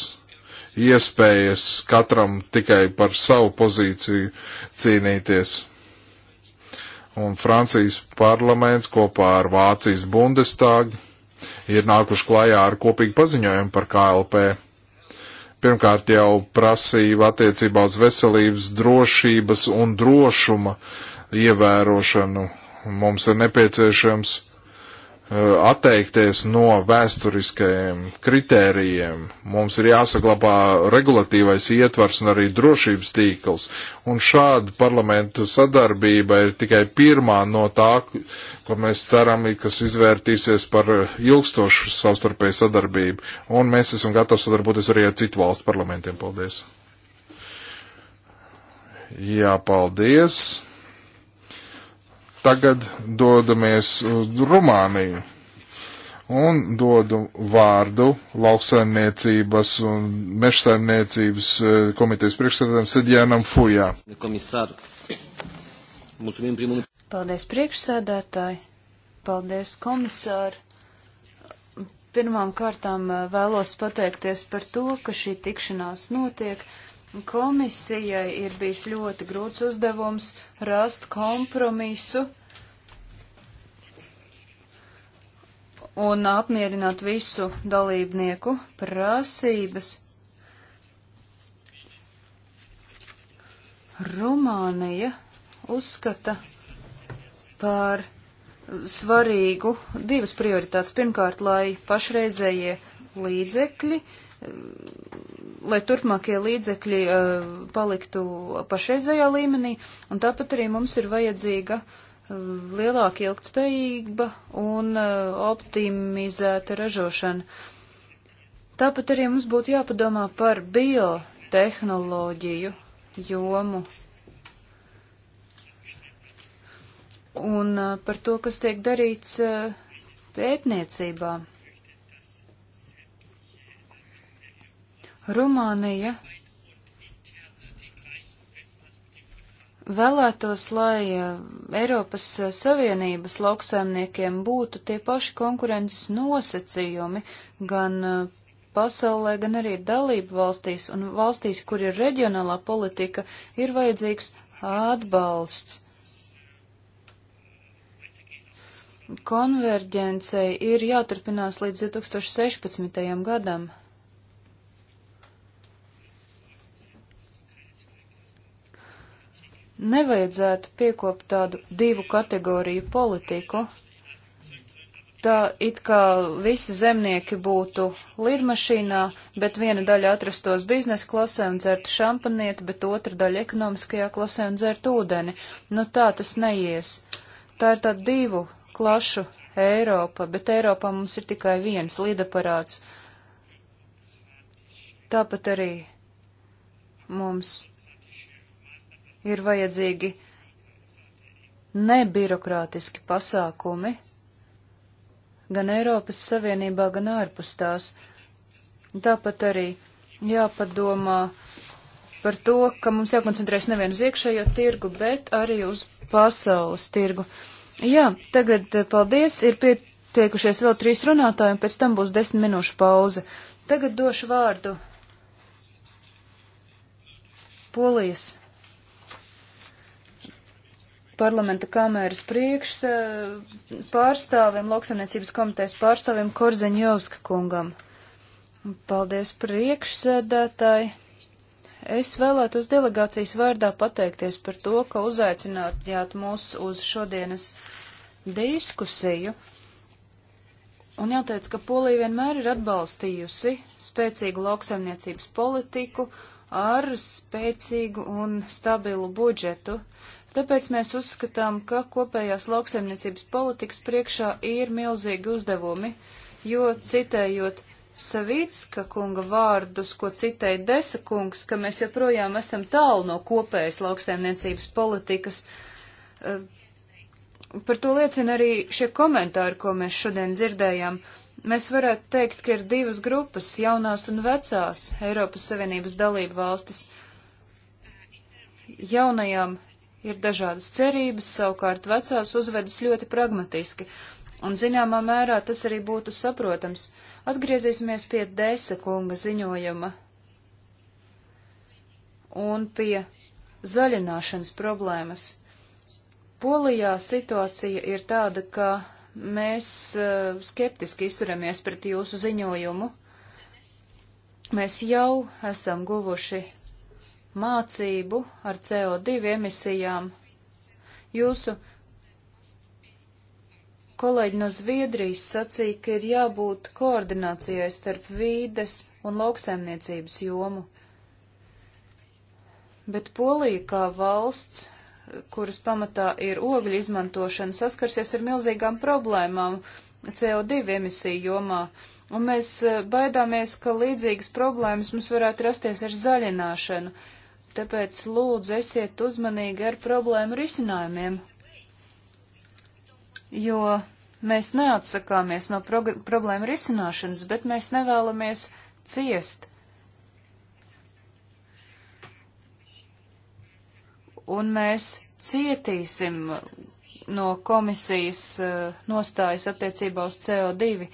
iespējas katram tikai par savu pozīciju cīnīties. Un Francijas parlaments kopā ar Vācijas Bundestāgu ir nākuši klajā ar kopīgu paziņojumu par KLP. Pirmkārt jau prasība attiecībā uz veselības drošības un drošuma ievērošanu. Mums ir nepieciešams Eh, atteikties no vēsturiskajiem kritērijiem. Mums ir jāsaglabā regulatīvais ietvars un arī drošības tīkls. Un šāda parlamentu sadarbība ir tikai pirmā no tā, ko mēs ceram, kas izvērtīsies par ilgstošu savstarpēju sadarbību. Un mēs esam gatavi sadarboties arī ar citu valstu parlamentiem. Paldies! Jā, paldies! Tagad dodamies uz uh, Rumāniju un dodu vārdu lauksaimniecības un mežsaimniecības uh, komitejas priekšsēdētājiem Sidjānam Fujā. Komisāru. Paldies priekšsēdētāji, paldies komisāri. Pirmām kārtām uh, vēlos pateikties par to, ka šī tikšanās notiek. Komisijai ir bijis ļoti grūts uzdevums rast kompromisu un apmierināt visu dalībnieku prasības. Rumānija uzskata par svarīgu divas prioritātes. Pirmkārt, lai pašreizējie līdzekļi lai turpmākie līdzekļi uh, paliktu pašreizējā līmenī, un tāpat arī mums ir vajadzīga uh, lielāka ilgtspējība un uh, optimizēta ražošana. Tāpat arī mums būtu jāpadomā par biotehnoloģiju jomu un par to, kas tiek darīts pētniecībā. Uh, Rumānija vēlētos, lai eh, Eiropas eh, Savienības lauksaimniekiem būtu tie paši konkurences nosacījumi gan eh, pasaulē, gan arī dalību valstīs un valstīs, kur ir reģionālā politika, ir vajadzīgs atbalsts. Konverģencei ir jāturpinās līdz 2016. gadam. Nevajadzētu piekopt tādu divu kategoriju politiku. Tā it kā visi zemnieki būtu lidmašīnā, bet viena daļa atrastos biznesa klasē un dzertu šampanieti, bet otra daļa ekonomiskajā klasē un dzertu ūdeni. Nu tā tas neies. Tā ir tā divu klašu Eiropa, bet Eiropā mums ir tikai viens lidaparāts. Tāpat arī mums ir vajadzīgi nebirokrātiski pasākumi gan Eiropas Savienībā, gan ārpus tās. Tāpat arī jāpadomā par to, ka mums jākoncentrēs nevien uz iekšējo tirgu, bet arī uz pasaules tirgu. Jā, tagad eh, paldies, ir pieteikušies vēl trīs runātāji, un pēc tam būs desmit minūšu pauze. Tagad došu vārdu Polijas parlamenta kamēras priekš eh, pārstāvim, lauksamniecības komitejas pārstāvim Korzeņovska kungam. Paldies priekšsēdētāji. Es vēlētos delegācijas vārdā pateikties par to, ka uzaicinājāt mūs uz šodienas diskusiju. Un jāteic, ka Polija vienmēr ir atbalstījusi spēcīgu lauksaimniecības politiku ar spēcīgu un stabilu budžetu. Tāpēc mēs uzskatām, ka kopējās lauksaimniecības politikas priekšā ir milzīgi uzdevumi, jo citējot Savicka kunga vārdus, ko citēja Desa kungs, ka mēs joprojām esam tālu no kopējas lauksaimniecības politikas. Eh, par to liecina arī šie komentāri, ko mēs šodien dzirdējām. Mēs varētu teikt, ka ir divas grupas - jaunās un vecās Eiropas Savienības dalību valstis. Jaunajām ir dažādas cerības, savukārt vecās uzvedas ļoti pragmatiski, un zināmā mērā tas arī būtu saprotams. Atgriezīsimies pie Dēsa kunga ziņojuma un pie zaļināšanas problēmas. Polijā situācija ir tāda, ka mēs uh, skeptiski izturamies pret jūsu ziņojumu. Mēs jau esam guvuši mācību ar CO2 emisijām. Jūsu kolēģi no Zviedrijas sacīja, ka ir jābūt koordinācijai starp vīdes un lauksaimniecības jomu. Bet Polija kā valsts, kuras pamatā ir ogļu izmantošana, saskarsies ar milzīgām problēmām CO2 emisiju jomā, un mēs eh, baidāmies, ka līdzīgas problēmas mums varētu rasties ar zaļināšanu. Uh, Tāpēc lūdzu esiet uzmanīgi ar problēmu risinājumiem, jo mēs neatsakāmies no problēmu risināšanas, bet mēs nevēlamies ciest. Un mēs cietīsim no komisijas eh, nostājas attiecībā uz CO2.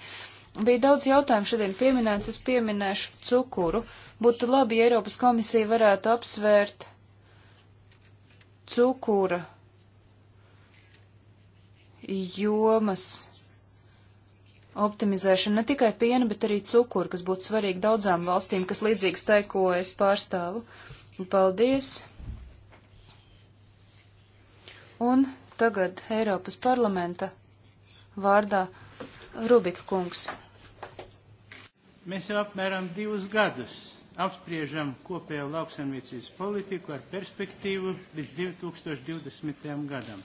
Bija daudz jautājumu šodien pieminēts, es pieminēšu cukuru. Būtu labi, ja Eiropas komisija varētu apsvērt cukura jomas optimizēšana, ne tikai piena, bet arī cukuru, kas būtu svarīgi daudzām valstīm, kas līdzīgs tai, ko es pārstāvu. Paldies! Un tagad Eiropas parlamenta vārdā Rubika kungs. Mēs jau apmēram divus gadus apspriežam kopējo lauksaimniecības politiku ar perspektīvu līdz 2020. gadam.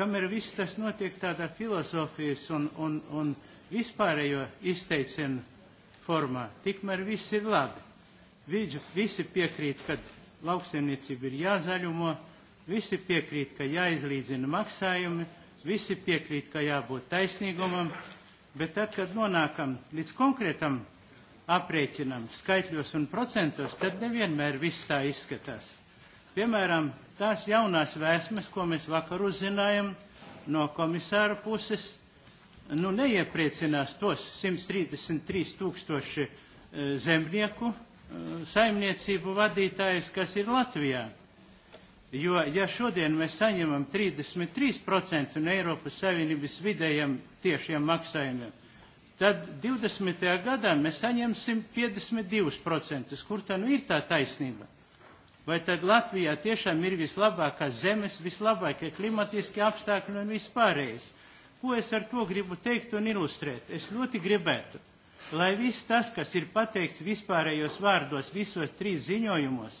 Kamēr viss tas notiek tādā filozofijas un, un, un vispārējo izteicienu formā, tikmēr viss ir labi. Vidži, visi piekrīt, ka lauksaimniecība ir jāzaļumo, visi piekrīt, ka jāizlīdzina maksājumi, visi piekrīt, ka jābūt taisnīgumam, bet tad, kad nonākam līdz konkrētam aprēķinam, skaitļos un procentos, tad nevienmēr viss tā izskatās. Piemēram, tās jaunās vēsmas, ko mēs vakar uzzinājām no komisāra puses, nu neiepriecinās tos 133 tūkstoši eh, zemnieku eh, saimniecību vadītājus, kas ir Latvijā. Jo, ja šodien mēs saņemam 33% no Eiropas Savienības vidējiem tiešiem maksājumiem, tad 20. gadā mēs saņemsim 52%. Kur tā nu ir tā taisnība? Vai tad Latvijā tiešām ir vislabākā zemes, vislabākie klimatiskie apstākļi un vispārējais? Ko es ar to gribu teikt un ilustrēt? Es ļoti gribētu, lai viss tas, kas ir pateikts vispārējos vārdos visos trīs ziņojumos,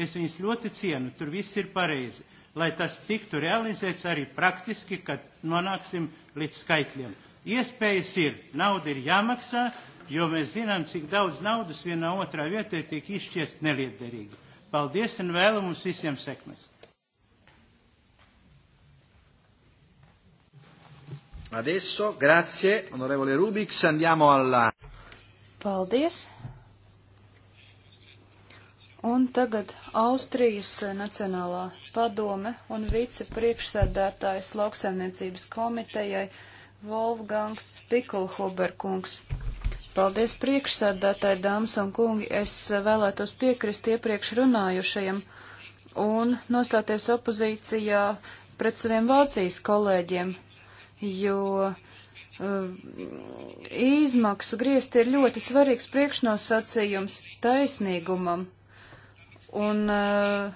Es viņus ļoti cienu, tur viss ir pareizi. Lai tas tiktu realizēts arī praktiski, kad nonāksim līdz skaitļiem. Iespējas ir, nauda ir jāmaksā, jo mēs zinām, cik daudz naudas vienā otrā vietā tiek izšķiest nelietderīgi. Paldies un vēlu mums visiem sekmes! Adesso, grazie, onorevole Rubiks, andiamo alla... Paldies, Un tagad Austrijas Nacionālā padome un vicepriekšsēdētājs lauksaimniecības komitejai Volfgangs Pikulhuberkungs. Paldies priekšsēdētāji, dāmas un kungi, es vēlētos piekrist iepriekš runājušajiem un nostāties opozīcijā pret saviem Vācijas kolēģiem, jo uh, izmaksu griezti ir ļoti svarīgs priekšnosacījums taisnīgumam un eh,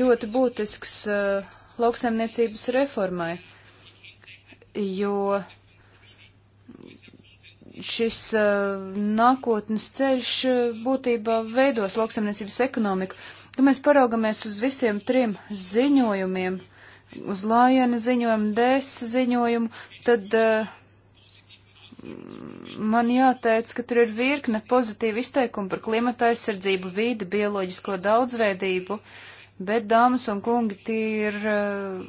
ļoti būtisks eh, lauksaimniecības reformai, jo šis eh, nākotnes ceļš būtībā veidos lauksaimniecības ekonomiku. Ja mēs paraugamies uz visiem trim ziņojumiem, uz Lājana ziņojumu, Dēsa ziņojumu, tad uh, man jāteic, ka tur ir virkne pozitīvu izteikumu par klimata aizsardzību, vīdi, bioloģisko daudzveidību, bet, dāmas un kungi, tie ir eh,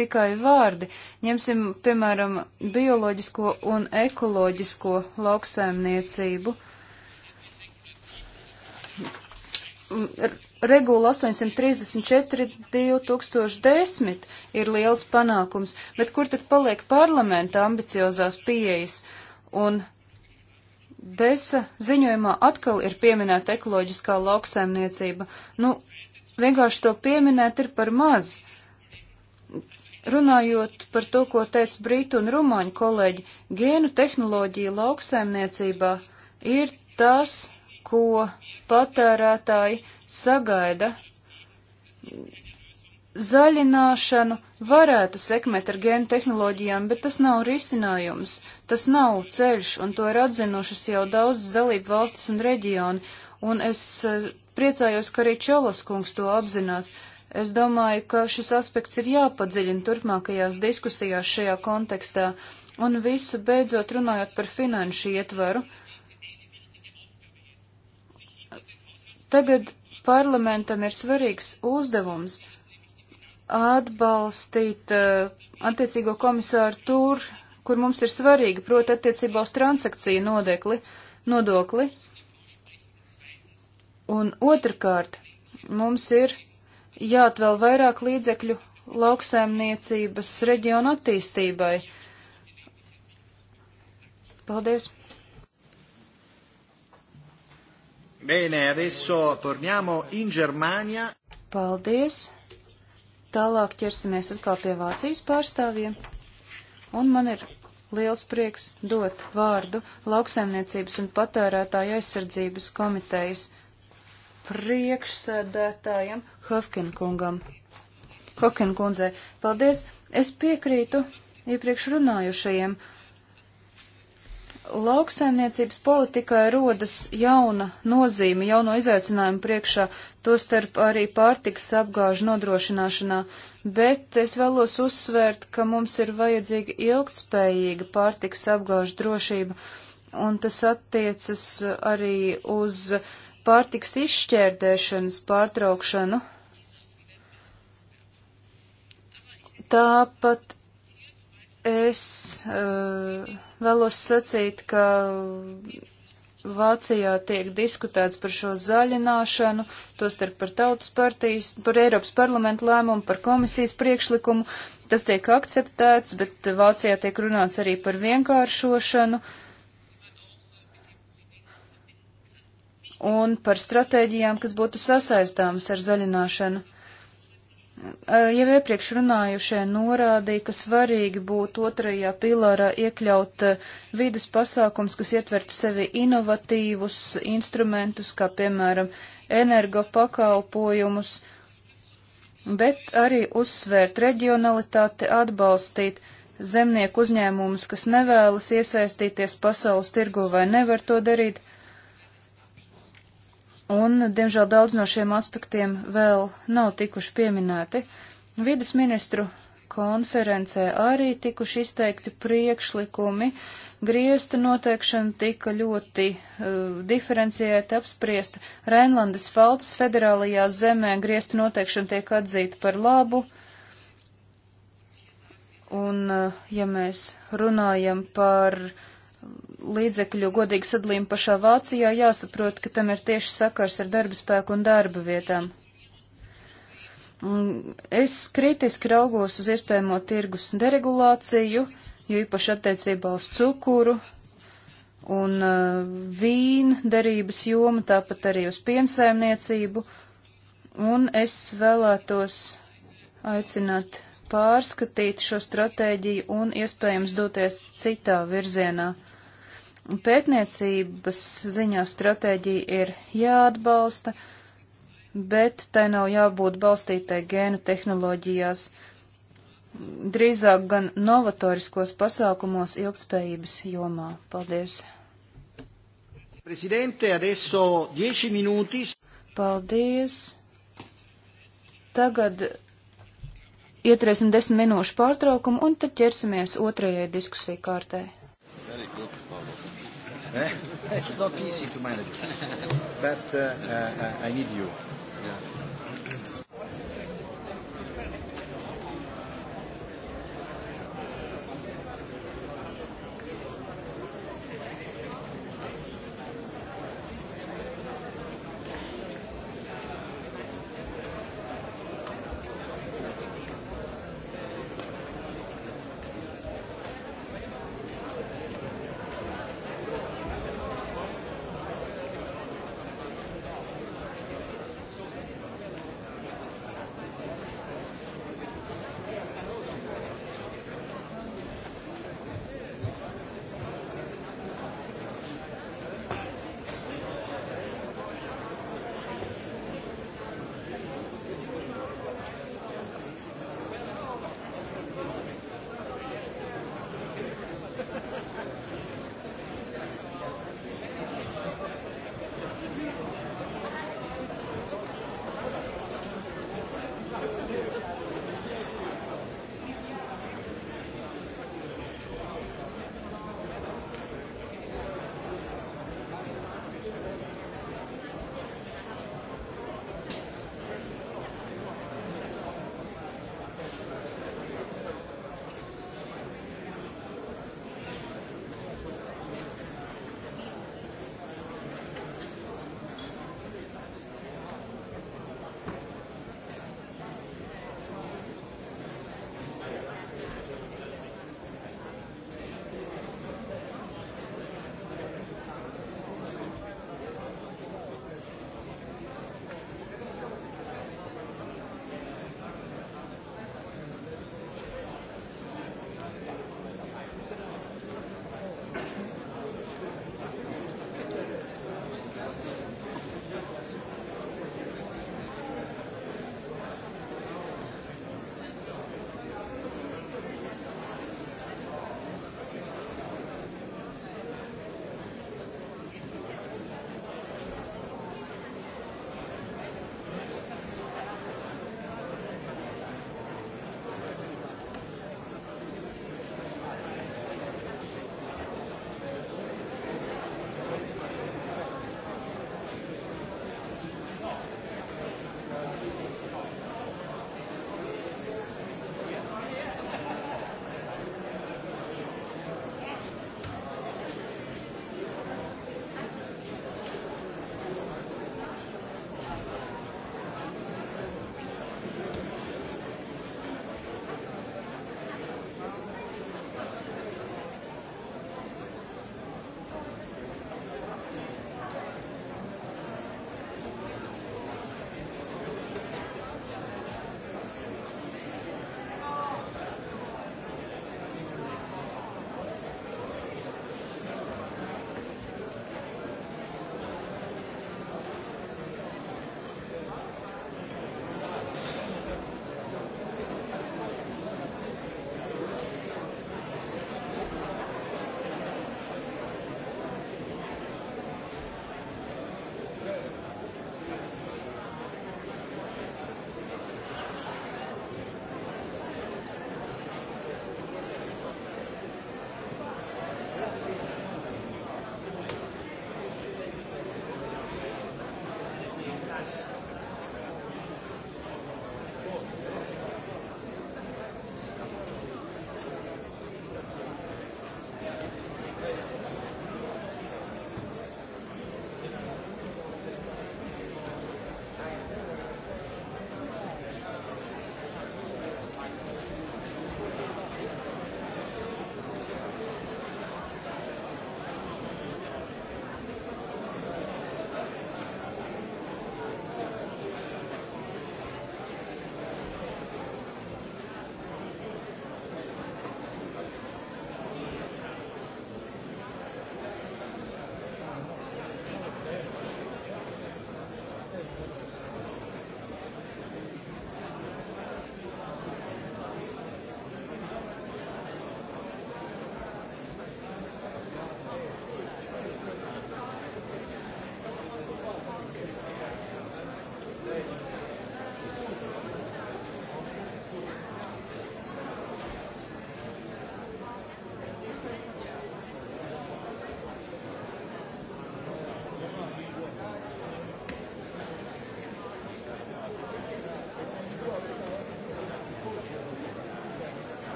tikai vārdi. Ņemsim, piemēram, bioloģisko un ekoloģisko lauksaimniecību regula 834 2010 ir liels panākums, bet kur tad paliek parlamenta ambiciozās pieejas? Un desa ziņojumā atkal ir pieminēta ekoloģiskā lauksaimniecība. Nu, vienkārši to pieminēt ir par maz. Runājot par to, ko teica Brītu un Rumāņu kolēģi, gēnu tehnoloģija lauksaimniecībā ir tas, ko patērētāji sagaida zaļināšanu, varētu sekmēt ar gēnu tehnoloģijām, bet tas nav risinājums, tas nav ceļš, un to ir atzinušas jau daudz dalību valstis un reģioni, un es eh, priecājos, ka arī Čolos kungs to apzinās. Es domāju, ka šis aspekts ir jāpadziļina turpmākajās diskusijās šajā kontekstā, un visu beidzot runājot par finanšu ietvaru. Tagad parlamentam ir svarīgs uzdevums atbalstīt uh, attiecīgo komisāru tur, kur mums ir svarīgi, proti attiecībā uz transakciju nodekli, nodokli. Un otrkārt, mums ir jāatvēl vairāk līdzekļu lauksēmniecības reģionu attīstībai. Paldies! Bene, adesso torniamo in Germania. Paldies. Tālāk ķersimies atkal pie Vācijas pārstāvjiem. Un man ir liels prieks dot vārdu lauksaimniecības un patērētāja aizsardzības komitejas priekšsēdētājam Hofkenkungam. Hofkenkundzei, paldies. Es piekrītu iepriekš runājušajiem. Ja Lauksaimniecības politikai rodas jauna nozīme, jauno izaicinājumu priekšā, tostarp arī pārtikas apgāžu nodrošināšanā, bet es vēlos uzsvērt, ka mums ir vajadzīga ilgtspējīga pārtikas apgāžu drošība, un tas attiecas arī uz pārtikas izšķērdēšanas pārtraukšanu. Tāpat Es uh, vēlos sacīt, ka Vācijā tiek diskutēts par šo zaļināšanu, tostarp par tautas partijas, par Eiropas parlamentu lēmumu, par komisijas priekšlikumu. Tas tiek akceptēts, bet Vācijā tiek runāts arī par vienkāršošanu un par stratēģijām, kas būtu sasaistāmas ar zaļināšanu jau iepriekš runājušie norādīja, ka svarīgi būtu otrajā pilārā iekļaut vides pasākums, kas ietvertu sevi inovatīvus instrumentus, kā piemēram energopakalpojumus, bet arī uzsvērt reģionalitāti, atbalstīt zemnieku uzņēmumus, kas nevēlas iesaistīties pasaules tirgu vai nevar to darīt un, diemžēl, daudz no šiem aspektiem vēl nav tikuši pieminēti. Vides ministru konferencē arī tikuši izteikti priekšlikumi. Griesta noteikšana tika ļoti uh, diferenciēta apspriesta. Rēnlandes faltas federālajā zemē griesta noteikšana tiek atzīta par labu. Un, uh, ja mēs runājam par uh, līdzekļu godīgu sadalījumu pašā Vācijā, jāsaprot, ka tam ir tieši sakars ar darba spēku un darba vietām. Es kritiski raugos uz iespējamo tirgus deregulāciju, jo īpaši attiecībā uz cukuru un uh, vīnu darības jomu, tāpat arī uz piensaimniecību, un es vēlētos aicināt pārskatīt šo stratēģiju un iespējams doties citā virzienā. Pētniecības ziņā stratēģija ir jāatbalsta, bet tai nav jābūt balstītai gēnu tehnoloģijās, drīzāk gan novatoriskos pasākumos ilgspējības jomā. Paldies! Presidente, adesso 10 minūtes. Paldies! Tagad ieturēsim desmit minūšu pārtraukumu un tad ķersimies otrajai diskusiju kārtai. Very good. Eh? It's not easy to manage. But uh, uh, uh I need you. Yeah.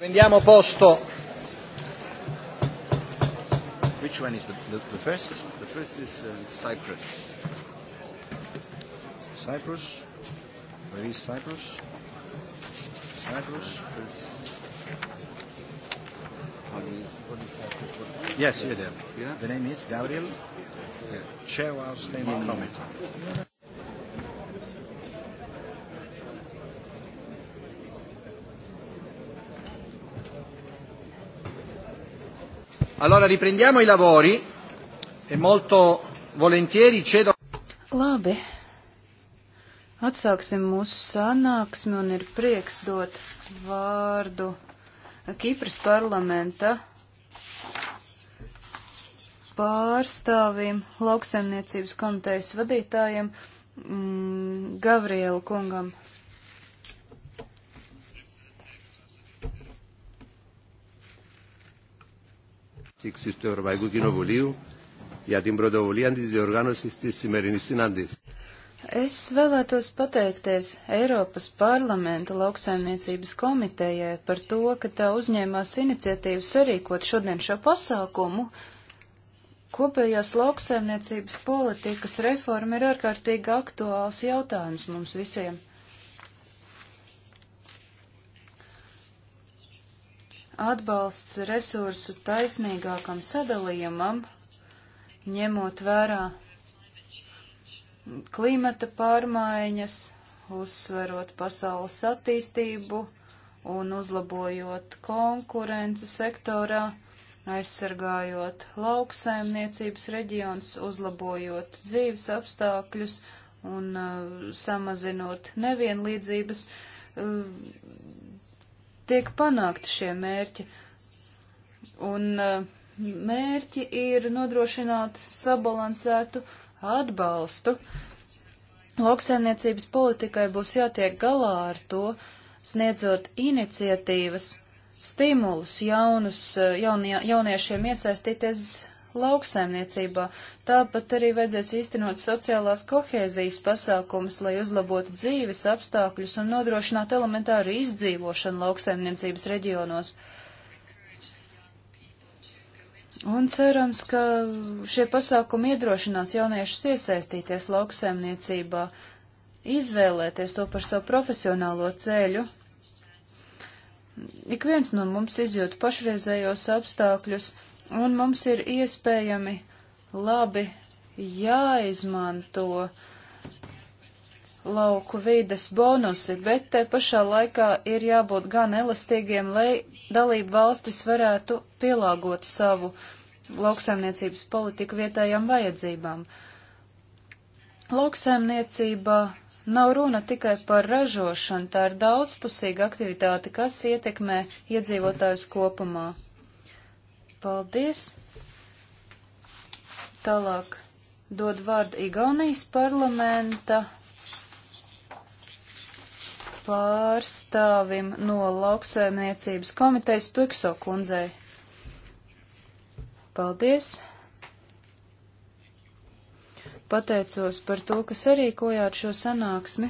Prendiamo posto. Which one is the, the, the first? The first is uh, Cyprus. Cyprus? Where is Cyprus? Cyprus? Yes, you're there. Yeah. The name is Gabriel, yeah. Chair of Standing Committee. Allora riprendiamo i lavori e molto volentieri cedo. Labi. Atsāksim mūsu sanāksmi un ir prieks dot vārdu Kipras parlamenta pārstāvim, lauksaimniecības komitejas vadītājiem mm, Gavrielu kungam. ανάπτυξης του Ευρωπαϊκού Κοινοβουλίου για την πρωτοβουλία της διοργάνωσης της σημερινής συνάντησης. Es vēlētos pateikties Eiropas parlamenta lauksaimniecības komitejai par to, ka tā uzņēmās iniciatīvu sarīkot šodien šo pasākumu. Kopējās lauksaimniecības politikas reforma ir ārkārtīgi aktuāls jautājums mums visiem. atbalsts resursu taisnīgākam sadalījumam, ņemot vērā klimata pārmaiņas, uzsverot pasaules attīstību un uzlabojot konkurenci sektorā, aizsargājot lauksaimniecības reģions, uzlabojot dzīves apstākļus un uh, samazinot nevienlīdzības. Uh, tiek panākti šie mērķi. Un eh, mērķi ir nodrošināt sabalansētu atbalstu. Lauksaimniecības politikai būs jātiek galā ar to, sniedzot iniciatīvas, stimulus jaunus, eh, jaunie, jauniešiem iesaistīties lauksaimniecībā. Tāpat arī vajadzēs īstenot sociālās kohēzijas pasākumus, lai uzlabotu dzīves apstākļus un nodrošinātu elementāru izdzīvošanu lauksaimniecības reģionos. Un cerams, ka šie pasākumi iedrošinās jauniešus iesaistīties lauksaimniecībā, izvēlēties to par savu profesionālo ceļu. Ik viens no mums izjūt pašreizējos apstākļus un mums ir iespējami labi jāizmanto lauku vīdes bonusi, bet te pašā laikā ir jābūt gan elastīgiem, lai dalību valstis varētu pielāgot savu lauksaimniecības politiku vietējām vajadzībām. Lauksaimniecībā nav runa tikai par ražošanu, tā ir daudzpusīga aktivitāte, kas ietekmē iedzīvotājus kopumā. Paldies. Tālāk dod vārdu Igaunijas parlamenta pārstāvim no lauksaimniecības komitejas Tukso kundzei. Paldies! Pateicos par to, ka sarīkojāt šo sanāksmi.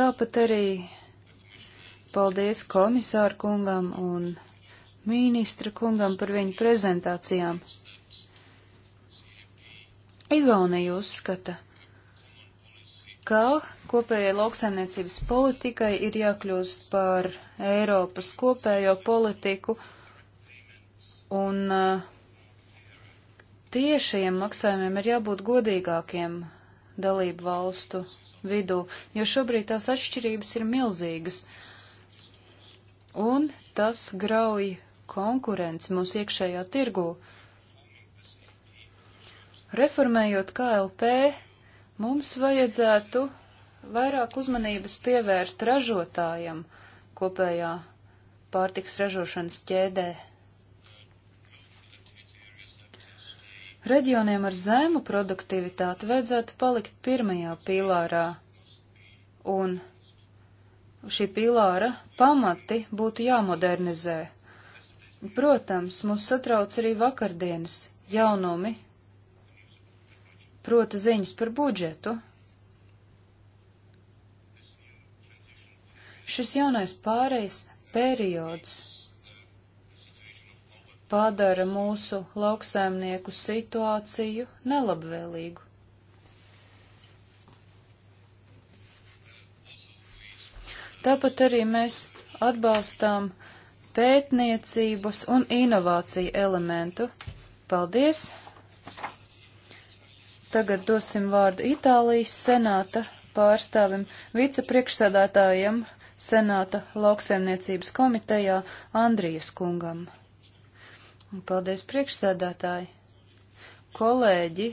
Tāpat arī paldies komisāru kungam un ministra kungam par viņu prezentācijām. Igaunija uzskata, ka kopējai lauksaimniecības politikai ir jākļūst par Eiropas kopējo politiku un uh, tiešajiem maksājumiem ir jābūt godīgākiem dalību valstu vidū, jo šobrīd tās atšķirības ir milzīgas. Un tas grauj konkurenci mūsu iekšējā tirgū. Reformējot KLP, mums vajadzētu vairāk uzmanības pievērst ražotājam kopējā pārtiks ražošanas ķēdē. Reģioniem ar zēmu produktivitāti vajadzētu palikt pirmajā pīlārā, un šī pīlāra pamati būtu jāmodernizē. Protams, mūs satrauc arī vakardienas jaunumi, proti ziņas par budžetu. Šis jaunais pārejas periods padara mūsu lauksaimnieku situāciju nelabvēlīgu. Tāpat arī mēs atbalstām pētniecības un inovāciju elementu. Paldies! Tagad dosim vārdu Itālijas senāta pārstāvim, vicepriekšsēdētājiem senāta lauksaimniecības komitejā Andrijas kungam. Un paldies priekšsēdētāji! Kolēģi,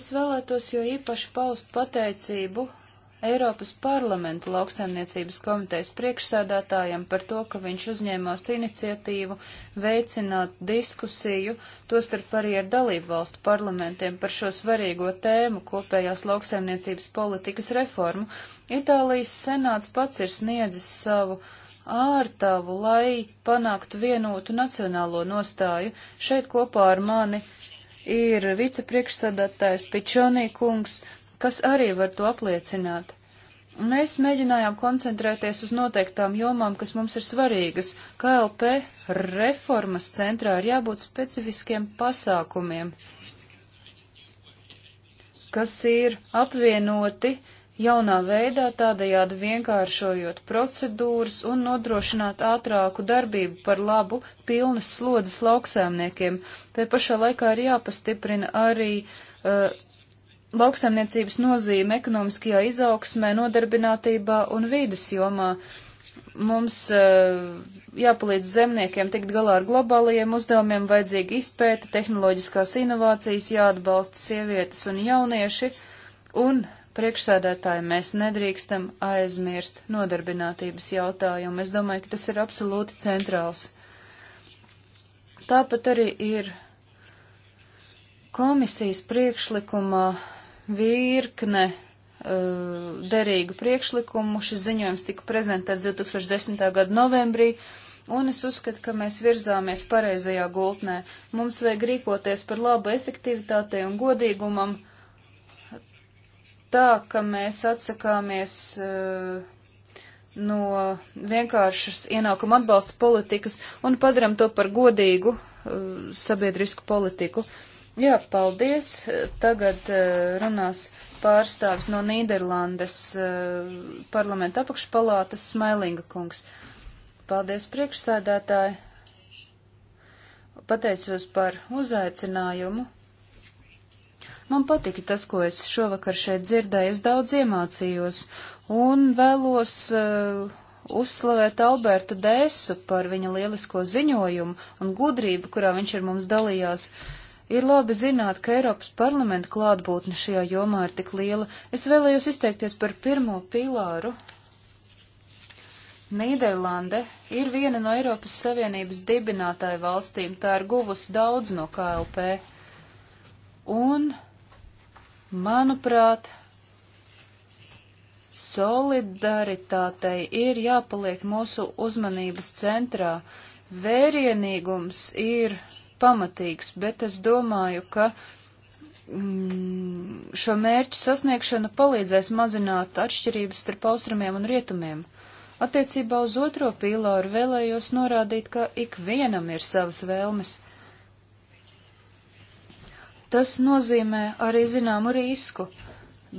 es vēlētos jo īpaši paust pateicību Eiropas parlamenta lauksaimniecības komitejas priekšsēdētājam par to, ka viņš uzņēmās iniciatīvu veicināt diskusiju, tostarp arī ar dalību valstu parlamentiem par šo svarīgo tēmu kopējās lauksaimniecības politikas reformu. Itālijas senāts pats ir sniedzis savu ārtavu, lai panāktu vienotu nacionālo nostāju. Šeit kopā ar mani ir vicepriekšsēdētājs Pičonī kungs kas arī var to apliecināt. Mēs mēģinājām koncentrēties uz noteiktām jomām, kas mums ir svarīgas. KLP reformas centrā ir jābūt specifiskiem pasākumiem, kas ir apvienoti jaunā veidā, tādējādi vienkāršojot procedūras un nodrošināt ātrāku darbību par labu pilnas slodzes lauksēmniekiem. Te pašā laikā ir jāpastiprina arī uh, lauksaimniecības nozīme ekonomiskajā izaugsmē, nodarbinātībā un vīdes jomā. Mums eh, jāpalīdz zemniekiem tikt galā ar globālajiem uzdevumiem, vajadzīga izpēta, tehnoloģiskās inovācijas, jāatbalsta sievietes un jaunieši, un priekšsēdētāji mēs nedrīkstam aizmirst nodarbinātības jautājumu. Es domāju, ka tas ir absolūti centrāls. Tāpat arī ir komisijas priekšlikumā virkne uh, derīgu priekšlikumu. Šis ziņojums tika prezentēts 2010. gada novembrī, un es uzskatu, ka mēs virzāmies pareizajā gultnē. Mums vajag rīkoties par labu efektivitātei un godīgumam, tā, ka mēs atsakāmies uh, no vienkāršas ienākuma atbalsta politikas un padaram to par godīgu uh, sabiedrisku politiku. Uh, Jā, paldies. Tagad eh, runās pārstāvis no Nīderlandes eh, parlamenta apakšpalātas Smailinga kungs. Paldies priekšsēdētāji. Pateicos par uzaicinājumu. Man patika tas, ko es šovakar šeit dzirdēju, es daudz iemācījos un vēlos uh, uzslavēt Albertu Dēsu par viņa lielisko ziņojumu un gudrību, kurā viņš ar mums dalījās. Uh, Ir labi zināt, ka Eiropas parlamenta klātbūtne šajā jomā ir tik liela. Es vēlējos izteikties par pirmo pilāru. Nīderlande ir viena no Eiropas Savienības dibinātāju valstīm, tā ir guvusi daudz no KLP. Un, manuprāt, solidaritātei ir jāpaliek mūsu uzmanības centrā. Vērienīgums ir pamatīgs, bet es domāju, ka mm, šo mērķu sasniegšana palīdzēs mazināt atšķirības starp austrumiem un rietumiem. Attiecībā uz otro pīlāru vēlējos norādīt, ka ikvienam ir savas vēlmes. Tas nozīmē arī zināmu risku.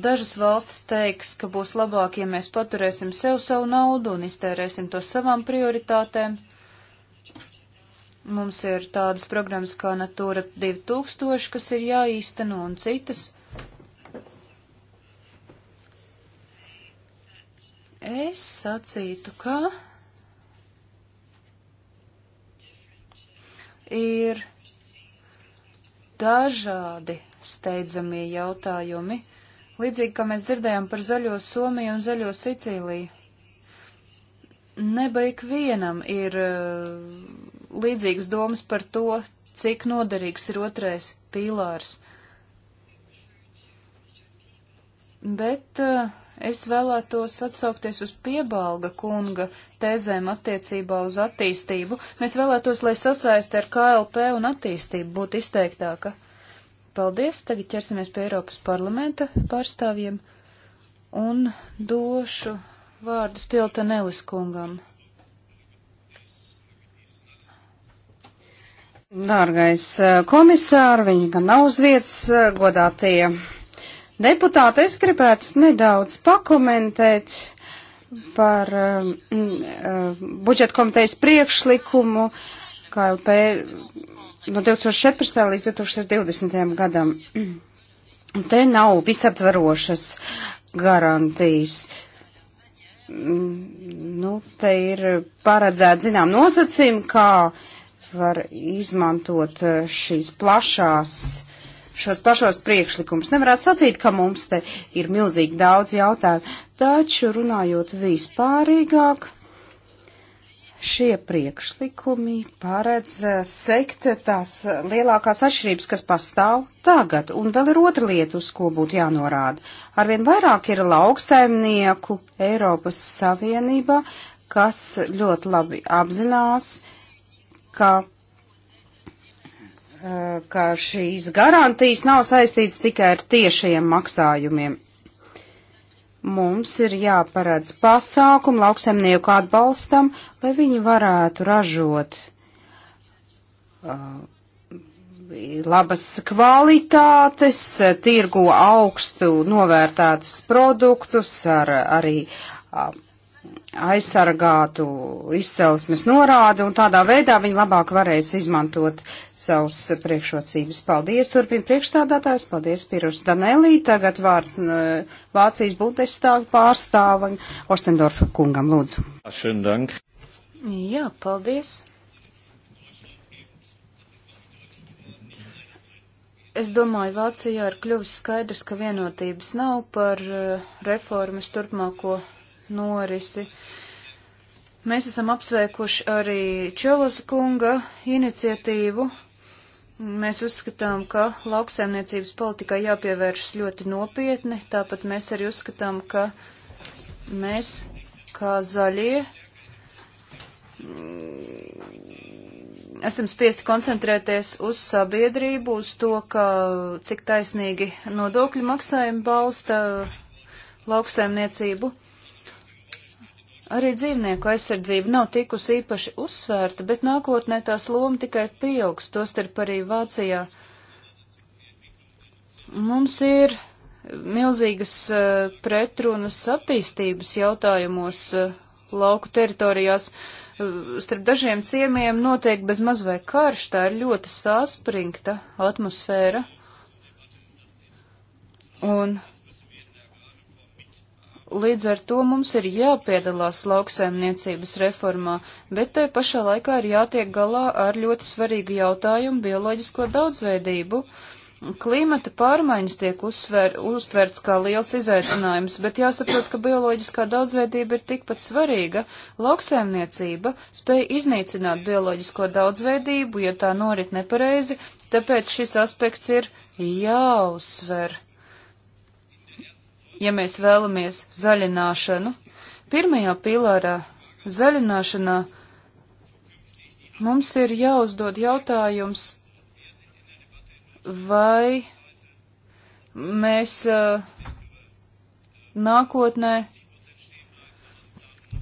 Dažas valstis teiks, ka būs labāk, ja mēs paturēsim sev savu naudu un iztērēsim to savām prioritātēm, Mums ir tādas programmas kā Natūra 2000, kas ir jāīsteno un citas. Es sacītu, ka ir dažādi steidzamie jautājumi, līdzīgi kā mēs dzirdējām par zaļo Somiju un zaļo Sicīliju. Nebaik vienam ir uh, līdzīgas domas par to, cik noderīgs ir otrais pīlārs. Bet eh, es vēlētos atsaukties uz piebalga kunga tēzēm attiecībā uz attīstību. Mēs vēlētos, lai sasaiste ar KLP un attīstību būtu izteiktāka. Paldies, tagad ķersimies pie Eiropas parlamenta pārstāvjiem un došu vārdus Pilta Nelis kungam. Dārgais eh, komisāri, viņi gan nav uz vietas, eh, godātie deputāti, es gribētu nedaudz pakomentēt par um, budžeta komitejas priekšlikumu KLP no 2014. līdz 2020. gadam. Te nav visaptvarošas garantijas mm, nu, te ir paredzēta zinām nosacījuma, kā var izmantot eh, šīs plašās, šos plašos priekšlikumus. Nevarētu sacīt, ka mums te ir milzīgi daudz jautājumu, taču runājot vispārīgāk, šie priekšlikumi paredz eh, sekt tās lielākās atšķirības, kas pastāv tagad. Un vēl ir otra lieta, uz ko būtu jānorāda. Arvien vairāk ir lauksaimnieku Eiropas Savienībā, kas ļoti labi apzinās, ka eh, ka šīs garantijas nav saistītas tikai ar tiešajiem maksājumiem. Mums ir jāparedz pasākumu lauksemnieku atbalstam, lai viņi varētu ražot uh, labas kvalitātes, tirgu augstu novērtētus produktus ar arī uh, aizsargātu izcelsmes norādu, un tādā veidā viņi labāk varēs izmantot savus priekšrocības. Paldies, turpina priekšstādātājs, paldies, Pirus Danelī, tagad vārds Vācijas Bundestāga pārstāvam Ostendorfa kungam, lūdzu. Jā, paldies. Es domāju, Vācijā ir kļuvis skaidrs, ka vienotības nav par eh, reformas turpmāko norisi. Mēs esam apsveikuši arī Čelos kunga iniciatīvu. Mēs uzskatām, ka lauksaimniecības politikai jāpievēršas ļoti nopietni, tāpat mēs arī uzskatām, ka mēs, kā zaļie, esam spiesti koncentrēties uz sabiedrību, uz to, ka cik taisnīgi nodokļu maksājumi balsta lauksaimniecību. Arī dzīvnieku aizsardzība nav tikusi īpaši uzsvērta, bet nākotnē tās loma tikai pieaugs, tostarp arī Vācijā. Mums ir milzīgas uh, pretrunas attīstības jautājumos uh, lauku teritorijās. Uh, starp dažiem ciemiemiem notiek bez maz vai karš, tā ir ļoti sāspringta atmosfēra. Un Līdz ar to mums ir jāpiedalās lauksaimniecības reformā, bet tai pašā laikā ir jātiek galā ar ļoti svarīgu jautājumu bioloģisko daudzveidību. Klimata pārmaiņas tiek uzsver, uztverts kā liels izaicinājums, bet jāsaprot, ka bioloģiskā daudzveidība ir tikpat svarīga. Lauksaimniecība spēja iznīcināt bioloģisko daudzveidību, ja tā norit nepareizi, tāpēc šis aspekts ir jāuzsver ja mēs vēlamies zaļināšanu, pirmajā pilārā zaļināšanā mums ir jāuzdod jautājums, vai mēs uh, nākotnē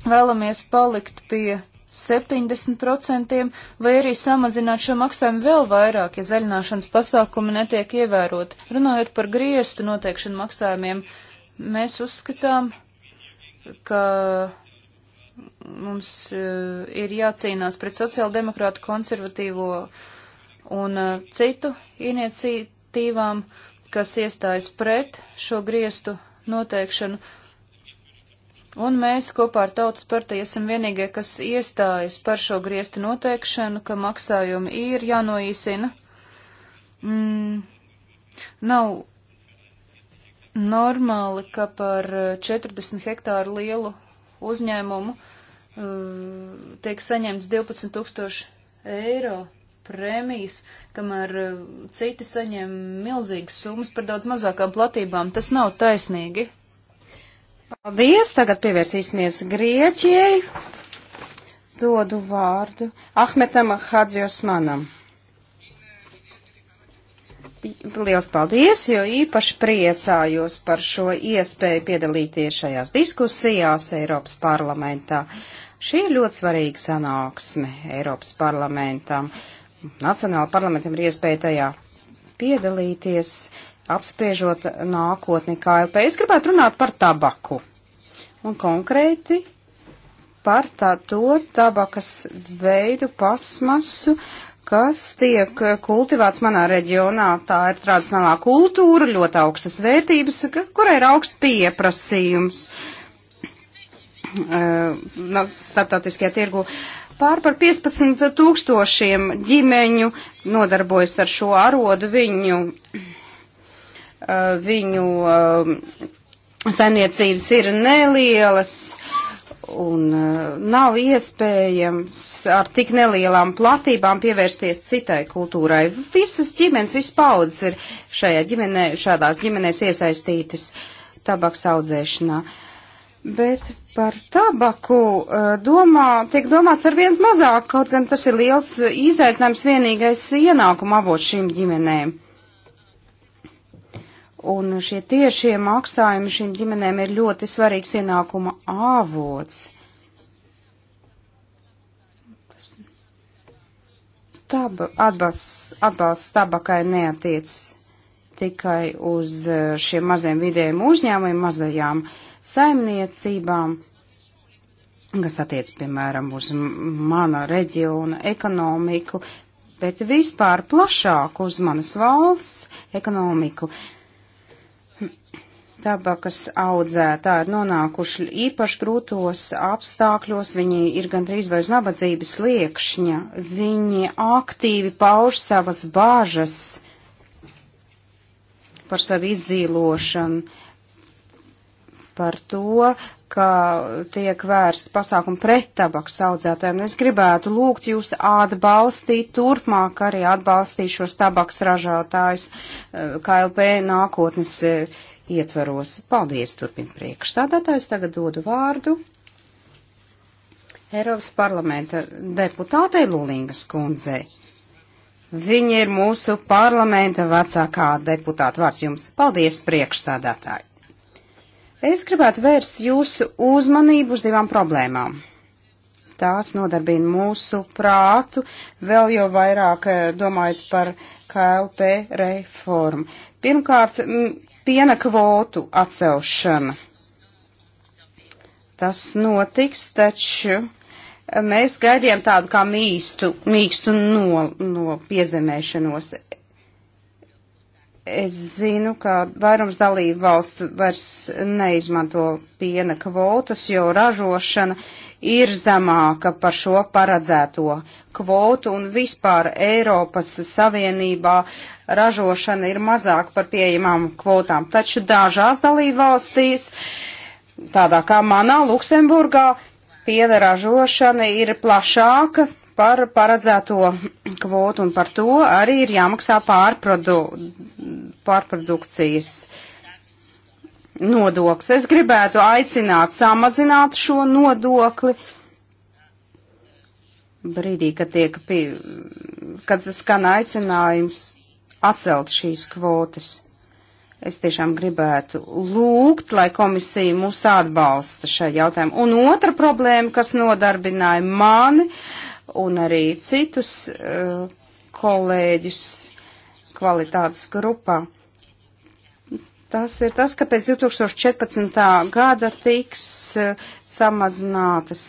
vēlamies palikt pie 70% vai arī samazināt šo maksājumu vēl vairāk, ja zaļināšanas pasākumi netiek ievēroti. Runājot par griestu noteikšanu maksājumiem, uh, Mēs uzskatām, ka mums e, ir jācīnās pret sociāldemokrātu konservatīvo un e, citu iniciatīvām, kas iestājas pret šo griestu noteikšanu. Un mēs kopā ar Tautas partiju esam vienīgie, kas iestājas par šo griestu noteikšanu, ka maksājumi ir jānoīsina. Mm, nav normāli, ka par 40 eh, hektāru lielu uzņēmumu uh, tiek saņemts 12 tūkstoši eiro prēmijas, kamēr uh, citi saņem milzīgas summas par daudz mazākām platībām. Tas nav taisnīgi. Paldies! Tagad pievērsīsimies Grieķijai. Dodu vārdu Ahmetam Hadziosmanam. Liels paldies, jo īpaši priecājos par šo iespēju piedalīties šajās diskusijās Eiropas parlamentā. Šī ir ļoti svarīga sanāksme Eiropas parlamentam. Nacionāla parlamentam ir iespēja tajā piedalīties, apspriežot nākotni KLP. Es gribētu runāt par tabaku. Un konkrēti par tā to tabakas veidu pasmasu, kas tiek kultivēts manā reģionā. Tā ir tradicionālā kultūra, ļoti augstas vērtības, kurai ir augsts pieprasījums uh, starptautiskajā tirgu. Pār par 15 tūkstošiem ģimeņu nodarbojas ar šo arodu viņu, uh, viņu uh, saimniecības ir nelielas. Uh, un e, nav iespējams ar tik nelielām platībām pievērsties citai kultūrai. Visas ģimenes, visas paudzes ir šajā ģimenē, šādās ģimenēs iesaistītas tabaks audzēšanā. Bet par tabaku e, domā, tiek domāts ar vien mazāk, kaut gan tas ir liels izaicinājums vienīgais ienākuma avots šīm ģimenēm. Un šie tiešie maksājumi šīm ģimenēm ir ļoti svarīgs ienākuma avots. Tab, atbalsts, atbalsts tabakai neatiec tikai uz e, šiem maziem vidējiem uzņēmumiem, mazajām saimniecībām, kas attiec, piemēram, uz mana reģiona ekonomiku, bet vispār plašāk uz manas valsts ekonomiku. Uh, tabakas audzētāji ir nonākuši īpaši grūtos apstākļos, viņi ir gandrīz vai uz nabadzības liekšņa, viņi aktīvi pauž savas bāžas par savu izdzīlošanu, par to, ka tiek vērsts pasākumu pret tabakas audzētājiem. Nu, es gribētu lūgt jūs atbalstīt, turpmāk arī atbalstīt šos tabakas ražotājus eh, KLP nākotnes eh, ietvaros. Paldies, turpin priekšstādātājs. Tagad dodu vārdu Eiropas parlamenta deputātei Lulingas kundzei. Viņa ir mūsu parlamenta vecākā deputāta vārds jums. Paldies, priekšstādātāji! Es gribētu vērst jūsu uzmanību uz divām problēmām. Tās nodarbina mūsu prātu, vēl jau vairāk eh, domājot par KLP reformu. Pirmkārt, piena kvotu atcelšana. Tas notiks, taču mēs gaidījām tādu kā mīstu, mīkstu no, no piezemēšanos. Es zinu, ka vairums dalību valstu vairs neizmanto piena kvotas, jo ražošana ir zemāka par šo paredzēto kvotu un vispār Eiropas Savienībā ražošana ir mazāk par pieejamām kvotām. Taču dažās dalībvalstīs, tādā kā manā Luksemburgā, piena ražošana ir plašāka par paredzēto kvotu un par to arī ir jāmaksā pārprodu, pārprodukcijas nodoklis. Es gribētu aicināt samazināt šo nodokli. Brīdī, kad, tiek pie, kad skan aicinājums atcelt šīs kvotas, es tiešām gribētu lūgt, lai komisija mūs atbalsta šajā jautājumā. Un otra problēma, kas nodarbināja mani un arī citus uh, kolēģus kvalitātes grupā Tas ir tas, ka pēc 2014. gada tiks eh, samazinātas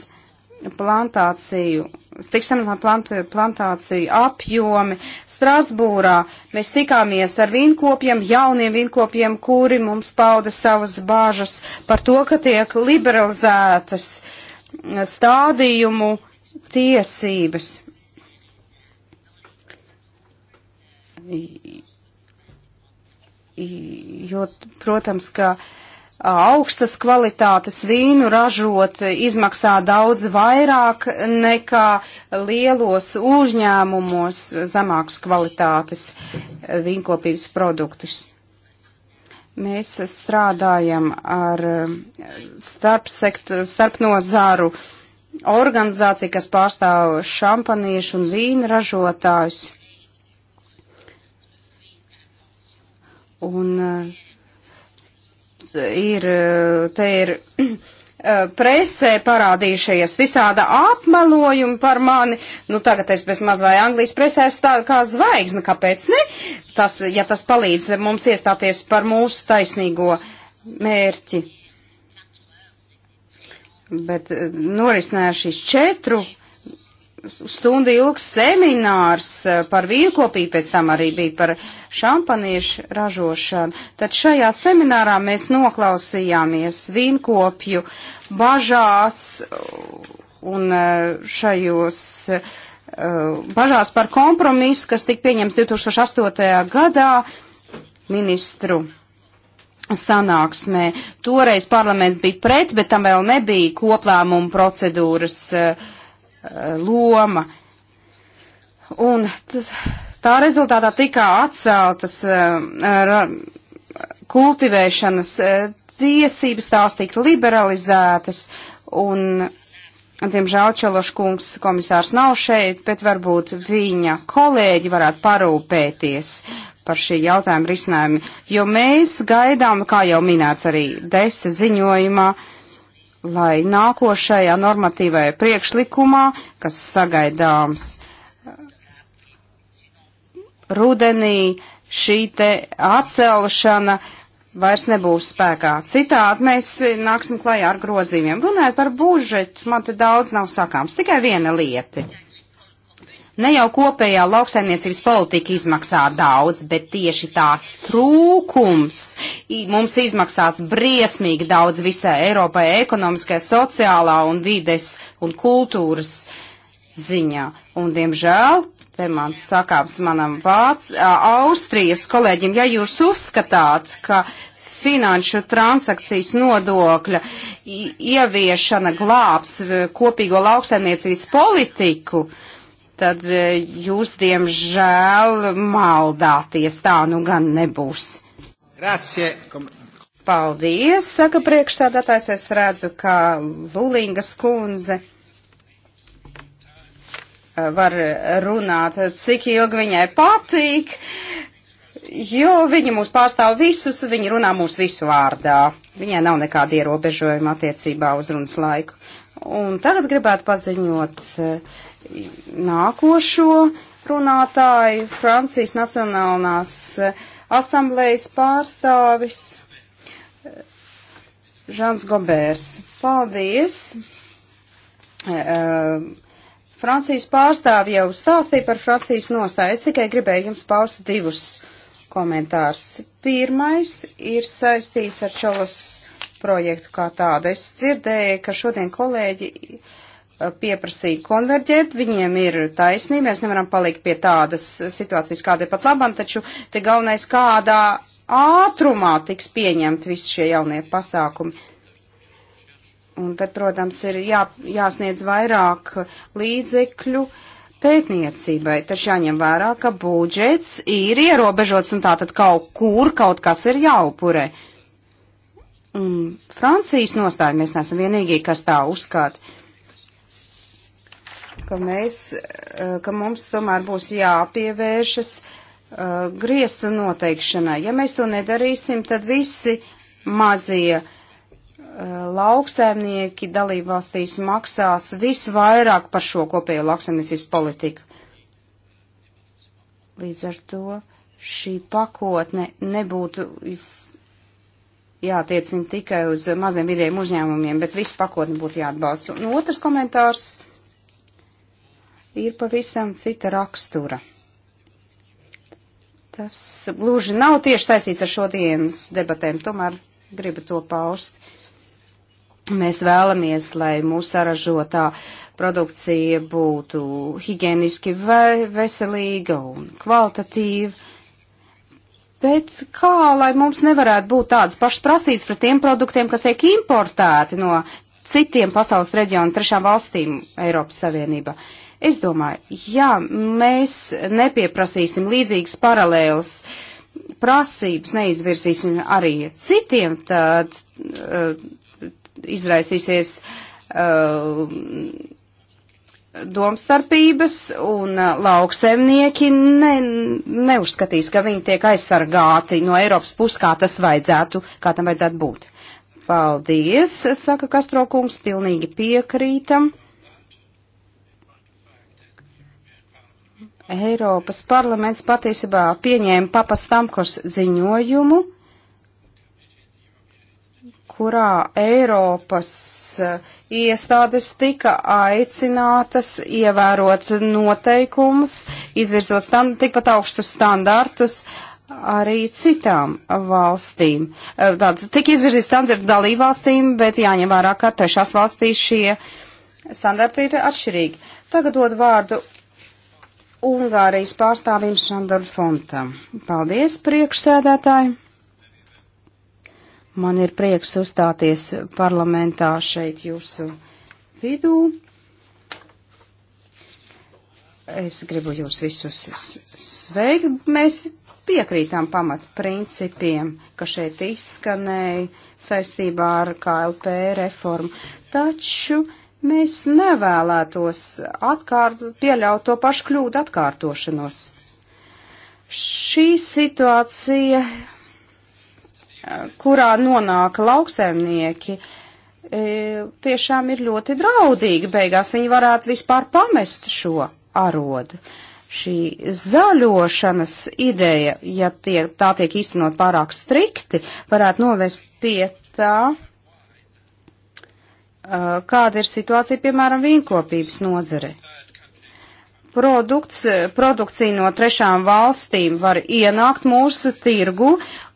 plantāciju, tiks samazināt plant, plantāciju apjomi. Strasbūrā mēs tikāmies ar vīnkopiem, jauniem vīnkopiem, kuri mums pauda savas bāžas par to, ka tiek liberalizētas eh, stādījumu tiesības jo, protams, ka augstas kvalitātes vīnu ražot izmaksā daudz vairāk nekā lielos uzņēmumos zemākas kvalitātes e, vīnkopības produktus. Mēs strādājam ar starpnozāru e, starp organizāciju, kas pārstāv šampanīšu un vīnu ražotājus Un eh, ir, eh, te ir eh, presē parādījušies visāda apmelojumi par mani. Nu, tagad es bez maz vai Anglijas presē esmu tā kā zvaigzne, kāpēc ne? Tas, ja tas palīdz mums iestāties par mūsu taisnīgo mērķi. Bet norisinājās šis četru stundu ilgs seminārs eh, par vīnkopību, pēc tam arī bija par šampaniešu ražošanu. Tad šajā seminārā mēs noklausījāmies vīnkopju bažās eh, un eh, šajos bažās par kompromisu, kas tika pieņems 2008. gadā ministru sanāksmē. Toreiz parlaments bija pret, bet tam vēl nebija koplēmuma procedūras uh, loma. Un tā rezultātā tika atceltas eh, kultivēšanas eh, tiesības, tās tika liberalizētas, un, diemžēl, Čeloškungs komisārs nav šeit, bet varbūt viņa kolēģi varētu parūpēties par šī jautājuma risinājumu, jo mēs gaidām, kā jau minēts arī desa ziņojumā, uh, lai nākošajā normatīvajā priekšlikumā, kas sagaidāms uh, rudenī, šī te atcelšana vairs nebūs spēkā. Citādi mēs nāksim klajā ar grozījumiem. Runājot par budžetu, man te daudz nav sakāms, tikai viena lieta. Okay Ne jau kopējā lauksaimniecības politika izmaksā daudz, bet tieši tās trūkums mums izmaksās briesmīgi daudz visai Eiropai ekonomiskajā, sociālā un vides un kultūras ziņā. Un, diemžēl, te man sakāms manam vārds, Austrijas kolēģim, ja jūs uzskatāt, ka finanšu transakcijas nodokļa ieviešana glābs kopīgo lauksaimniecības politiku, uh, tad e, jūs, diemžēl, maldāties. Tā nu gan nebūs. Grazie. Paldies, saka priekšsādātājs. Es redzu, ka Lulingas kundze e, var runāt, cik ilgi viņai patīk, jo viņa mūs pārstāv visus, viņa runā mūsu visu vārdā. Viņai nav nekāda ierobežojuma attiecībā uz runas laiku. Un tagad gribētu paziņot. Uh, nākošo runātāju, Francijas Nacionālās eh, asamblējas pārstāvis eh, Žans Gobērs. Paldies! Eh, Francijas pārstāvi jau stāstīja par Francijas nostāju. Es tikai gribēju jums paust divus komentārs. Pirmais ir saistīts ar Čalas projektu kā tādu. Es dzirdēju, ka šodien kolēģi pieprasīja konverģēt, viņiem ir taisnība, mēs nevaram palikt pie tādas situācijas, kāda ir pat labam, taču te galvenais, kādā ātrumā tiks pieņemt visi šie jaunie pasākumi. Un tad, protams, ir jā, jāsniedz vairāk līdzekļu pētniecībai, taču jāņem vērā, ka budžets ir ierobežots un tātad kaut kur kaut kas ir jāupurē. Un Francijas nostāja mēs neesam vienīgie, kas tā uzskata ka mēs, eh, ka mums tomēr būs jāpievēršas uh, griestu noteikšanai. Ja mēs to nedarīsim, tad visi mazie uh, lauksaimnieki dalībvalstīs maksās visvairāk par šo kopējo lauksaimniecības politiku. Līdz ar to šī pakotne nebūtu jātiecina tikai uz maziem vidiem uzņēmumiem, bet visu pakotni būtu jāatbalsta. Un otrs komentārs ir pavisam cita rakstura. Tas gluži nav tieši saistīts ar šodienas debatēm, tomēr gribu to paust. Mēs vēlamies, lai mūsu saražotā produkcija būtu higieniski veselīga un kvalitatīva, bet kā lai mums nevarētu būt tādas pašas prasības pret tiem produktiem, kas tiek importēti no citiem pasaules reģionu trešām valstīm Eiropas Savienībā? Uh, Es domāju, ja mēs nepieprasīsim līdzīgas paralēlas prasības, neizvirsīsim arī citiem, tad uh, izraisīsies uh, domstarpības un uh, lauksemnieki ne, neuzskatīs, ka viņi tiek aizsargāti no Eiropas puses, kā tas vajadzētu, kā tam vajadzētu būt. Paldies, saka Kastrokungs, pilnīgi piekrītam Eiropas parlaments patiesībā pieņēma papastamkos ziņojumu, kurā Eiropas eh, iestādes tika aicinātas ievērot noteikumus, izvirzot stand, tikpat augstus standartus arī citām valstīm. Eh, tātad tika izvirzīti standarti dalībvalstīm, bet jāņem vērā, ka trešās valstīs šie standarti ir atšķirīgi. Tagad dod vārdu Ungārijas pārstāvim Šandoru Fontam. Paldies, priekšsēdētāji! Man ir prieks uzstāties parlamentā šeit jūsu vidū. Es gribu jūs visus sveikt. Mēs piekrītām pamat principiem, ka šeit izskanēja saistībā ar KLP reformu. Taču Mēs nevēlētos atkārt, pieļaut to pašu kļūdu atkārtošanos. Šī situācija, kurā nonāk lauksaimnieki, e, tiešām ir ļoti draudīga. Beigās viņi varētu vispār pamest šo arodu šī zaļošanas ideja, ja tie, tā tiek īstenot pārāk strikti, varētu novest pie tā, Eh, kāda ir situācija, piemēram, vīnkopības nozare. Produkts, eh, produkcija no trešām valstīm var ienākt mūsu tirgu,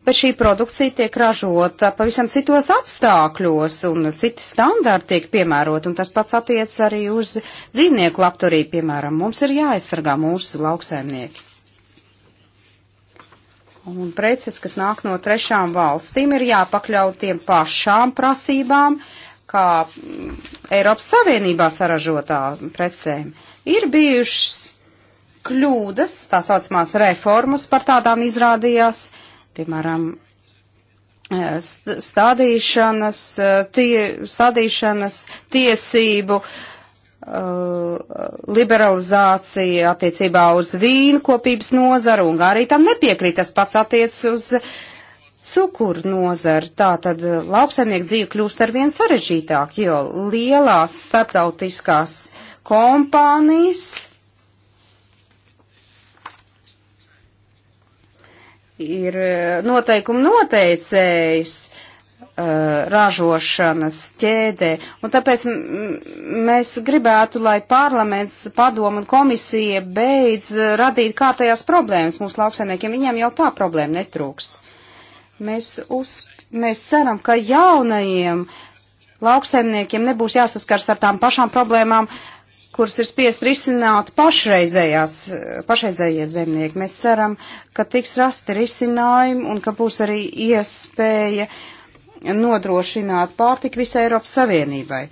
bet šī produkcija tiek ražota pavisam citos apstākļos un citi standarti tiek piemērot, un tas pats attiec arī uz dzīvnieku labturību, piemēram, mums ir jāaizsargā mūsu lauksaimnieki. Un preces, kas nāk no trešām valstīm, ir jāpakļaut tiem pašām prasībām, uh, kā Eiropas Savienībā saražotā precēm, ir bijušas kļūdas, tā saucamās reformas par tādām izrādījās, piemēram, eh, stādīšanas, eh, tie, stādīšanas tiesību eh, liberalizācija attiecībā uz vīnu kopības nozaru, un arī tam nepiekrīt, tas pats attiec uz uh, cukuru nozara, tā tad eh, lauksaimnieku dzīve kļūst arvien sarežģītāk, jo lielās starptautiskās kompānijas ir eh, noteikumu noteicējs eh, ražošanas ķēdē. Un tāpēc mēs gribētu, lai parlaments, padomu un komisija beidz radīt kārtējās problēmas mūsu lauksaimniekiem. Viņiem jau tā problēma netrūkst. Mēs, uz, mēs ceram, ka jaunajiem lauksaimniekiem nebūs jāsaskars ar tām pašām problēmām, kuras ir spiest risināt pašreizējās, pašreizējie zemnieki. Mēs ceram, ka tiks rasti risinājumi un ka būs arī iespēja nodrošināt pārtiku visai Eiropas Savienībai.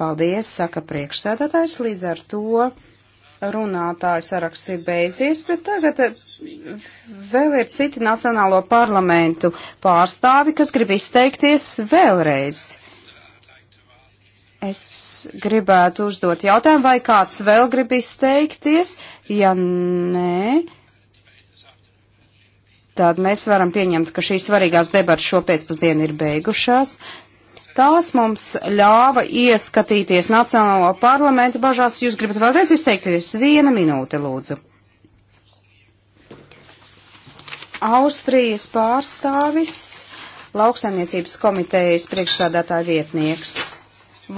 Paldies, saka priekšsēdētājs, līdz ar to runātāju saraksts ir beidzies, bet tagad eh, vēl ir citi Nacionālo parlamentu pārstāvi, kas grib izteikties vēlreiz. Es gribētu uzdot jautājumu, vai kāds vēl grib izteikties. Ja nē, tad mēs varam pieņemt, ka šīs svarīgās debatas šo pēcpusdienu ir beigušās. Tās mums ļāva ieskatīties Nacionālo parlamentu bažās. Jūs gribat vēlreiz izteikties? Viena minūte, lūdzu. Austrijas pārstāvis, lauksaimniecības komitejas priekšsādātāja vietnieks.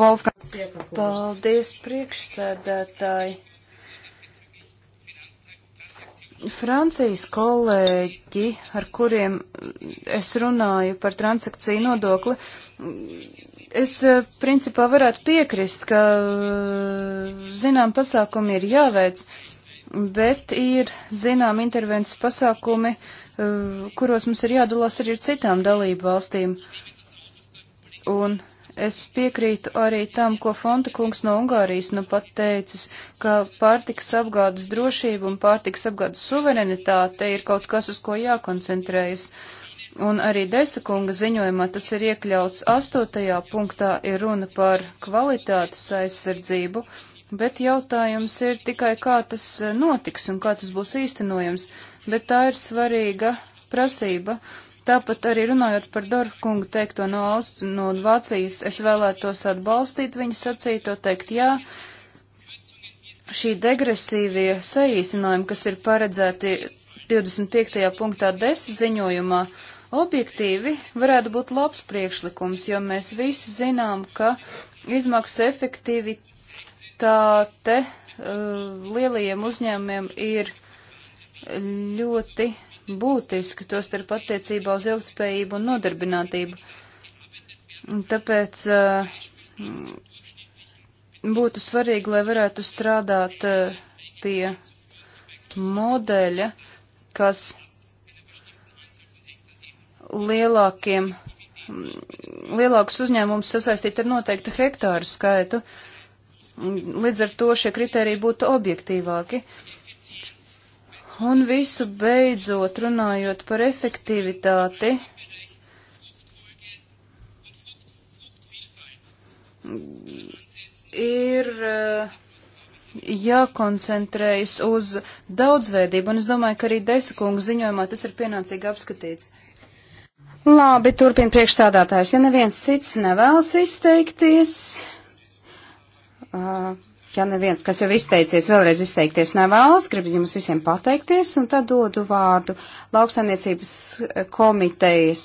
Volfgangs Piekakūrs. Paldies, priekšsēdētāji. Francijas kolēģi, ar kuriem es runāju par transakciju nodokli, uh, Es eh, principā varētu piekrist, ka eh, zinām pasākumi ir jāveic, bet ir zinām intervences pasākumi, eh, kuros mums ir jādalās arī ar citām dalību valstīm. Un es piekrītu arī tam, ko Fonta kungs no Ungārijas nu pat teicis, ka pārtikas apgādes drošība un pārtikas apgādes suverenitāte ir kaut kas, uz ko jākoncentrējas. Uh, Un arī Desakunga ziņojumā tas ir iekļauts astotajā punktā ir runa par kvalitātes aizsardzību, bet jautājums ir tikai, kā tas eh, notiks un kā tas būs īstenojams, bet tā ir svarīga prasība. Tāpat arī runājot par Dorfkungu teikto no, Aust no Vācijas, es vēlētos atbalstīt viņa sacīto, teikt jā, šī degresīvie saīsinājumi, kas ir paredzēti 25. punktā desa ziņojumā, uh, Objektīvi varētu būt labs priekšlikums, jo mēs visi zinām, ka izmaksu efektivitāte uh, lielajiem uzņēmumiem ir ļoti būtiski, tostarp attiecībā uz ilgspējību un nodarbinātību. Tāpēc uh, būtu svarīgi, lai varētu strādāt uh, pie modeļa, kas lielākiem, lielākus uzņēmumus sasaistīt ar noteiktu hektāru skaitu. Līdz ar to šie kriteriji būtu objektīvāki. Un visu beidzot, runājot par efektivitāti, ir eh, jākoncentrējas uz daudzveidību, un es domāju, ka arī Desa kungu ziņojumā tas ir pienācīgi apskatīts. Labi, turpina priekšstādātājs. Ja neviens cits nevēlas izteikties, uh, ja neviens, kas jau izteicies, vēlreiz izteikties nevēlas, gribu jums visiem pateikties un tad dodu vārdu lauksaimniecības komitejas,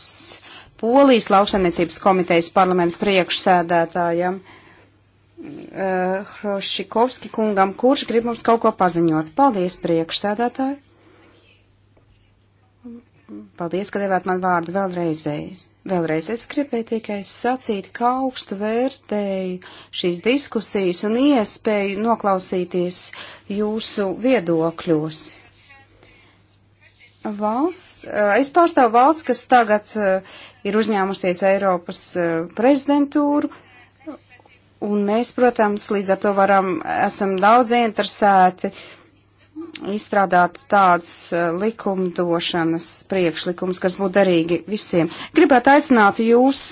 Polijas lauksaimniecības komitejas parlamentu priekšsēdētājam. Uh, Hrošikovski kungam, kurš grib mums kaut ko paziņot. Paldies, priekšsēdētāji! Paldies, ka devāt man vārdu vēlreizēji. Vēlreiz es gribēju tikai sacīt, ka augstu vērtēju šīs diskusijas un iespēju noklausīties jūsu viedokļos. Valsts, eh, es pārstāvu valsts, kas tagad eh, ir uzņēmusies Eiropas eh, prezidentūru, un mēs, protams, līdz ar to varam, esam daudz interesēti uh, izstrādāt tāds eh, likumdošanas priekšlikums, kas būtu derīgi visiem. Gribētu aicināt jūs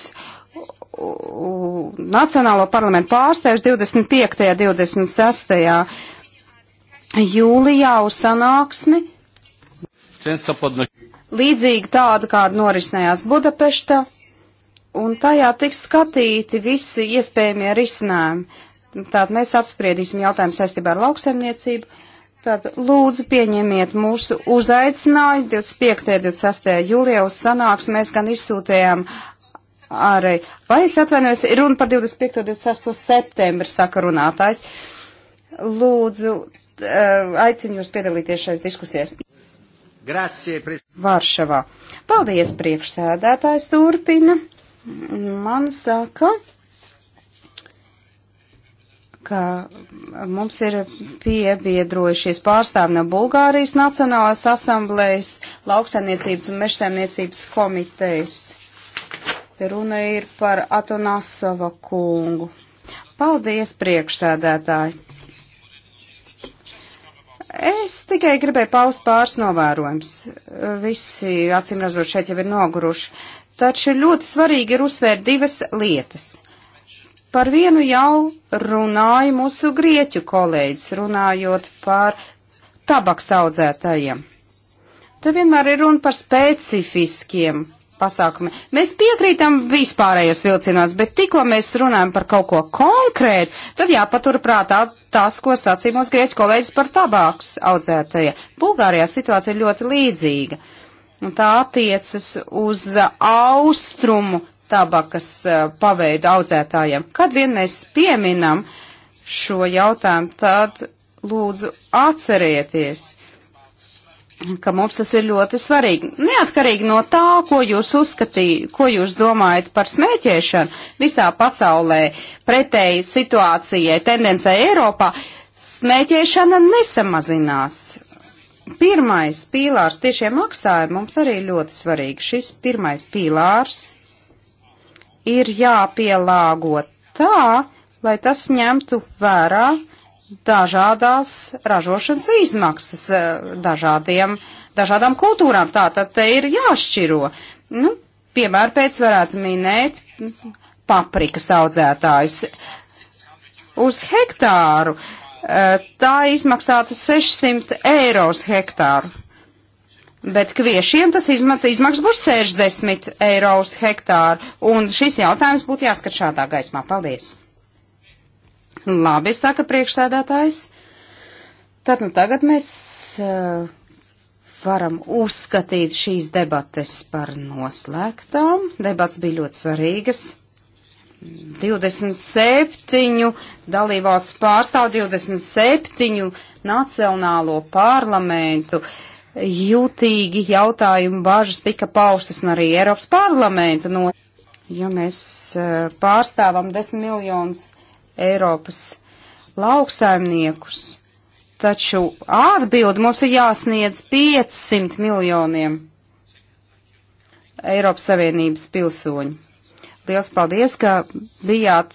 Nacionālo parlamentu pārstāvis 25. un 26. jūlijā uz sanāksmi. Līdzīgi tāda, kāda norisinājās Budapeštā, un tajā tiks skatīti visi iespējamie risinājumi. Tātad mēs apspriedīsim jautājumu saistībā ar lauksaimniecību Tad lūdzu pieņemiet mūsu uzaicinājumu 25. un 26. jūlijā uz sanāks. Mēs gan izsūtējām arī, vai es atvainojos, ir runa par 25. un 26. septembra sakarunātājs. Lūdzu, eh, aicinu jūs piedalīties šajās diskusijās. Grazie, prez... Varšavā. Paldies, priekšsēdētājs turpina. Man saka ka mums ir piebiedrojušies pārstāvi no Bulgārijas Nacionālās asamblējas, lauksaimniecības un mežsaimniecības komitejas. Runa ir par Atonasova kungu. Paldies, priekšsēdētāji! Es tikai gribēju paust pāris novērojums. Visi, acīm redzot, šeit jau ir noguruši. Taču ļoti svarīgi ir uzsvērt divas lietas. Par vienu jau runāja mūsu grieķu kolēģis, runājot par tabaks audzētājiem. Te vienmēr ir runa par specifiskiem pasākumiem. Mēs piekrītam vispārējos vilcienos, bet tikko mēs runājam par kaut ko konkrētu, tad jāpatur prātā tas, ko sacīja mūsu grieķu kolēģis par tabāks audzētajiem. Bulgārijā situācija ir ļoti līdzīga. Un tā attiecas uz austrumu tabakas eh, paveidu audzētājiem. Kad vien mēs pieminam šo jautājumu, tad lūdzu atcerieties, ka mums tas ir ļoti svarīgi. Neatkarīgi no tā, ko jūs uzskatījat, ko jūs domājat par smēķēšanu visā pasaulē, pretēji situācijai, tendencē Eiropā, smēķēšana nesamazinās. Pirmais pīlārs tiešie maksājumi mums arī ļoti svarīgi. Šis pirmais pīlārs ir jāpielāgo tā, lai tas ņemtu vērā dažādās ražošanas izmaksas eh, dažādiem, dažādām kultūrām. Tātad te ir jāšķiro. Nu, piemēram, pēc varētu minēt paprikas audzētājus. Uz hektāru eh, tā izmaksātu 600 eiro uz hektāru. Bet kviešiem tas izmaksas būs 60 eiro uz hektāru, un šis jautājums būtu jāskat šādā gaismā. Paldies! Labi, saka priekšsēdētājs. Tad nu tagad mēs uh, varam uzskatīt šīs debates par noslēgtām. Debats bija ļoti svarīgas. 27 dalībvalsts pārstāv 27 nacionālo parlamentu. Uh, jūtīgi jautājumi, bāžas tika paustas un arī Eiropas parlamenta. No, ja mēs e, pārstāvam desmit miljonus Eiropas lauksaimniekus, taču atbildi mums ir jāsniedz 500 miljoniem Eiropas Savienības pilsoņu. Liels paldies, ka bijāt